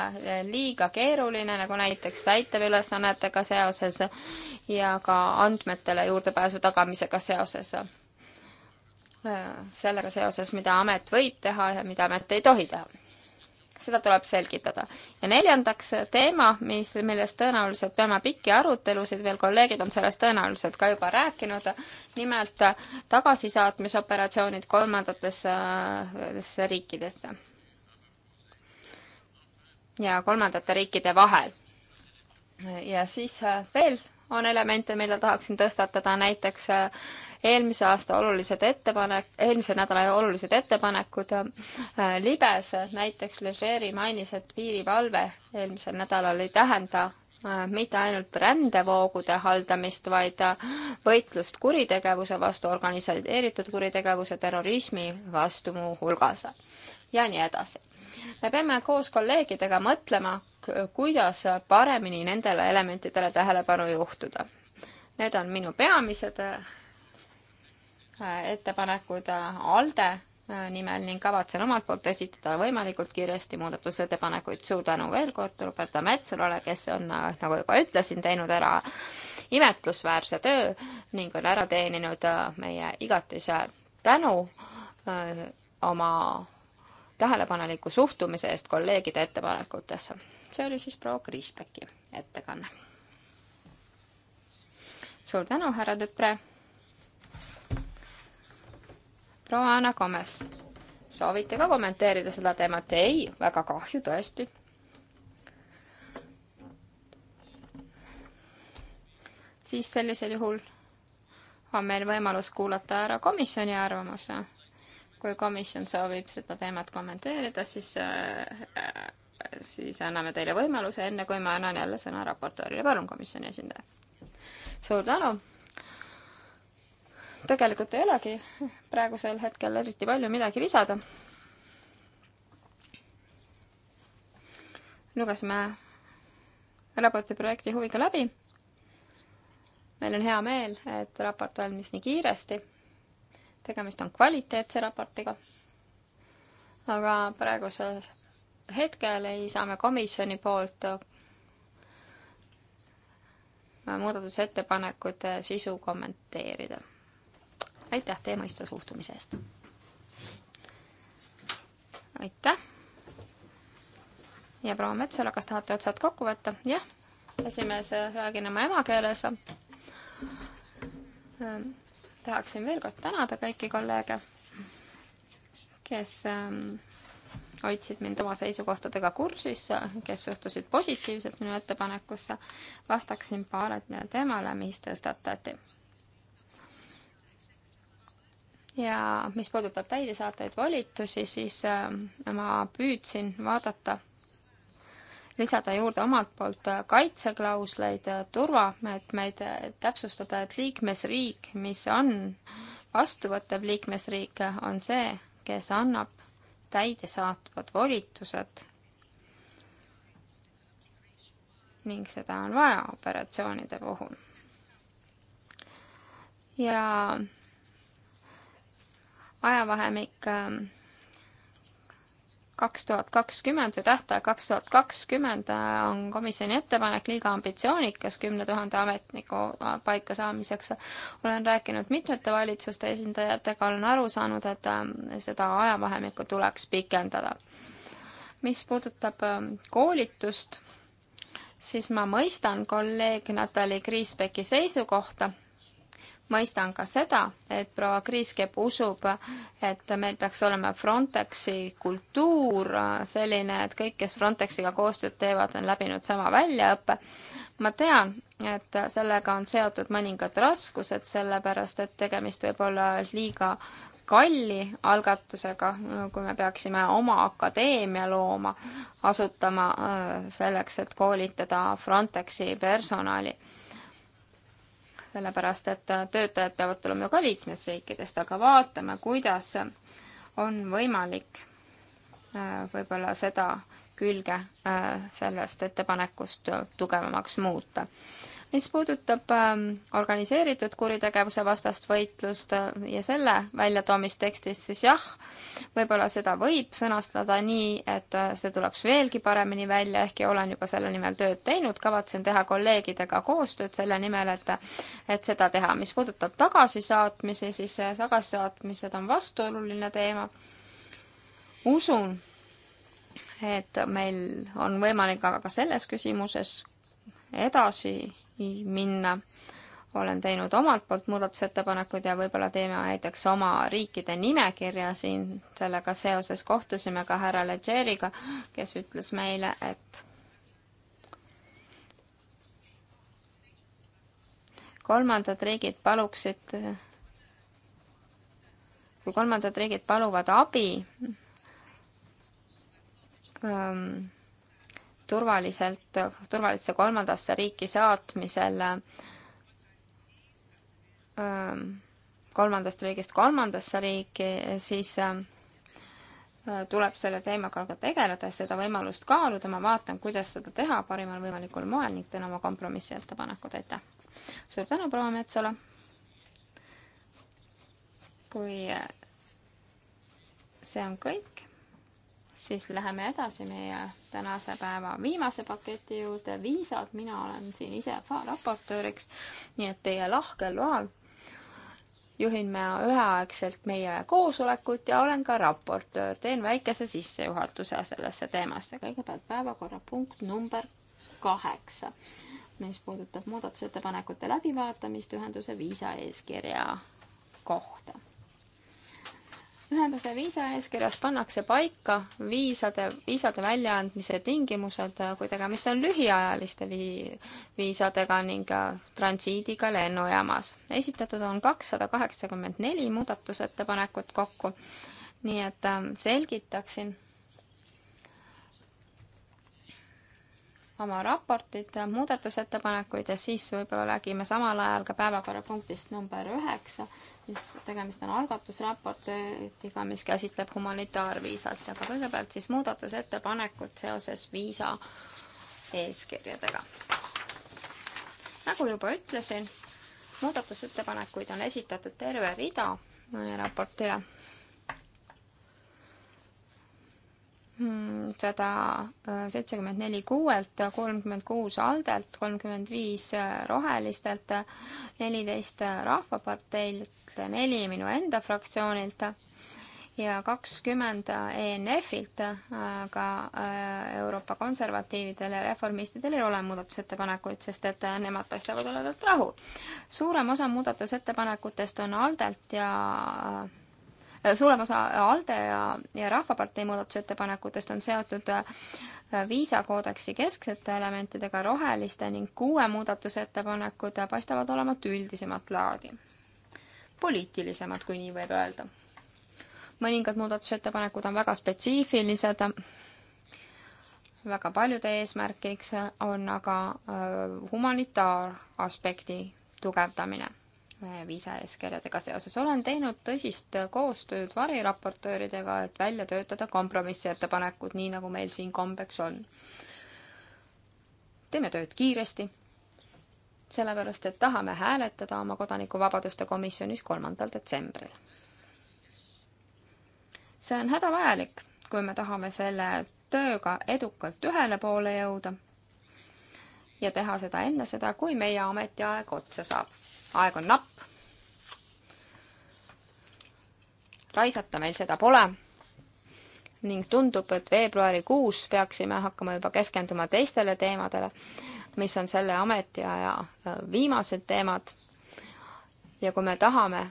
liiga keeruline, nagu näiteks täitevülesannetega seoses ja ka andmetele juurdepääsu tagamisega seoses sellega seoses, mida amet võib teha ja mida amet ei tohi teha. seda tuleb selgitada. ja neljandaks teema, mis, millest tõenäoliselt peame pikki arutelusid veel, kolleegid on sellest tõenäoliselt ka juba rääkinud, nimelt tagasisaatmisoperatsioonid kolmandatesse äh, riikidesse. ja kolmandate riikide vahel. ja siis äh, veel on elemente, mida tahaksin tõstatada, näiteks äh, eelmise aasta olulised ettepanek, eelmise nädala olulised ettepanekud äh, libes, näiteks Legeri mainis, et piirivalve eelmisel nädalal ei tähenda äh, mitte ainult rändevoogude haldamist, vaid võitlust kuritegevuse vastu, organiseeritud kuritegevuse, terrorismi vastu muuhulgas ja nii edasi me peame koos kolleegidega mõtlema, kuidas paremini nendele elementidele tähelepanu juhtuda. Need on minu peamised äh, ettepanekud äh, ALDE äh, nimel ning kavatsen omalt poolt esitada võimalikult kiiresti muudatusettepanekuid. suur tänu veel kord Roberta Metsolale, kes on, nagu juba ütlesin, teinud ära imetlusväärse töö ning on ära teeninud meie igatise tänu öö, oma tähelepaneliku suhtumise eest kolleegide ettepanekutesse. see oli siis proua Kriisbecki ettekanne. suur tänu, härra Tüpre. proua Anna Komes, soovite ka kommenteerida seda teemat? ei, väga kahju tõesti. siis sellisel juhul on meil võimalus kuulata ära komisjoni arvamuse kui komisjon soovib seda teemat kommenteerida, siis äh, äh, siis anname teile võimaluse, enne kui ma annan jälle sõna raportöörile. palun, komisjoni esindaja. suur tänu. tegelikult ei olegi praegusel hetkel eriti palju midagi lisada. lugesime raporti projekti huviga läbi. meil on hea meel, et raport valmis nii kiiresti tegemist on kvaliteetse raportiga. aga praegusel hetkel ei saa me komisjoni poolt muudatusettepanekute sisu kommenteerida. aitäh teie mõistva suhtumise eest! aitäh! ja proua Metsala, kas tahate otsad kokku võtta? jah, esimees, räägin oma emakeeles ähm tahaksin veel kord tänada kõiki kolleege, kes ähm, hoidsid mind oma seisukohtadega kursis, kes suhtusid positiivselt minu ettepanekusse, vastaksin paarile teemale, mis tõstatati. ja mis puudutab täidesaatvaid volitusi, siis ähm, ma püüdsin vaadata lisada juurde omalt poolt äh, kaitseklausleid, äh, turvameetmeid, äh, täpsustada, et liikmesriik, mis on vastuvõttev liikmesriik, on see, kes annab täidesaatvad volitused ning seda on vaja operatsioonide puhul. ja ajavahemik ähm, kaks tuhat kakskümmend või tähtaeg kaks tuhat kakskümmend on komisjoni ettepanek liiga ambitsioonikas kümne tuhande ametniku paika saamiseks. olen rääkinud mitmete valitsuste esindajatega, olen aru saanud, et ähm, seda ajavahemikku tuleks pikendada. mis puudutab ähm, koolitust, siis ma mõistan kolleeg Natali Kriisbecki seisukohta mõistan ka seda, et proua Kriiskep usub, et meil peaks olema Frontexi kultuur selline, et kõik, kes Frontexiga koostööd teevad, on läbinud sama väljaõppe. ma tean, et sellega on seotud mõningad raskused, sellepärast et tegemist võib olla liiga kalli algatusega, kui me peaksime oma akadeemia looma, asutama selleks, et koolitada Frontexi personali sellepärast et töötajad peavad tulema ju ka liikmesriikidest, aga vaatame, kuidas on võimalik äh, võib-olla seda külge äh, sellest ettepanekust tugevamaks muuta mis puudutab ähm, organiseeritud kuritegevuse vastast võitlust äh, ja selle väljatoomist tekstis, siis jah, võib-olla seda võib sõnastada nii, et äh, see tuleks veelgi paremini välja, ehkki olen juba selle nimel tööd teinud, kavatsen teha kolleegidega koostööd selle nimel, et, et seda teha. mis puudutab tagasisaatmisi, siis äh, tagasisaatmised on vastuoluline teema. usun, et meil on võimalik aga ka selles küsimuses edasi minna. olen teinud omalt poolt muudatusettepanekud ja võib-olla teeme näiteks oma riikide nimekirja siin. sellega seoses kohtusime ka härra Ledgeriga, kes ütles meile, et kolmandad riigid paluksid, kui kolmandad riigid paluvad abi ähm, turvaliselt, turvalisse kolmandasse riiki saatmisel ähm, kolmandast riigist kolmandasse riiki, siis ähm, tuleb selle teemaga ka tegeleda ja seda võimalust kaaluda, ma vaatan, kuidas seda teha parimal võimalikul moel ning teen oma kompromissi ettepanekud, aitäh! suur tänu, proua Metsala! kui äh, see on kõik siis läheme edasi meie tänase päeva viimase paketi juurde, viisad, mina olen siin ise raportööriks, nii et teie lahkel loal juhin ma üheaegselt meie koosolekut ja olen ka raportöör, teen väikese sissejuhatuse sellesse teemasse, kõigepealt päevakorrapunkt number kaheksa, mis puudutab muudatusettepanekute läbivaatamist ühenduse viisa eeskirja kohta ühenduse viisaeeskirjas pannakse paika viisade, viisade väljaandmise tingimused, kui tegemist on lühiajaliste vii-, viisadega ning äh, transiidiga lennujaamas. esitatud on kakssada kaheksakümmend neli muudatusettepanekut kokku, nii et äh, selgitaksin oma raportit, muudatusettepanekuid ja siis võib-olla räägime samal ajal ka päevakorrapunktist number üheksa, mis tegemist on algatusraportiga, mis käsitleb humanitaarviisat, aga kõigepealt siis muudatusettepanekud seoses viisa eeskirjadega. nagu juba ütlesin, muudatusettepanekuid on esitatud terve rida raportile sada äh, seitsekümmend neli kuuelt, kolmkümmend kuus Aldelt, kolmkümmend viis äh, Rohelistelt, neliteist äh, Rahvaparteilt, neli minu enda fraktsioonilt ja kakskümmend ENF-ilt, aga Euroopa konservatiividel ja reformistidel ei ole muudatusettepanekuid, sest et nemad paistavad olevat rahul. suurem osa muudatusettepanekutest on Aldelt ja suurem osa ALDE ja, ja Rahvapartei muudatusettepanekutest on seotud äh, viisakoodeksi kesksete elementidega, roheliste ning kuue muudatusettepanekud paistavad olevat üldisemat laadi. poliitilisemad, kui nii võib öelda. mõningad muudatusettepanekud on väga spetsiifilised, väga paljude eesmärgiks on aga äh, humanitaaraspekti tugevdamine viisaeeskirjadega seoses. olen teinud tõsist koostööd variraportööridega, et välja töötada kompromissettepanekud, nii nagu meil siin kombeks on. teeme tööd kiiresti, sellepärast et tahame hääletada oma kodanikuvabaduste komisjonis kolmandal detsembril. see on hädavajalik, kui me tahame selle tööga edukalt ühele poole jõuda ja teha seda enne seda, kui meie ametiaeg otsa saab aeg on napp. raisata meil seda pole. ning tundub, et veebruarikuus peaksime hakkama juba keskenduma teistele teemadele, mis on selle ametiaja äh, viimased teemad. ja kui me tahame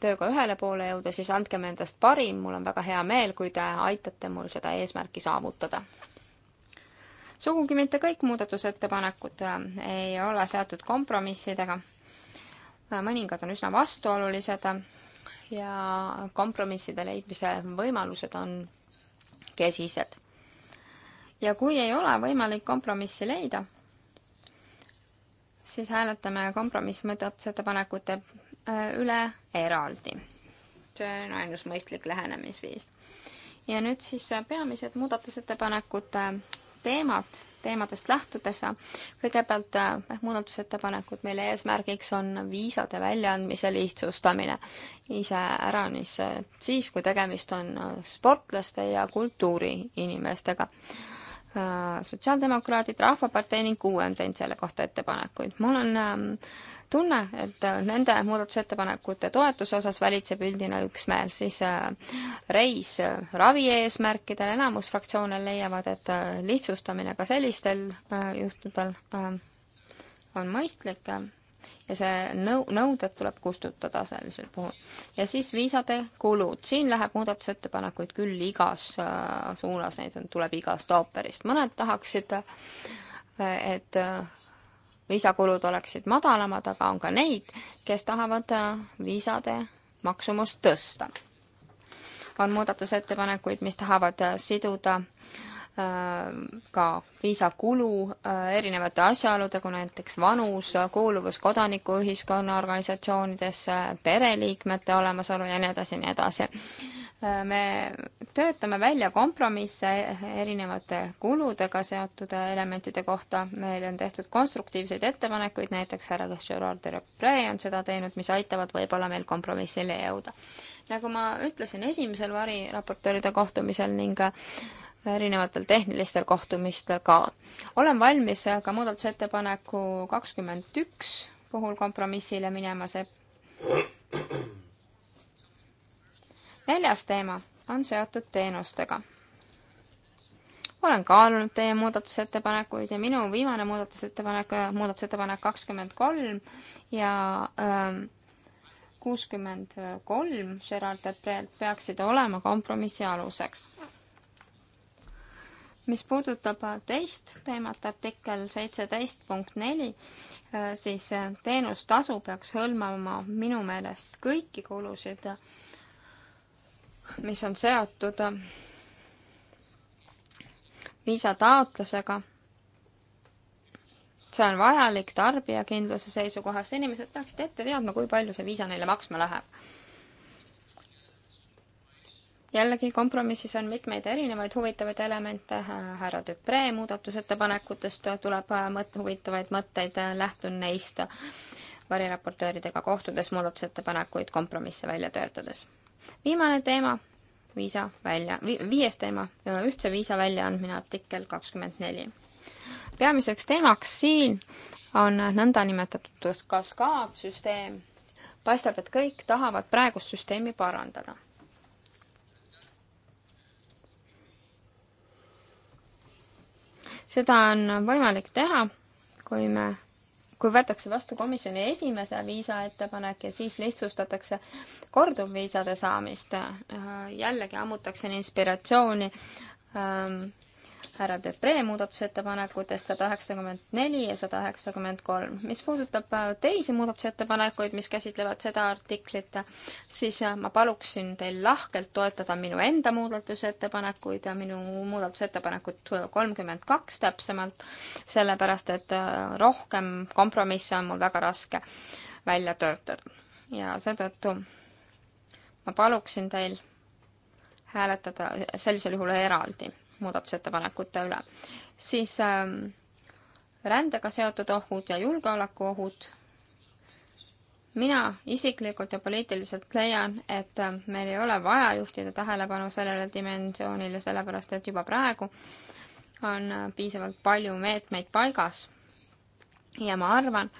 tööga ühele poole jõuda, siis andkem endast parim, mul on väga hea meel, kui te aitate mul seda eesmärki saavutada. sugugi mitte kõik muudatusettepanekud äh, ei ole seotud kompromissidega Äh, mõningad on üsna vastuolulised ja kompromisside leidmise võimalused on kesised. ja kui ei ole võimalik kompromissi leida, siis hääletame kompromissmuudatusettepanekute äh, üle eraldi. see on ainus mõistlik lähenemisviis. ja nüüd siis peamised muudatusettepanekute teemat teemadest lähtudes. kõigepealt eh, muudatusettepanekud, mille eesmärgiks on viisade väljaandmise lihtsustamine iseäranis siis, kui tegemist on eh, sportlaste ja kultuuriinimestega. Eh, sotsiaaldemokraadid, Rahvapartei ning UU on teinud selle kohta ettepanekuid. ma olen eh, tunne, et äh, nende muudatusettepanekute toetuse osas valitseb üldine üksmeel, siis äh, reis äh, ravi eesmärkidel, enamus fraktsioone leiavad, et lihtsustamine ka sellistel juhtudel on mõistlik ja see nõu-, nõuded tuleb kustutada sellisel puhul. ja siis viisade kulud, siin läheb muudatusettepanekuid küll igas suunas, neid on, tuleb igast ooperist, mõned tahaksid, et viisakulud oleksid madalamad, aga on ka neid, kes tahavad äh, viisade maksumust tõsta. on muudatusettepanekuid, mis tahavad äh, siduda äh, ka viisakulu erinevate asjaoludega, näiteks vanus, kuuluvus kodanikuühiskonna organisatsioonidesse, pereliikmete olemasolu ja nii edasi ja nii edasi me töötame välja kompromisse erinevate kuludega seotud elementide kohta, meil on tehtud konstruktiivseid ettepanekuid, näiteks härra Gerard de Repree on seda teinud, mis aitavad võib-olla meil kompromissile jõuda. nagu ma ütlesin esimesel variraportööride kohtumisel ning erinevatel tehnilistel kohtumistel ka. olen valmis ka muudatusettepaneku kakskümmend üks puhul kompromissile minema, see neljas teema on seotud teenustega. olen kaalunud teie muudatusettepanekuid ja minu viimane muudatusettepanek, muudatusettepanek kakskümmend kolm ja ähm, kuuskümmend kolm Gerard Tatelt peaksid olema kompromissi aluseks. mis puudutab teist teemat, artikkel seitseteist punkt neli, äh, siis äh, teenustasu peaks hõlmama minu meelest kõiki kulusid mis on seotud viisataotlusega. see on vajalik tarbijakindluse seisukohast, inimesed peaksid ette teadma, kui palju see viisa neile maksma läheb. jällegi kompromissis on mitmeid erinevaid huvitavaid elemente, härra Dupre muudatusettepanekutest tuleb mõt-, huvitavaid mõtteid, lähtun neist variraportööridega kohtudes muudatusettepanekuid kompromisse välja töötades viimane teema, viisa välja, viies teema, ühtse viisa väljaandmine artikkel kakskümmend neli. peamiseks teemaks siin on nõndanimetatud kaskaadsüsteem. paistab, et kõik tahavad praegust süsteemi parandada seda on võimalik teha, kui me kui võetakse vastu komisjoni esimese viisa ettepanek ja siis lihtsustatakse korduvviisade saamist, äh, jällegi ammutakse inspiratsiooni ähm, härra Depree muudatusettepanekuid sada üheksakümmend neli ja sada üheksakümmend kolm. mis puudutab äh, teisi muudatusettepanekuid, mis käsitlevad seda artiklit, siis äh, ma paluksin teil lahkelt toetada minu enda muudatusettepanekuid ja minu muudatusettepanekut kolmkümmend kaks täpsemalt, sellepärast et äh, rohkem kompromisse on mul väga raske välja töötada. ja seetõttu ma paluksin teil hääletada sellisel juhul eraldi muudatusettepanekute üle. siis ähm, rändega seotud ohud ja julgeolekuohud. mina isiklikult ja poliitiliselt leian, et äh, meil ei ole vaja juhtida tähelepanu sellele dimensioonile, sellepärast et juba praegu on äh, piisavalt palju meetmeid paigas. ja ma arvan,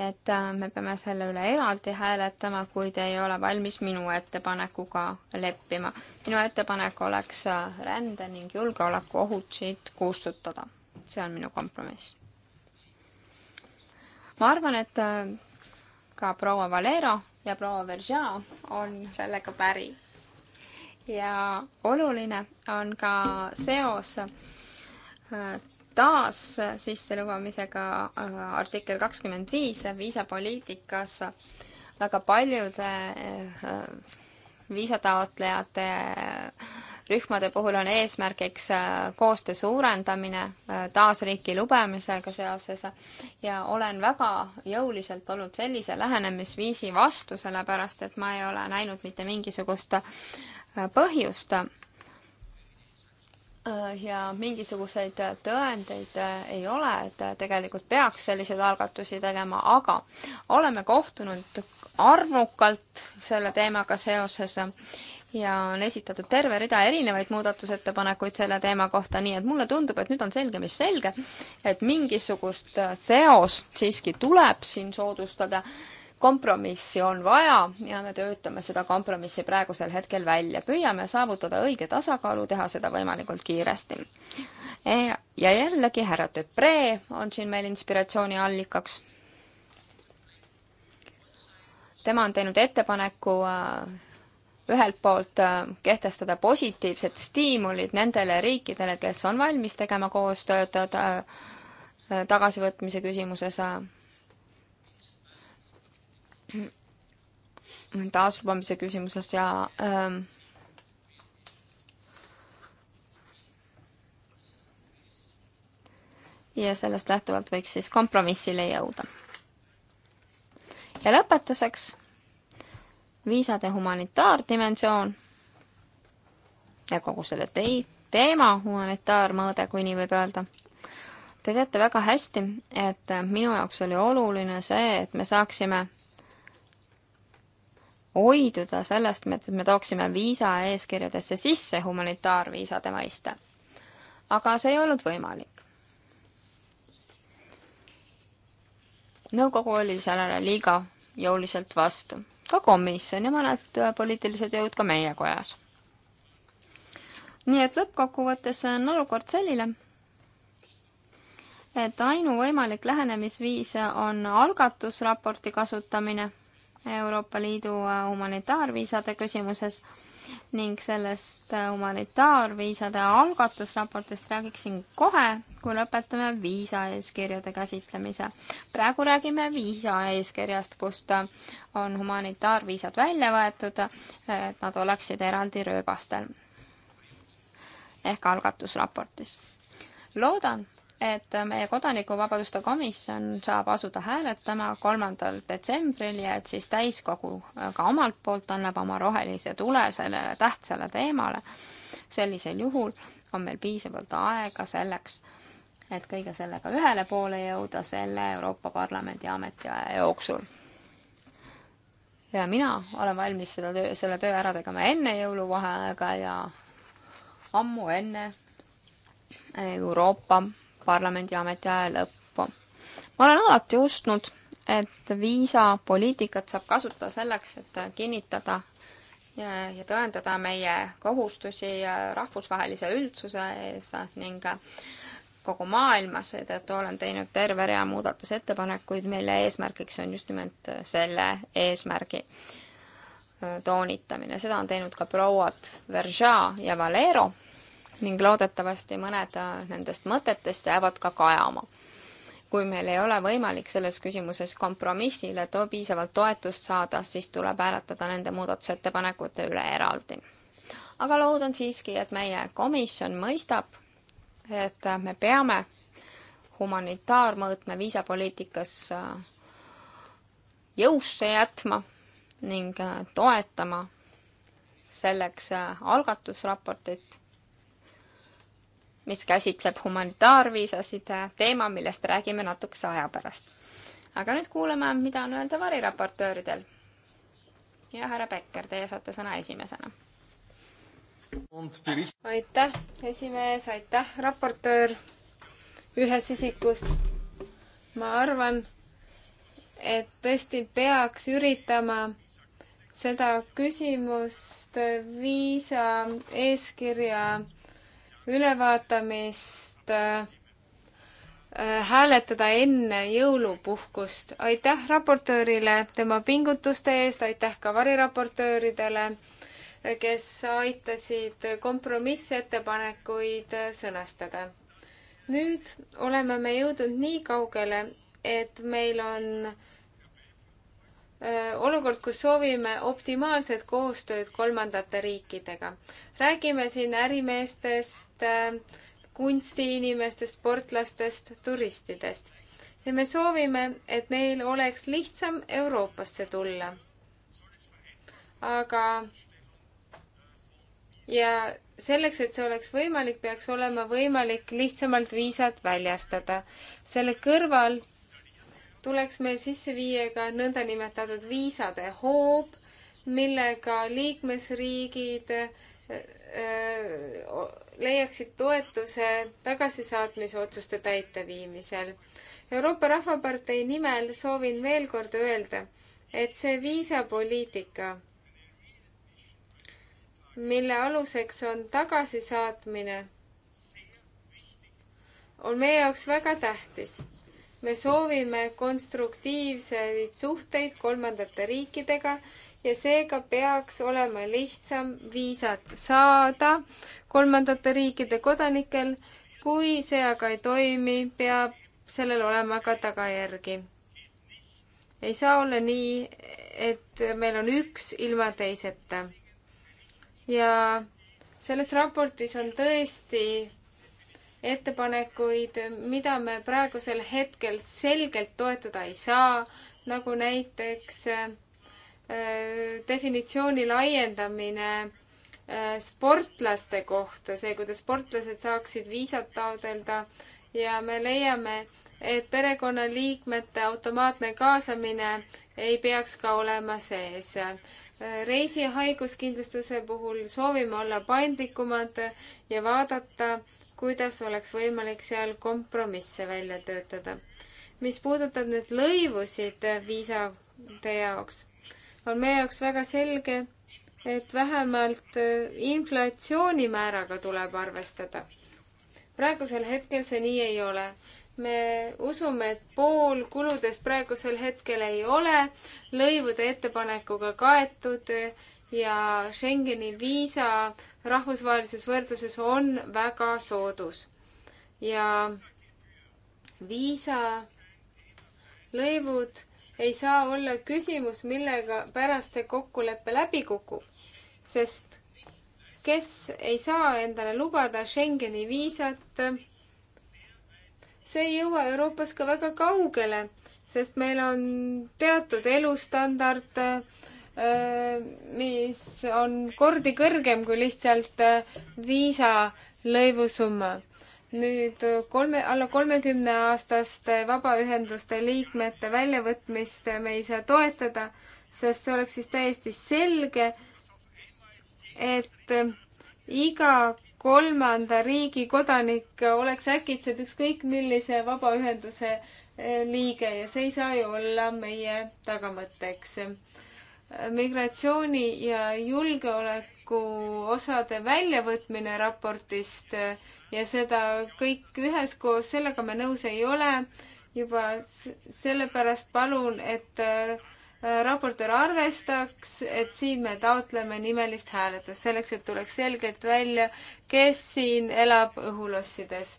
et äh, me peame selle üle eraldi hääletama, kuid ei ole valmis minu ettepanekuga leppima. minu ettepanek oleks äh, rände ning julgeoleku ohud siit kustutada. see on minu kompromiss. ma arvan, et äh, ka proua Valero ja proua Veržaa on sellega päri. ja oluline on ka seos taas sisselubamisega äh, artikkel kakskümmend viis viisapoliitikas väga paljude äh, viisataotlejate rühmade puhul on eesmärgiks äh, koostöö suurendamine taas riiki lugemisega seoses ja olen väga jõuliselt olnud sellise lähenemisviisi vastu, sellepärast et ma ei ole näinud mitte mingisugust põhjust Äh, ja mingisuguseid äh, tõendeid äh, ei ole, et tegelikult peaks selliseid algatusi tegema, aga oleme kohtunud arvukalt selle teemaga seoses ja on esitatud terve rida erinevaid muudatusettepanekuid selle teema kohta, nii et mulle tundub, et nüüd on selge, mis selge, et mingisugust seost siiski tuleb siin soodustada kompromissi on vaja ja me töötame seda kompromissi praegusel hetkel välja. püüame saavutada õige tasakaalu, teha seda võimalikult kiiresti. E, ja jällegi härra Dupre on siin meil inspiratsiooni allikaks. tema on teinud ettepaneku äh, ühelt poolt äh, kehtestada positiivsed stiimulid nendele riikidele, kes on valmis tegema koostööd äh, tagasivõtmise küsimuses taaslubamise küsimuses ja ähm, ja sellest lähtuvalt võiks siis kompromissile jõuda. ja lõpetuseks viisade humanitaardimensioon ja kogu selle tei-, teema humanitaarmõõde, kui nii võib öelda. Te teate väga hästi, et minu jaoks oli oluline see, et me saaksime hoiduda sellest, et me tooksime viisa eeskirjadesse sisse humanitaarviisade mõiste. aga see ei olnud võimalik. nõukogu oli sellele liiga jõuliselt vastu, ka komisjon ja mõned poliitilised jõud ka meie kojas. nii et lõppkokkuvõttes on olukord selline, et ainuvõimalik lähenemisviis on algatusraporti kasutamine Euroopa Liidu äh, humanitaarviisade küsimuses ning sellest äh, humanitaarviisade algatusraportist räägiksin kohe, kui lõpetame viisaeeskirjade käsitlemise. praegu räägime viisaeeskirjast, kust äh, on humanitaarviisad välja võetud, et nad oleksid eraldi rööbastel ehk algatusraportis. loodan, et meie kodanikuvabaduste komisjon saab asuda hääletama kolmandal detsembril ja et siis täiskogu ka omalt poolt annab oma rohelise tule sellele tähtsale teemale. sellisel juhul on meil piisavalt aega selleks, et kõige sellega ühele poole jõuda selle Euroopa Parlamendi ametiaja jooksul. ja mina olen valmis seda töö, selle töö ära tegema enne jõuluvaheaega ja ammu enne Euroopa parlamendi ametiaja lõppu. ma olen alati ostnud, et viisapoliitikat saab kasutada selleks, et kinnitada ja, ja tõendada meie kohustusi rahvusvahelise üldsuse ees ning kogu maailmas, seetõttu olen teinud terve rea muudatusettepanekuid, mille eesmärgiks on just nimelt selle eesmärgi toonitamine, seda on teinud ka prouad Verja ja Valero ning loodetavasti mõned äh, nendest mõtetest jäävad ka kajama. kui meil ei ole võimalik selles küsimuses kompromissile to piisavalt toetust saada, siis tuleb hääletada nende muudatusettepanekute üle eraldi. aga loodan siiski, et meie komisjon mõistab, et me peame humanitaarmõõtme viisapoliitikas äh, jõusse jätma ning äh, toetama selleks algatusraportit mis käsitleb humanitaarviisasid, teema, millest räägime natukese aja pärast. aga nüüd kuulame, mida on öelda variraportööridel. ja härra Becker, teie saate sõna esimesena. aitäh, esimees, aitäh, raportöör ühes isikus. ma arvan, et tõesti peaks üritama seda küsimust viisa eeskirja ülevaatamist äh, hääletada enne jõulupuhkust. aitäh raportöörile tema pingutuste eest, aitäh ka variraportööridele, kes aitasid kompromissettepanekuid sõnastada. nüüd oleme me jõudnud nii kaugele, et meil on Äh, olukord, kus soovime optimaalset koostööd kolmandate riikidega. räägime siin ärimeestest, äh, kunstiinimestest, sportlastest, turistidest ja me soovime, et neil oleks lihtsam Euroopasse tulla. aga ja selleks, et see oleks võimalik, peaks olema võimalik lihtsamalt viisat väljastada. selle kõrval tuleks meil sisse viia ka nõndanimetatud viisade hoob, millega liikmesriigid äh, äh, leiaksid toetuse tagasisaatmise otsuste täiteviimisel. Euroopa Rahvapartei nimel soovin veel kord öelda, et see viisapoliitika, mille aluseks on tagasisaatmine, on meie jaoks väga tähtis me soovime konstruktiivseid suhteid kolmandate riikidega ja seega peaks olema lihtsam viisat saada kolmandate riikide kodanikel. kui see aga ei toimi, peab sellel olema ka tagajärgi. ei saa olla nii, et meil on üks ilma teiseta. ja selles raportis on tõesti ettepanekuid, mida me praegusel hetkel selgelt toetada ei saa, nagu näiteks äh, definitsiooni laiendamine äh, sportlaste kohta, see, kuidas sportlased saaksid viisat taotleda ja me leiame, et perekonnaliikmete automaatne kaasamine ei peaks ka olema sees. Äh, reisi ja haiguskindlustuse puhul soovime olla paindlikumad ja vaadata, kuidas oleks võimalik seal kompromisse välja töötada. mis puudutab nüüd lõivusid viisade jaoks, on meie jaoks väga selge, et vähemalt äh, inflatsioonimääraga tuleb arvestada. praegusel hetkel see nii ei ole. me usume, et pool kuludest praegusel hetkel ei ole lõivude ettepanekuga kaetud ja Schengeni viisa rahvusvahelises võrdluses on väga soodus. ja viisalõivud ei saa olla küsimus, millega pärast see kokkulepe läbi kukub, sest kes ei saa endale lubada Schengeni viisat, see ei jõua Euroopas ka väga kaugele, sest meil on teatud elustandard, Äh, mis on kordi kõrgem kui lihtsalt äh, viisalõivusumma. nüüd äh, kolme, alla kolmekümne aastaste vabaühenduste liikmete väljavõtmist me ei saa toetada, sest see oleks siis täiesti selge, et iga kolmanda riigi kodanik oleks äkitselt ükskõik millise vabaühenduse liige ja see ei saa ju olla meie tagamõtteks migratsiooni ja julgeoleku osade väljavõtmine raportist ja seda kõik üheskoos, sellega me nõus ei ole. juba sellepärast palun, et äh, raportöör arvestaks, et siin me taotleme nimelist hääletust selleks, et tuleks selgelt välja, kes siin elab õhulossides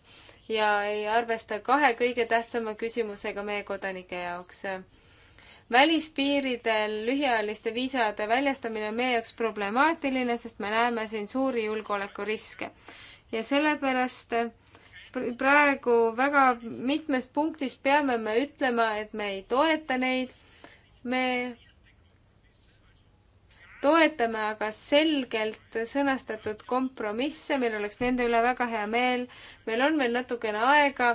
ja ei arvesta kahe kõige tähtsama küsimusega meie kodanike jaoks välispiiridel lühiajaliste viisade väljastamine on meie jaoks problemaatiline, sest me näeme siin suuri julgeolekuriske. ja sellepärast praegu väga mitmes punktis peame me ütlema, et me ei toeta neid. me toetame aga selgelt sõnastatud kompromisse, meil oleks nende üle väga hea meel. meil on veel natukene aega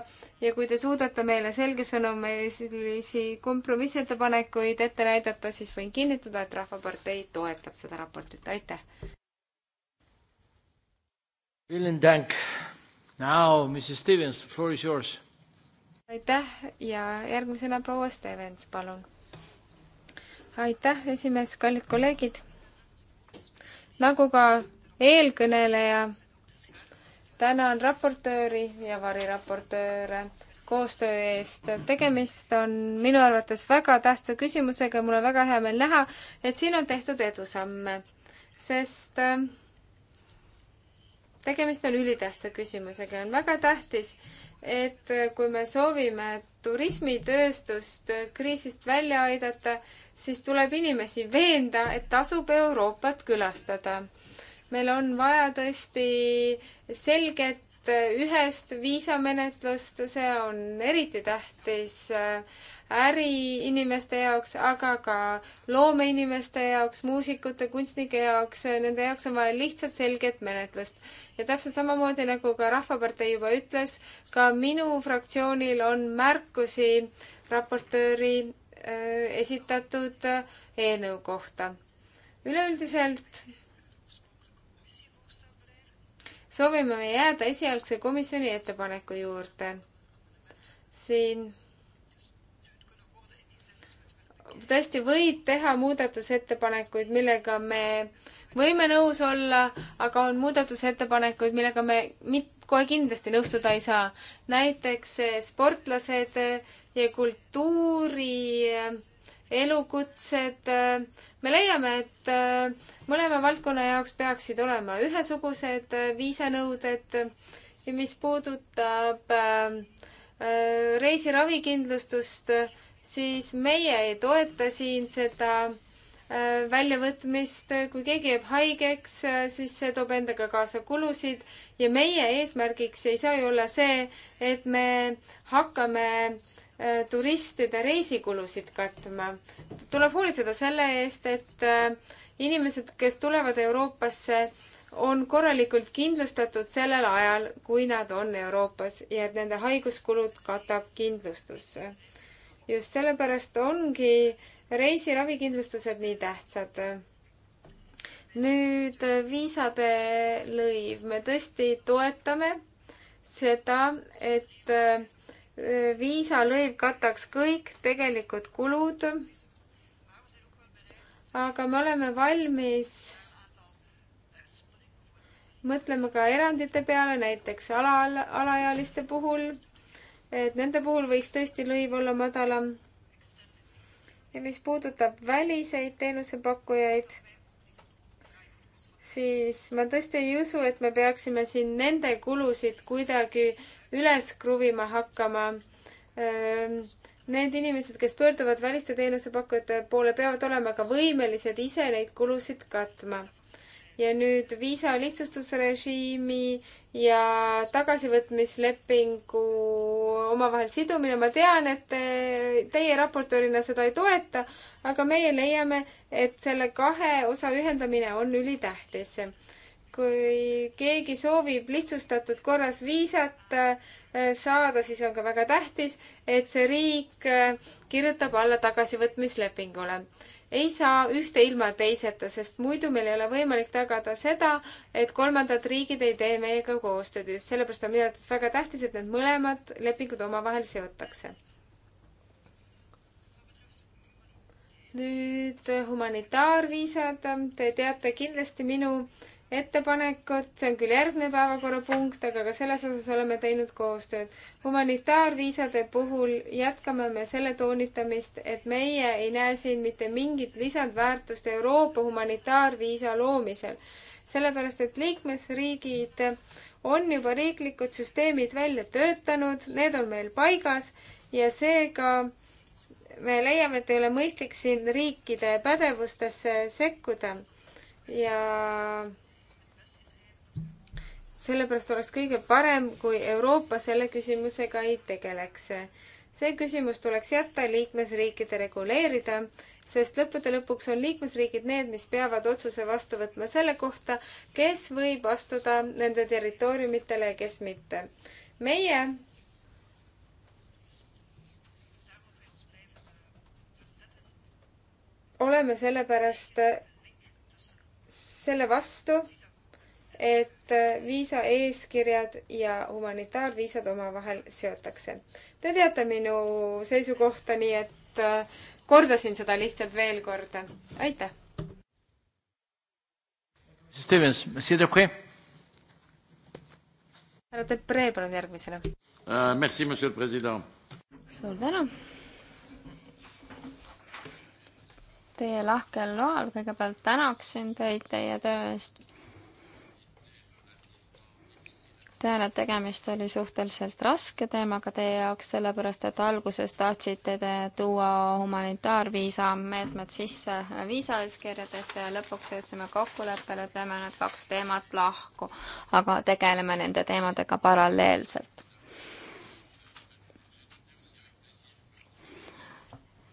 ja kui te suudate meile selgesõnumilisi kompromissettepanekuid ette näidata, siis võin kinnitada, et Rahvapartei toetab seda raportit, aitäh. aitäh ja järgmisena proua Stevens, palun. aitäh, esimees, kallid kolleegid nagu ka eelkõneleja, tänan raportööri ja variraportööre koostöö eest. tegemist on minu arvates väga tähtsa küsimusega ja mul on väga hea meel näha, et siin on tehtud edusamme, sest äh, tegemist on ülitähtsa küsimusega ja on väga tähtis, et äh, kui me soovime turismitööstust kriisist välja aidata, siis tuleb inimesi veenda, et tasub Euroopat külastada. meil on vaja tõesti selget ühest viisamenetlust, see on eriti tähtis äriinimeste jaoks, aga ka loomeinimeste jaoks, muusikute, kunstnike jaoks, nende jaoks on vaja lihtsalt selget menetlust. ja täpselt samamoodi, nagu ka Rahvapartei juba ütles, ka minu fraktsioonil on märkusi raportööri äh, esitatud äh, eelnõu kohta. üleüldiselt soovime me jääda esialgse komisjoni ettepaneku juurde. siin tõesti võib teha muudatusettepanekuid, millega me võime nõus olla, aga on muudatusettepanekuid, millega me mit-, kohe kindlasti nõustuda ei saa. näiteks sportlased ja kultuuri elukutsed. me leiame, et mõlema valdkonna jaoks peaksid olema ühesugused viisanõuded ja mis puudutab äh, äh, reisiravikindlustust, siis meie ei toeta siin seda äh, väljavõtmist, kui keegi jääb haigeks, äh, siis see toob endaga kaasa kulusid ja meie eesmärgiks ei saa ju olla see, et me hakkame äh, turistide reisikulusid katma. tuleb hoolitseda selle eest, et inimesed, kes tulevad Euroopasse, on korralikult kindlustatud sellel ajal, kui nad on Euroopas ja et nende haiguskulud katab kindlustus just sellepärast ongi reisiravikindlustused nii tähtsad. nüüd äh, viisade lõiv, me tõesti toetame seda, et äh, viisalõiv kataks kõik tegelikud kulud. aga me oleme valmis mõtlema ka erandite peale, näiteks ala, alaealiste puhul et nende puhul võiks tõesti lõiv olla madalam. ja mis puudutab väliseid teenusepakkujaid, siis ma tõesti ei usu, et me peaksime siin nende kulusid kuidagi üles kruvima hakkama. Need inimesed, kes pöörduvad väliste teenusepakkujate poole, peavad olema ka võimelised ise neid kulusid katma ja nüüd viisa lihtsustusrežiimi ja tagasivõtmislepingu omavahel sidumine, ma tean, et te, teie raportöörina seda ei toeta, aga meie leiame, et selle kahe osa ühendamine on ülitähtis. kui keegi soovib lihtsustatud korras viisat eh, saada, siis on ka väga tähtis, et see riik eh, kirjutab alla tagasivõtmislepingule ei saa ühte ilma teiseta, sest muidu meil ei ole võimalik tagada seda, et kolmandad riigid ei tee meiega koostööd ja sellepärast on minu arvates väga tähtis, et need mõlemad lepingud omavahel seotakse nüüd eh, humanitaarviisad, te teate kindlasti minu ettepanekut, see on küll järgmine päevakorrapunkt, aga ka selles osas oleme teinud koostööd. humanitaarviisade puhul jätkame me selle toonitamist, et meie ei näe siin mitte mingit lisandväärtust Euroopa humanitaarviisa loomisel. sellepärast, et liikmesriigid on juba riiklikud süsteemid välja töötanud, need on meil paigas ja seega ka me leiame, et ei ole mõistlik siin riikide pädevustesse sekkuda ja sellepärast oleks kõige parem, kui Euroopa selle küsimusega ei tegeleks. see küsimus tuleks jätta liikmesriikide reguleerida, sest lõppude lõpuks on liikmesriigid need, mis peavad otsuse vastu võtma selle kohta, kes võib astuda nende territooriumitele ja kes mitte. meie oleme sellepärast selle vastu, et viisaeeskirjad ja humanitaarviisad omavahel seotakse. Te teate minu seisukohta, nii et äh, kordasin seda lihtsalt veel kord. aitäh! Stevens, monsieur Depree. härra Depree, palun järgmisena uh,. Merci, monsieur president. suur tänu teie lahkel loal kõigepealt tänaksin teid teie töö eest. tean, et tegemist oli suhteliselt raske teemaga teie jaoks, sellepärast et alguses tahtsite te tuua humanitaarviisa meetmed sisse viisaeeskirjadesse ja lõpuks jõudsime kokkuleppele, et lööme need kaks teemat lahku, aga tegeleme nende teemadega paralleelselt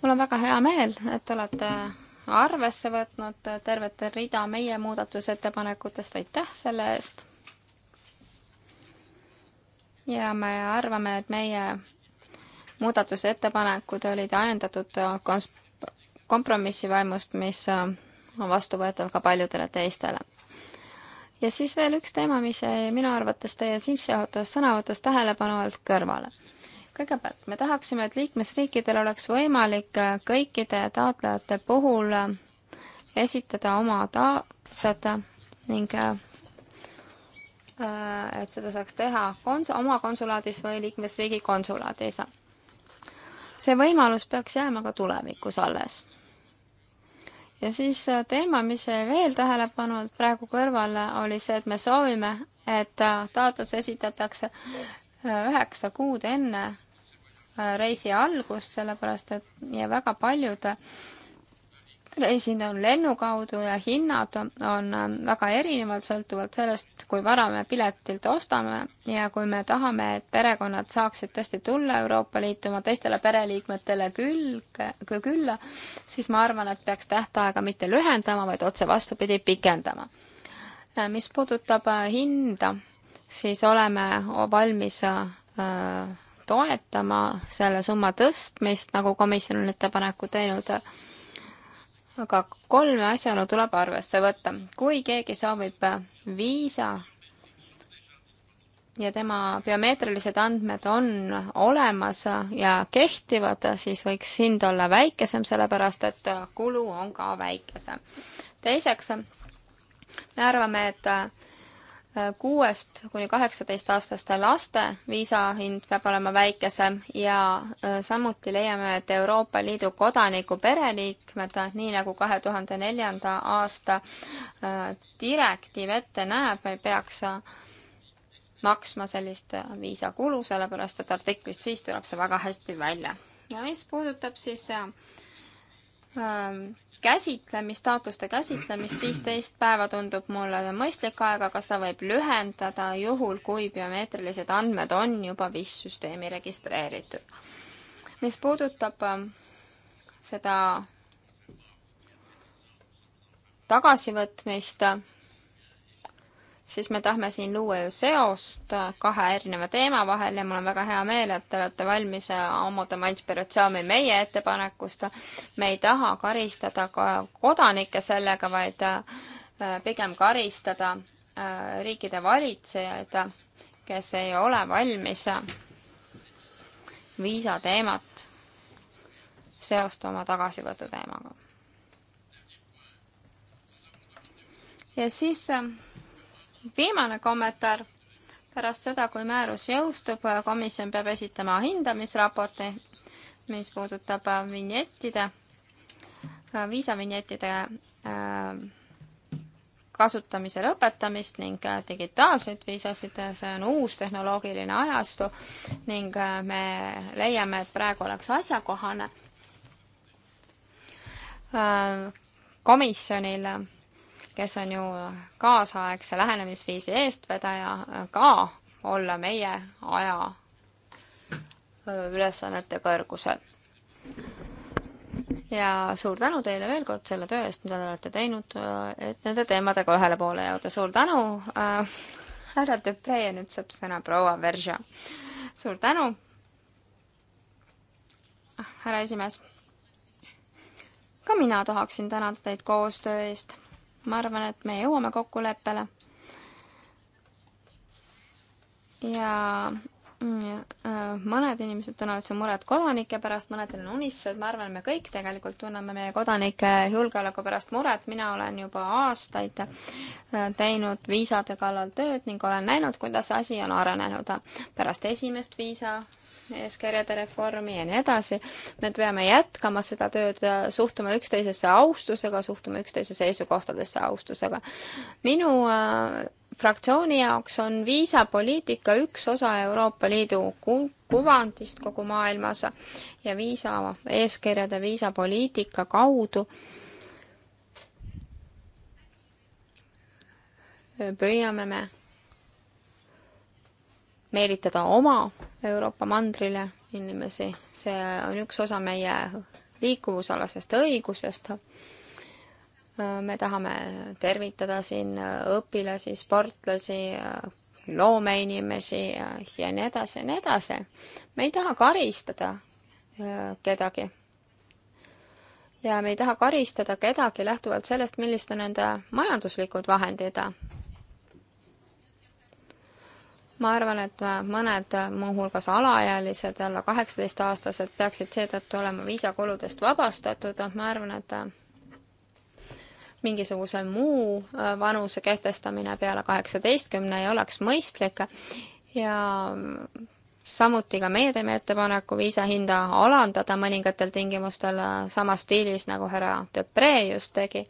mul on väga hea meel, et olete arvesse võtnud tervete rida meie muudatusettepanekutest, aitäh selle eest. ja me arvame, et meie muudatusettepanekud olid ajendatud kompromissivaimust, mis on vastuvõetav ka paljudele teistele. ja siis veel üks teema, mis jäi minu arvates teie sissejuhatavas sõnavõtus tähelepanu alt kõrvale kõigepealt me tahaksime, et liikmesriikidel oleks võimalik äh, kõikide taotlejate puhul äh, esitada oma taotlused äh, ning et seda saaks teha kons-, oma konsulaadis või liikmesriigi konsulaadis. see võimalus peaks jääma ka tulevikus alles. ja siis teema, mis jäi veel tähelepanu praegu kõrvale, oli see, et me soovime, et taotlus esitatakse üheksa kuud enne Äh, reisi algust, sellepärast et ja väga paljud reisid on lennu kaudu ja hinnad on, on äh, väga erinevad, sõltuvalt sellest, kui vara me piletilt ostame ja kui me tahame, et perekonnad saaksid tõesti tulla Euroopa Liitu oma teistele pereliikmetele külge, külla, siis ma arvan, et peaks tähtaega mitte lühendama, vaid otse vastupidi, pikendama. Äh, mis puudutab hinda, siis oleme valmis äh, toetama selle summa tõstmist, nagu komisjon on ettepaneku teinud, aga kolme asjaolu tuleb arvesse võtta. kui keegi soovib viisa ja tema biomeetrilised andmed on olemas ja kehtivad, siis võiks hind olla väikesem, sellepärast et kulu on ka väikesem. teiseks, me arvame, et kuuest kuni kaheksateistaastaste laste viisahind peab olema väikesem ja äh, samuti leiame, et Euroopa Liidu kodaniku pereliikmed, nii nagu kahe tuhande neljanda aasta äh, direktiiv ette näeb, ei peaks äh, maksma sellist viisakulu, sellepärast et artiklist viis tuleb see väga hästi välja. ja mis puudutab siis ähm, käsitlemist, taotluste käsitlemist, viisteist päeva tundub mulle mõistlik aeg, aga seda võib lühendada juhul, kui biomeetrilised andmed on juba VIS süsteemi registreeritud. mis puudutab ähm, seda tagasivõtmist, siis me tahame siin luua ju seost äh, kahe erineva teema vahel ja mul on väga hea meel, et te olete valmis äh, ammutama inspiratsiooni meie ettepanekust. me ei taha karistada ka kodanikke sellega, vaid äh, pigem karistada riikide valitsejaid, kes ei ole valmis viisateemat seostama tagasivõtu teemaga. ja siis viimane kommentaar. pärast seda, kui määrus jõustub, komisjon peab esitama hindamisraporti, mis puudutab äh, vinjettide, äh, viisavinjettide äh, kasutamise lõpetamist ning digitaalseid viisasid, see on uus tehnoloogiline ajastu ning me leiame, et praegu oleks asjakohane komisjonil kes on ju kaasaegse lähenemisviisi eestvedaja, ka olla meie aja ülesannete kõrgusel. ja suur tänu teile veel kord selle töö eest, mida te olete teinud, et nende teemadega ühele poole jõuda. suur tänu äh,, härra Depre ja nüüd saab sõna proua Verža. suur tänu, härra esimees. ka mina tahaksin tänada teid koostöö eest ma arvan, et me jõuame kokkuleppele. ja mm, mõned inimesed tunnevad seal muret kodanike pärast, mõnedel on unistused, ma arvan, me kõik tegelikult tunneme meie kodanike julgeoleku pärast muret, mina olen juba aastaid äh, teinud viisade kallal tööd ning olen näinud, kuidas asi on arenenud. pärast esimest viisa eeskirjade reformi ja nii edasi. me peame jätkama seda tööd, suhtuma üksteisesse austusega, suhtuma üksteise seisukohtadesse austusega. minu äh, fraktsiooni jaoks on viisapoliitika üks osa Euroopa Liidu kuvandist kogu maailmas ja viisa eeskirjade viisapoliitika kaudu püüame me meelitada oma Euroopa mandrile inimesi, see on üks osa meie liikuvusalasest õigusest. me tahame tervitada siin õpilasi, sportlasi, loomeinimesi ja nii edasi ja nii edasi. me ei taha karistada äh, kedagi. ja me ei taha karistada kedagi lähtuvalt sellest, millised on nende majanduslikud vahendid ma arvan, et äh, mõned, äh, muuhulgas alaealised, alla kaheksateistaastased, peaksid seetõttu olema viisakuludest vabastatud, ma arvan, et äh, mingisuguse muu vanuse kehtestamine peale kaheksateistkümne ei oleks mõistlik ja mm, samuti ka meie teeme ettepaneku viisa hinda alandada mõningatel tingimustel samas stiilis, nagu härra Depre just tegi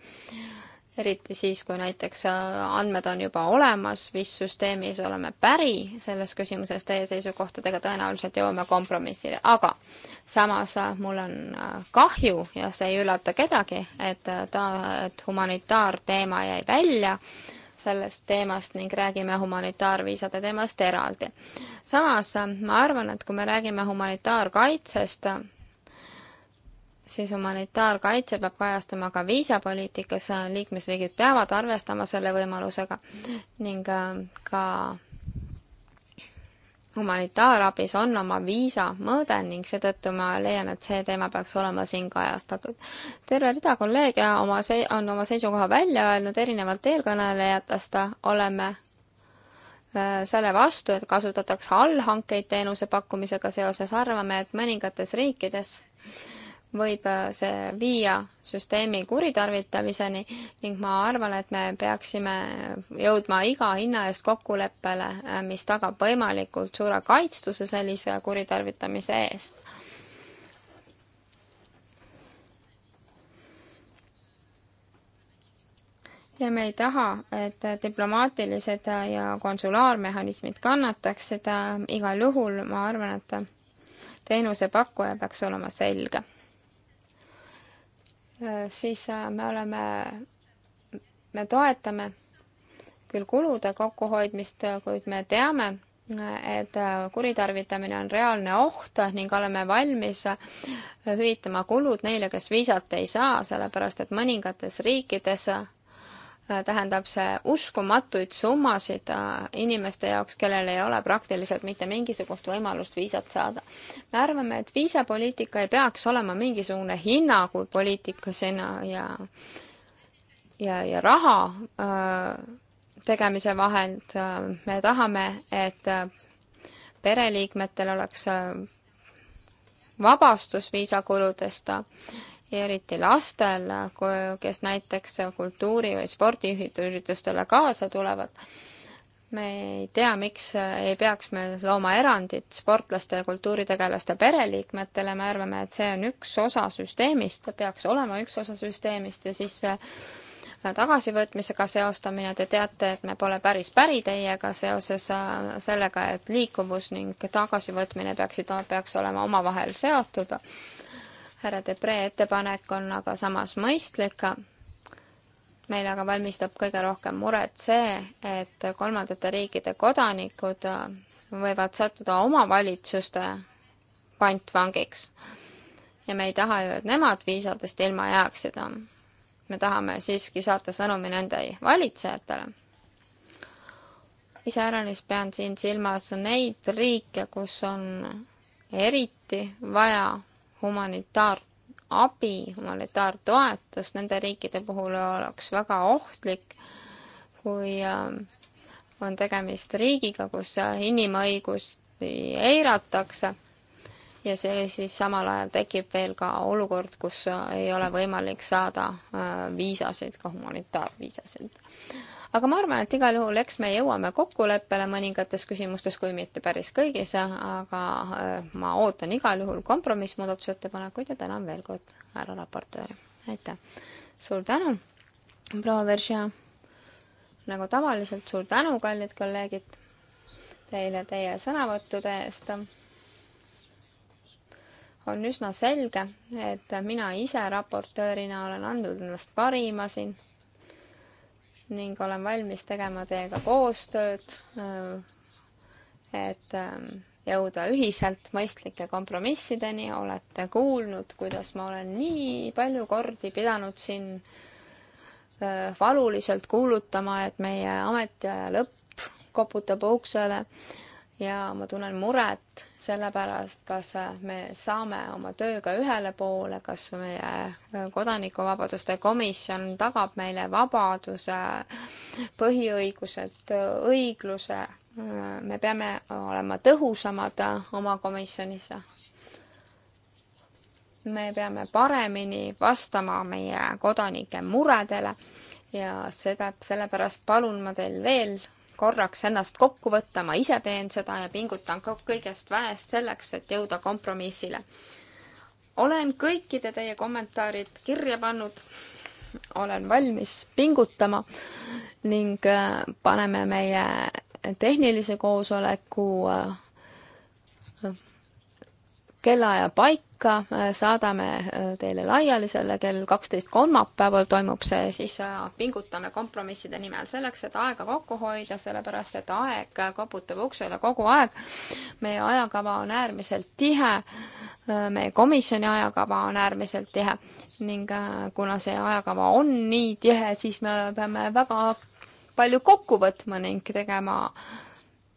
eriti siis, kui näiteks äh, andmed on juba olemas, mis süsteemis oleme päri selles küsimuses teie seisukohtadega, tõenäoliselt jõuame kompromissile, aga samas äh, mul on äh, kahju ja see ei üllata kedagi, et ta, et humanitaarteema jäi välja sellest teemast ning räägime humanitaarviisade teemast eraldi. samas ma arvan, et kui me räägime humanitaarkaitsest, siis humanitaarkaitse peab kajastuma ka viisapoliitikas, liikmesriigid peavad arvestama selle võimalusega ning äh, ka humanitaarabis on oma viisa mõõde ning seetõttu ma leian, et see teema peaks olema siin kajastatud. terve rida kolleege oma se-, on oma seisukoha välja öelnud, erinevalt eelkõnelejatest oleme äh, selle vastu, et kasutatakse allhankeid teenuse pakkumisega seoses, arvame, et mõningates riikides äh, võib äh, see viia süsteemi kuritarvitamiseni ning ma arvan, et me peaksime jõudma iga hinna eest kokkuleppele, äh, mis tagab võimalikult suure kaitstuse sellise kuritarvitamise eest. ja me ei taha, et diplomaatilised ja konsulaarmehhanismid kannataksid, äh, igal juhul ma arvan, et teenusepakkuja peaks olema selge Äh, siis äh, me oleme, me toetame küll kulude kokkuhoidmist, äh, kuid me teame, et kuritarvitamine on reaalne oht ning oleme valmis hüvitama kulud neile, kes viisat ei saa, sellepärast et mõningates riikides Äh, tähendab see uskumatuid summasid äh, inimeste jaoks, kellel ei ole praktiliselt mitte mingisugust võimalust viisat saada. me arvame, et viisapoliitika ei peaks olema mingisugune hinna kui poliitika sinna ja ja, ja raha äh, tegemise vahend äh,. me tahame, et äh, pereliikmetel oleks äh, vabastus viisakuludest ja eriti lastel, kes näiteks kultuuri- või spordiüritustele kaasa tulevad. me ei tea, miks ei peaks me looma erandit sportlaste ja kultuuritegelaste pereliikmetele, me arvame, et see on üks osa süsteemist, peaks olema üks osa süsteemist ja siis tagasivõtmisega seostamine, te teate, et me pole päris päri teiega seoses äh, sellega, et liikuvus ning tagasivõtmine peaksid, peaks olema omavahel seotud härra Debre ettepanek on aga samas mõistlik. meil aga valmistab kõige rohkem muret see, et kolmandate riikide kodanikud võivad sattuda omavalitsuste pantvangiks. ja me ei taha ju, et nemad viisadest ilma jääksid. me tahame siiski saata sõnumi nende valitsejatele. iseäranis pean siin silmas neid riike, kus on eriti vaja humanitaarabi, humanitaartoetus nende riikide puhul oleks väga ohtlik, kui äh, on tegemist riigiga, kus äh, inimõigusi eiratakse ja see siis samal ajal tekib veel ka olukord, kus äh, ei ole võimalik saada viisasid, ka humanitaarviisasid aga ma arvan, et igal juhul eks me jõuame kokkuleppele mõningates küsimustes, kui mitte päris kõigis, aga äh, ma ootan igal juhul kompromissmuudatusettepanekuid ja tänan veel kord härra raportööri. aitäh! suur tänu, proua Veržia! nagu tavaliselt, suur tänu, kallid kolleegid, teile teie sõnavõttude eest on üsna selge, et mina ise raportöörina olen andnud endast parima siin ning olen valmis tegema teiega koostööd, äh, et ähm, jõuda ühiselt mõistlike kompromissideni, olete kuulnud, kuidas ma olen nii palju kordi pidanud siin äh, valuliselt kuulutama, et meie ametiaja lõpp koputab uksele ja ma tunnen muret selle pärast, kas me saame oma tööga ühele poole, kas meie kodanikuvabaduste komisjon tagab meile vabaduse, põhiõigused, õigluse. me peame olema tõhusamad oma komisjonis. me peame paremini vastama meie kodanike muredele ja seda, sellepärast palun ma teil veel korraks ennast kokku võtta, ma ise teen seda ja pingutan kõigest väest selleks, et jõuda kompromissile. olen kõikide teie kommentaarid kirja pannud, olen valmis pingutama ning äh, paneme meie tehnilise koosoleku äh, äh, kellaja paika, ka äh, saadame äh, teile laiali selle kell kaksteist kolmapäeval toimub see, siis äh, pingutame kompromisside nimel selleks, et aega kokku hoida, sellepärast et aeg koputab uksele kogu aeg. meie ajakava on äärmiselt tihe, meie komisjoni ajakava on äärmiselt tihe ning kuna see ajakava on nii tihe, siis me peame väga palju kokku võtma ning tegema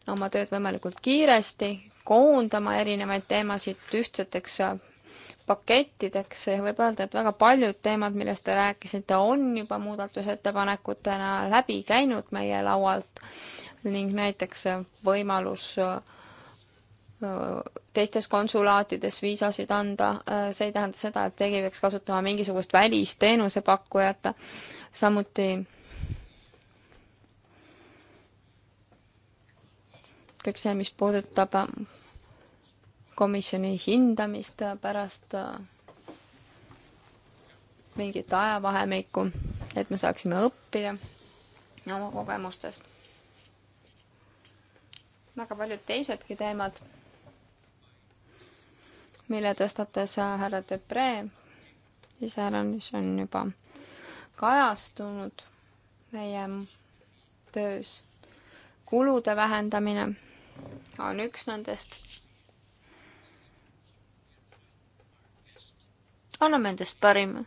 oma tööd võimalikult kiiresti, koondama erinevaid teemasid ühtseteks pakettideks, võib öelda, et väga paljud teemad, millest te rääkisite, on juba muudatusettepanekutena läbi käinud meie laualt ning näiteks võimalus äh, teistes konsulaatides viisasid anda, äh, see ei tähenda seda, et keegi peaks kasutama mingisugust välisteenuse pakkujat, samuti kõik see, mis puudutab äh, komisjoni hindamist pärast äh, mingit ajavahemikku, et me saaksime õppida oma kogemustest. väga paljud teisedki teemad, mille tõstatas äh, härra Depree, iseäranis on juba kajastunud meie töös. kulude vähendamine on üks nendest anname endast parima.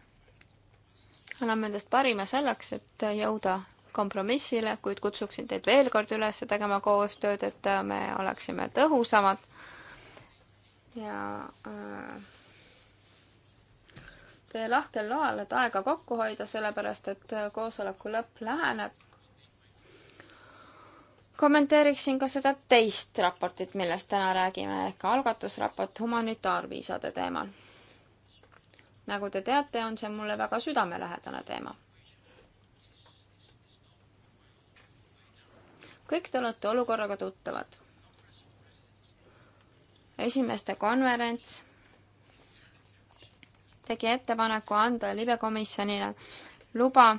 anname endast parima selleks, et jõuda kompromissile, kuid kutsuksin teid veel kord üles tegema koostööd, et me oleksime tõhusamad ja äh, tee lahkel loal, et aega kokku hoida, sellepärast et koosoleku lõpp läheneb. kommenteeriksin ka seda teist raportit, millest täna räägime, ehk algatusraport humanitaarviisade teemal nagu te teate, on see mulle väga südamelähedane teema. kõik te olete olukorraga tuttavad. esimeste konverents tegi ettepaneku anda libekomisjonile luba,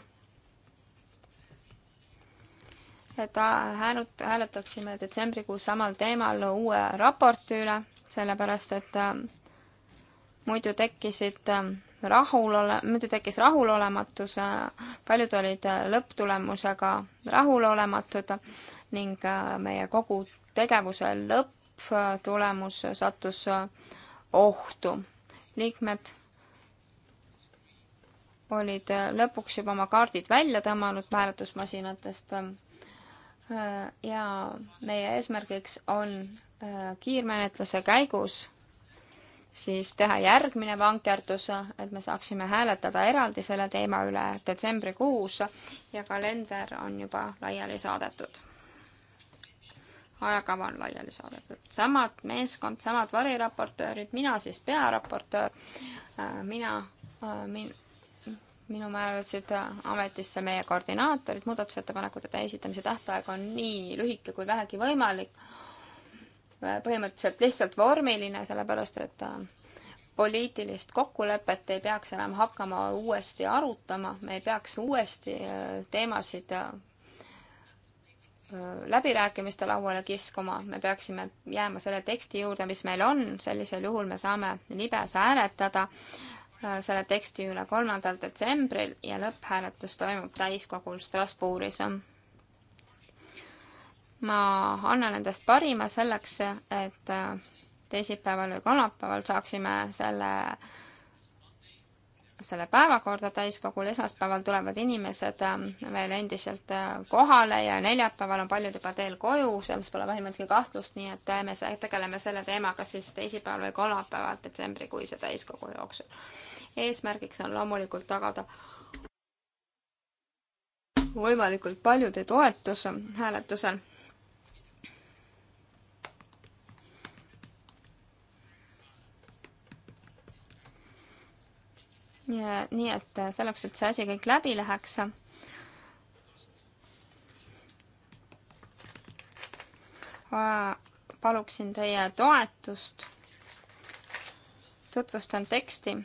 et häälut-, hääletaksime detsembrikuus samal teemal uue raporti üle, sellepärast et äh, muidu tekkisid ähm, rahulole-, muidu tekkis rahulolematus, äh, paljud olid äh, lõpptulemusega rahulolematud ning äh, meie kogu tegevuse lõpptulemus sattus ohtu. liikmed olid lõpuks juba oma kaardid välja tõmmanud hääletusmasinatest ja meie eesmärgiks on kiirmenetluse käigus siis teha järgmine vankertus, et me saaksime hääletada eraldi selle teema üle detsembrikuus ja kalender on juba laiali saadetud. ajakava on laiali saadetud. samad meeskond, samad variraportöörid, mina siis pearaportöör, mina, min-, minu määrasid ametisse meie koordinaatorid, muudatusettepanekute esitamise tähtaeg on nii lühike kui vähegi võimalik põhimõtteliselt lihtsalt vormiline, sellepärast et äh, poliitilist kokkulepet ei peaks enam hakkama uuesti arutama, me ei peaks uuesti äh, teemasid äh, läbirääkimiste lauale kiskuma, me peaksime jääma selle teksti juurde, mis meil on, sellisel juhul me saame libes hääletada selle teksti üle kolmandal detsembril ja lõpphääletus toimub täiskogul Strasbourgis ma annan endast parima selleks, et äh, teisipäeval või kolmapäeval saaksime selle, selle päevakorda täiskogul, esmaspäeval tulevad inimesed äh, veel endiselt äh, kohale ja neljapäeval on paljud juba teel koju, selles pole vähimatki kahtlust, nii et me tegeleme selle teemaga siis teisipäeval või kolmapäeval detsembrikuise täiskogu jooksul. eesmärgiks on loomulikult tagada võimalikult paljude toetus hääletusel ja nii, et äh, selleks, et see asi kõik läbi läheks, äh, paluksin teie toetust. tutvustan teksti,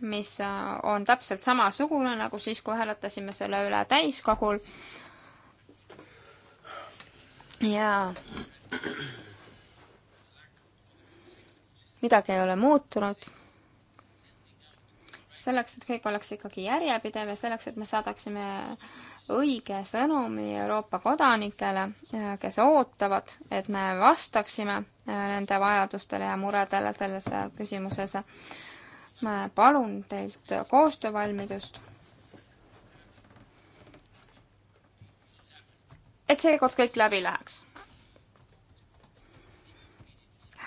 mis äh, on täpselt samasugune nagu siis, kui hääletasime selle üle täiskogul. ja midagi ei ole muutunud selleks, et kõik oleks ikkagi järjepidev ja selleks, et me saadaksime õige sõnumi Euroopa kodanikele, äh, kes ootavad, et me vastaksime äh, nende vajadustele ja muredele selles äh, küsimuses. ma palun teilt koostöövalmidust. et seekord kõik läbi läheks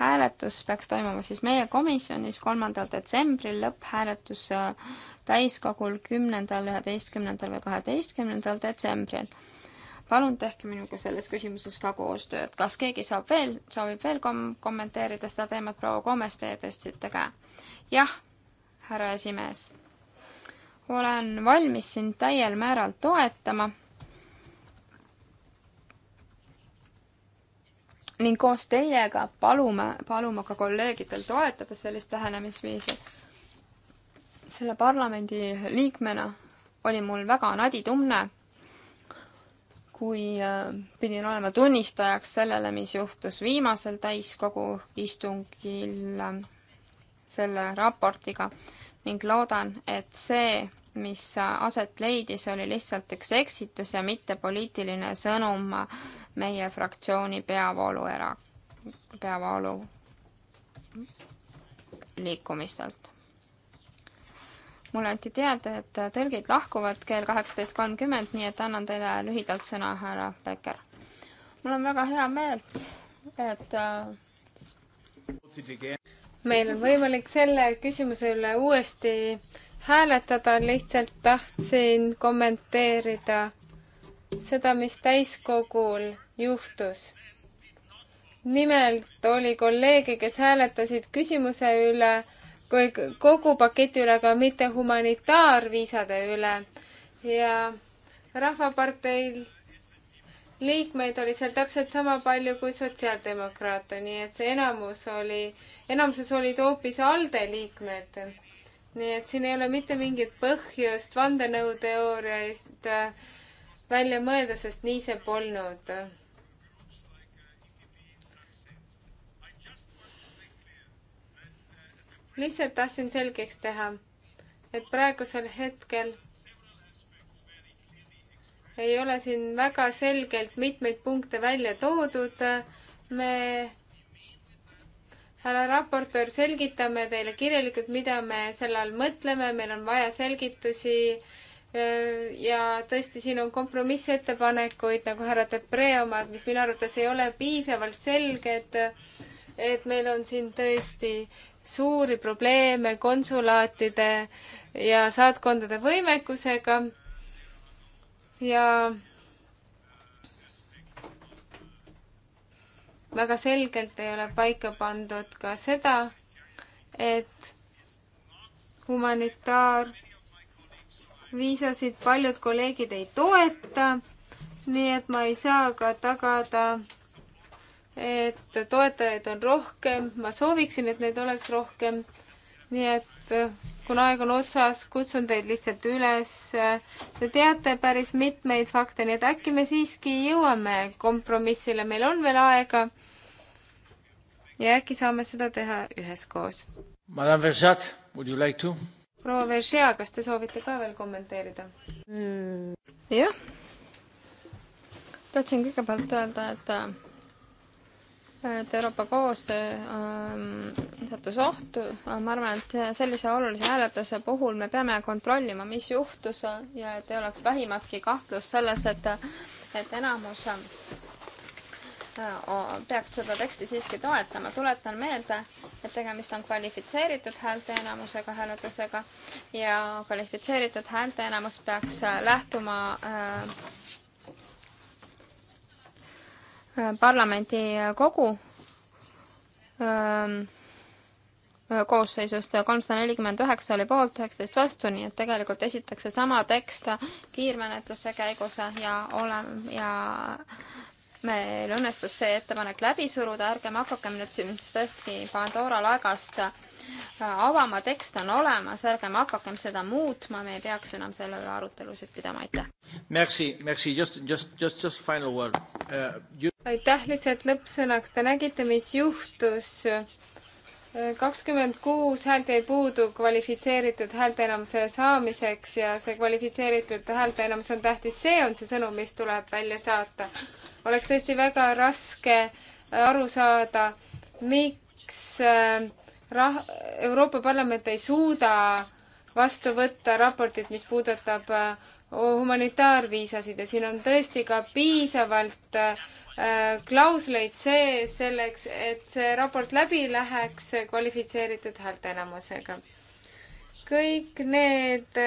hääletus peaks toimuma siis meie komisjonis kolmandal detsembril, lõpphääletus äh, täiskogul kümnendal, üheteistkümnendal või kaheteistkümnendal detsembril. palun tehke minuga selles küsimuses ka koostööd, kas keegi saab veel, soovib veel kom-, kommenteerida seda teemat, proua Komes, teie tõstsite käe. jah, härra esimees, olen valmis sind täiel määral toetama ning koos teiega palume, palume ka kolleegidel toetada sellist lähenemisviisi. selle parlamendi liikmena oli mul väga nadi tunne, kui äh, pidin olema tunnistajaks sellele, mis juhtus viimasel täiskogu istungil äh, selle raportiga ning loodan, et see mis aset leidis, oli lihtsalt üks eksitus ja mitte poliitiline sõnum meie fraktsiooni peavooluera, peavoolu liikumistelt. mulle anti teada, et tõlgid lahkuvad kell kaheksateist kolmkümmend, nii et annan teile lühidalt sõna, härra Becker. mul on väga hea meel, et äh, meil on võimalik selle küsimuse üle uuesti hääletada, lihtsalt tahtsin kommenteerida seda, mis täiskogul juhtus. nimelt oli kolleege, kes hääletasid küsimuse üle, kogu paketi üle, aga mitte humanitaarviisade üle ja Rahvaparteil liikmeid oli seal täpselt sama palju kui sotsiaaldemokraate, nii et see enamus oli, enamuses olid hoopis ALDE liikmed nii et siin ei ole mitte mingit põhjust vandenõuteooriaid äh, välja mõelda, sest nii see polnud. lihtsalt tahtsin selgeks teha, et praegusel hetkel ei ole siin väga selgelt mitmeid punkte välja toodud. me härra raportöör, selgitame teile kirjalikult, mida me selle all mõtleme, meil on vaja selgitusi ja tõesti, siin on kompromissettepanekuid nagu härra Depree omad, mis minu arvates ei ole piisavalt selged, et meil on siin tõesti suuri probleeme konsulaatide ja saatkondade võimekusega ja väga selgelt ei ole paika pandud ka seda, et humanitaarviisasid paljud kolleegid ei toeta, nii et ma ei saa ka tagada, et toetajaid on rohkem, ma sooviksin, et neid oleks rohkem, nii et kuna aeg on otsas, kutsun teid lihtsalt üles. Te teate päris mitmeid fakte, nii et äkki me siiski jõuame kompromissile, meil on veel aega ja äkki saame seda teha üheskoos. Madame Veržat, would you like to? proua Veržea, kas te soovite ka veel kommenteerida mm.? jah. tahtsin kõigepealt öelda, et äh, et Euroopa koostöö ähm, sattus ohtu, äh, ma arvan, et sellise olulise hääletuse puhul me peame kontrollima, mis juhtus ja et ei oleks vähimatki kahtlust selles, et et enamus Äh, peaks seda teksti siiski toetama. tuletan meelde, et tegemist on kvalifitseeritud häälteenamusega hääletusega ja kvalifitseeritud häälteenamus peaks äh, lähtuma äh, parlamendi kogu ähm, koosseisust kolmsada nelikümmend üheksa oli poolt, üheksateist vastu, nii et tegelikult esitakse sama tekst kiirmenetluse käigus ja ole- ja meil õnnestus see ettepanek läbi suruda, ärgem hakakem nüüd siin tõesti Pandora laegast äh, avama, tekst on olemas, ärgem hakakem seda muutma, me ei peaks enam selle üle arutelusid pidama, aitäh. Merci, merci, just, just, just, just final word uh,. You... aitäh, lihtsalt lõppsõnaks, te nägite, mis juhtus kakskümmend kuus häält jäi puudu kvalifitseeritud häälteenamuse saamiseks ja see kvalifitseeritud häälteenamus on tähtis, see on see sõnum, mis tuleb välja saata oleks tõesti väga raske äh, aru saada, miks äh, rah-, Euroopa Parlament ei suuda vastu võtta raportit, mis puudutab äh, humanitaarviisasid ja siin on tõesti ka piisavalt klausleid sees selleks, et see raport läbi läheks kvalifitseeritud häälteenamusega. kõik need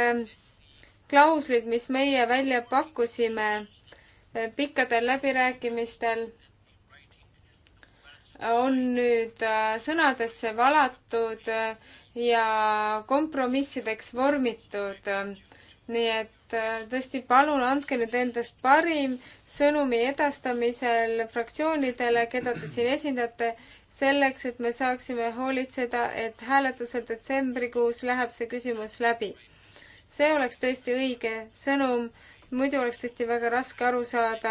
klauslid, mis meie välja pakkusime, pikkadel läbirääkimistel on nüüd äh, sõnadesse valatud äh, ja kompromissideks vormitud. nii et äh, tõesti, palun andke nüüd endast parim sõnumi edastamisel fraktsioonidele, keda te siin esindate, selleks, et me saaksime hoolitseda, et hääletusel detsembrikuus läheb see küsimus läbi. see oleks tõesti õige sõnum muidu oleks tõesti väga raske aru saada,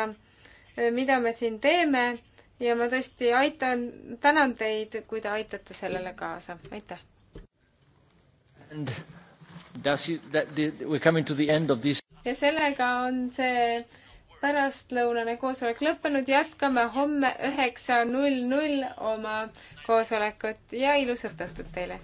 eh, mida me siin teeme ja ma tõesti aitan, tänan teid, kui te aitate sellele kaasa, aitäh. ja sellega on see pärastlõunane koosolek lõppenud, jätkame homme üheksa null null oma koosolekut ja ilusat õhtut teile!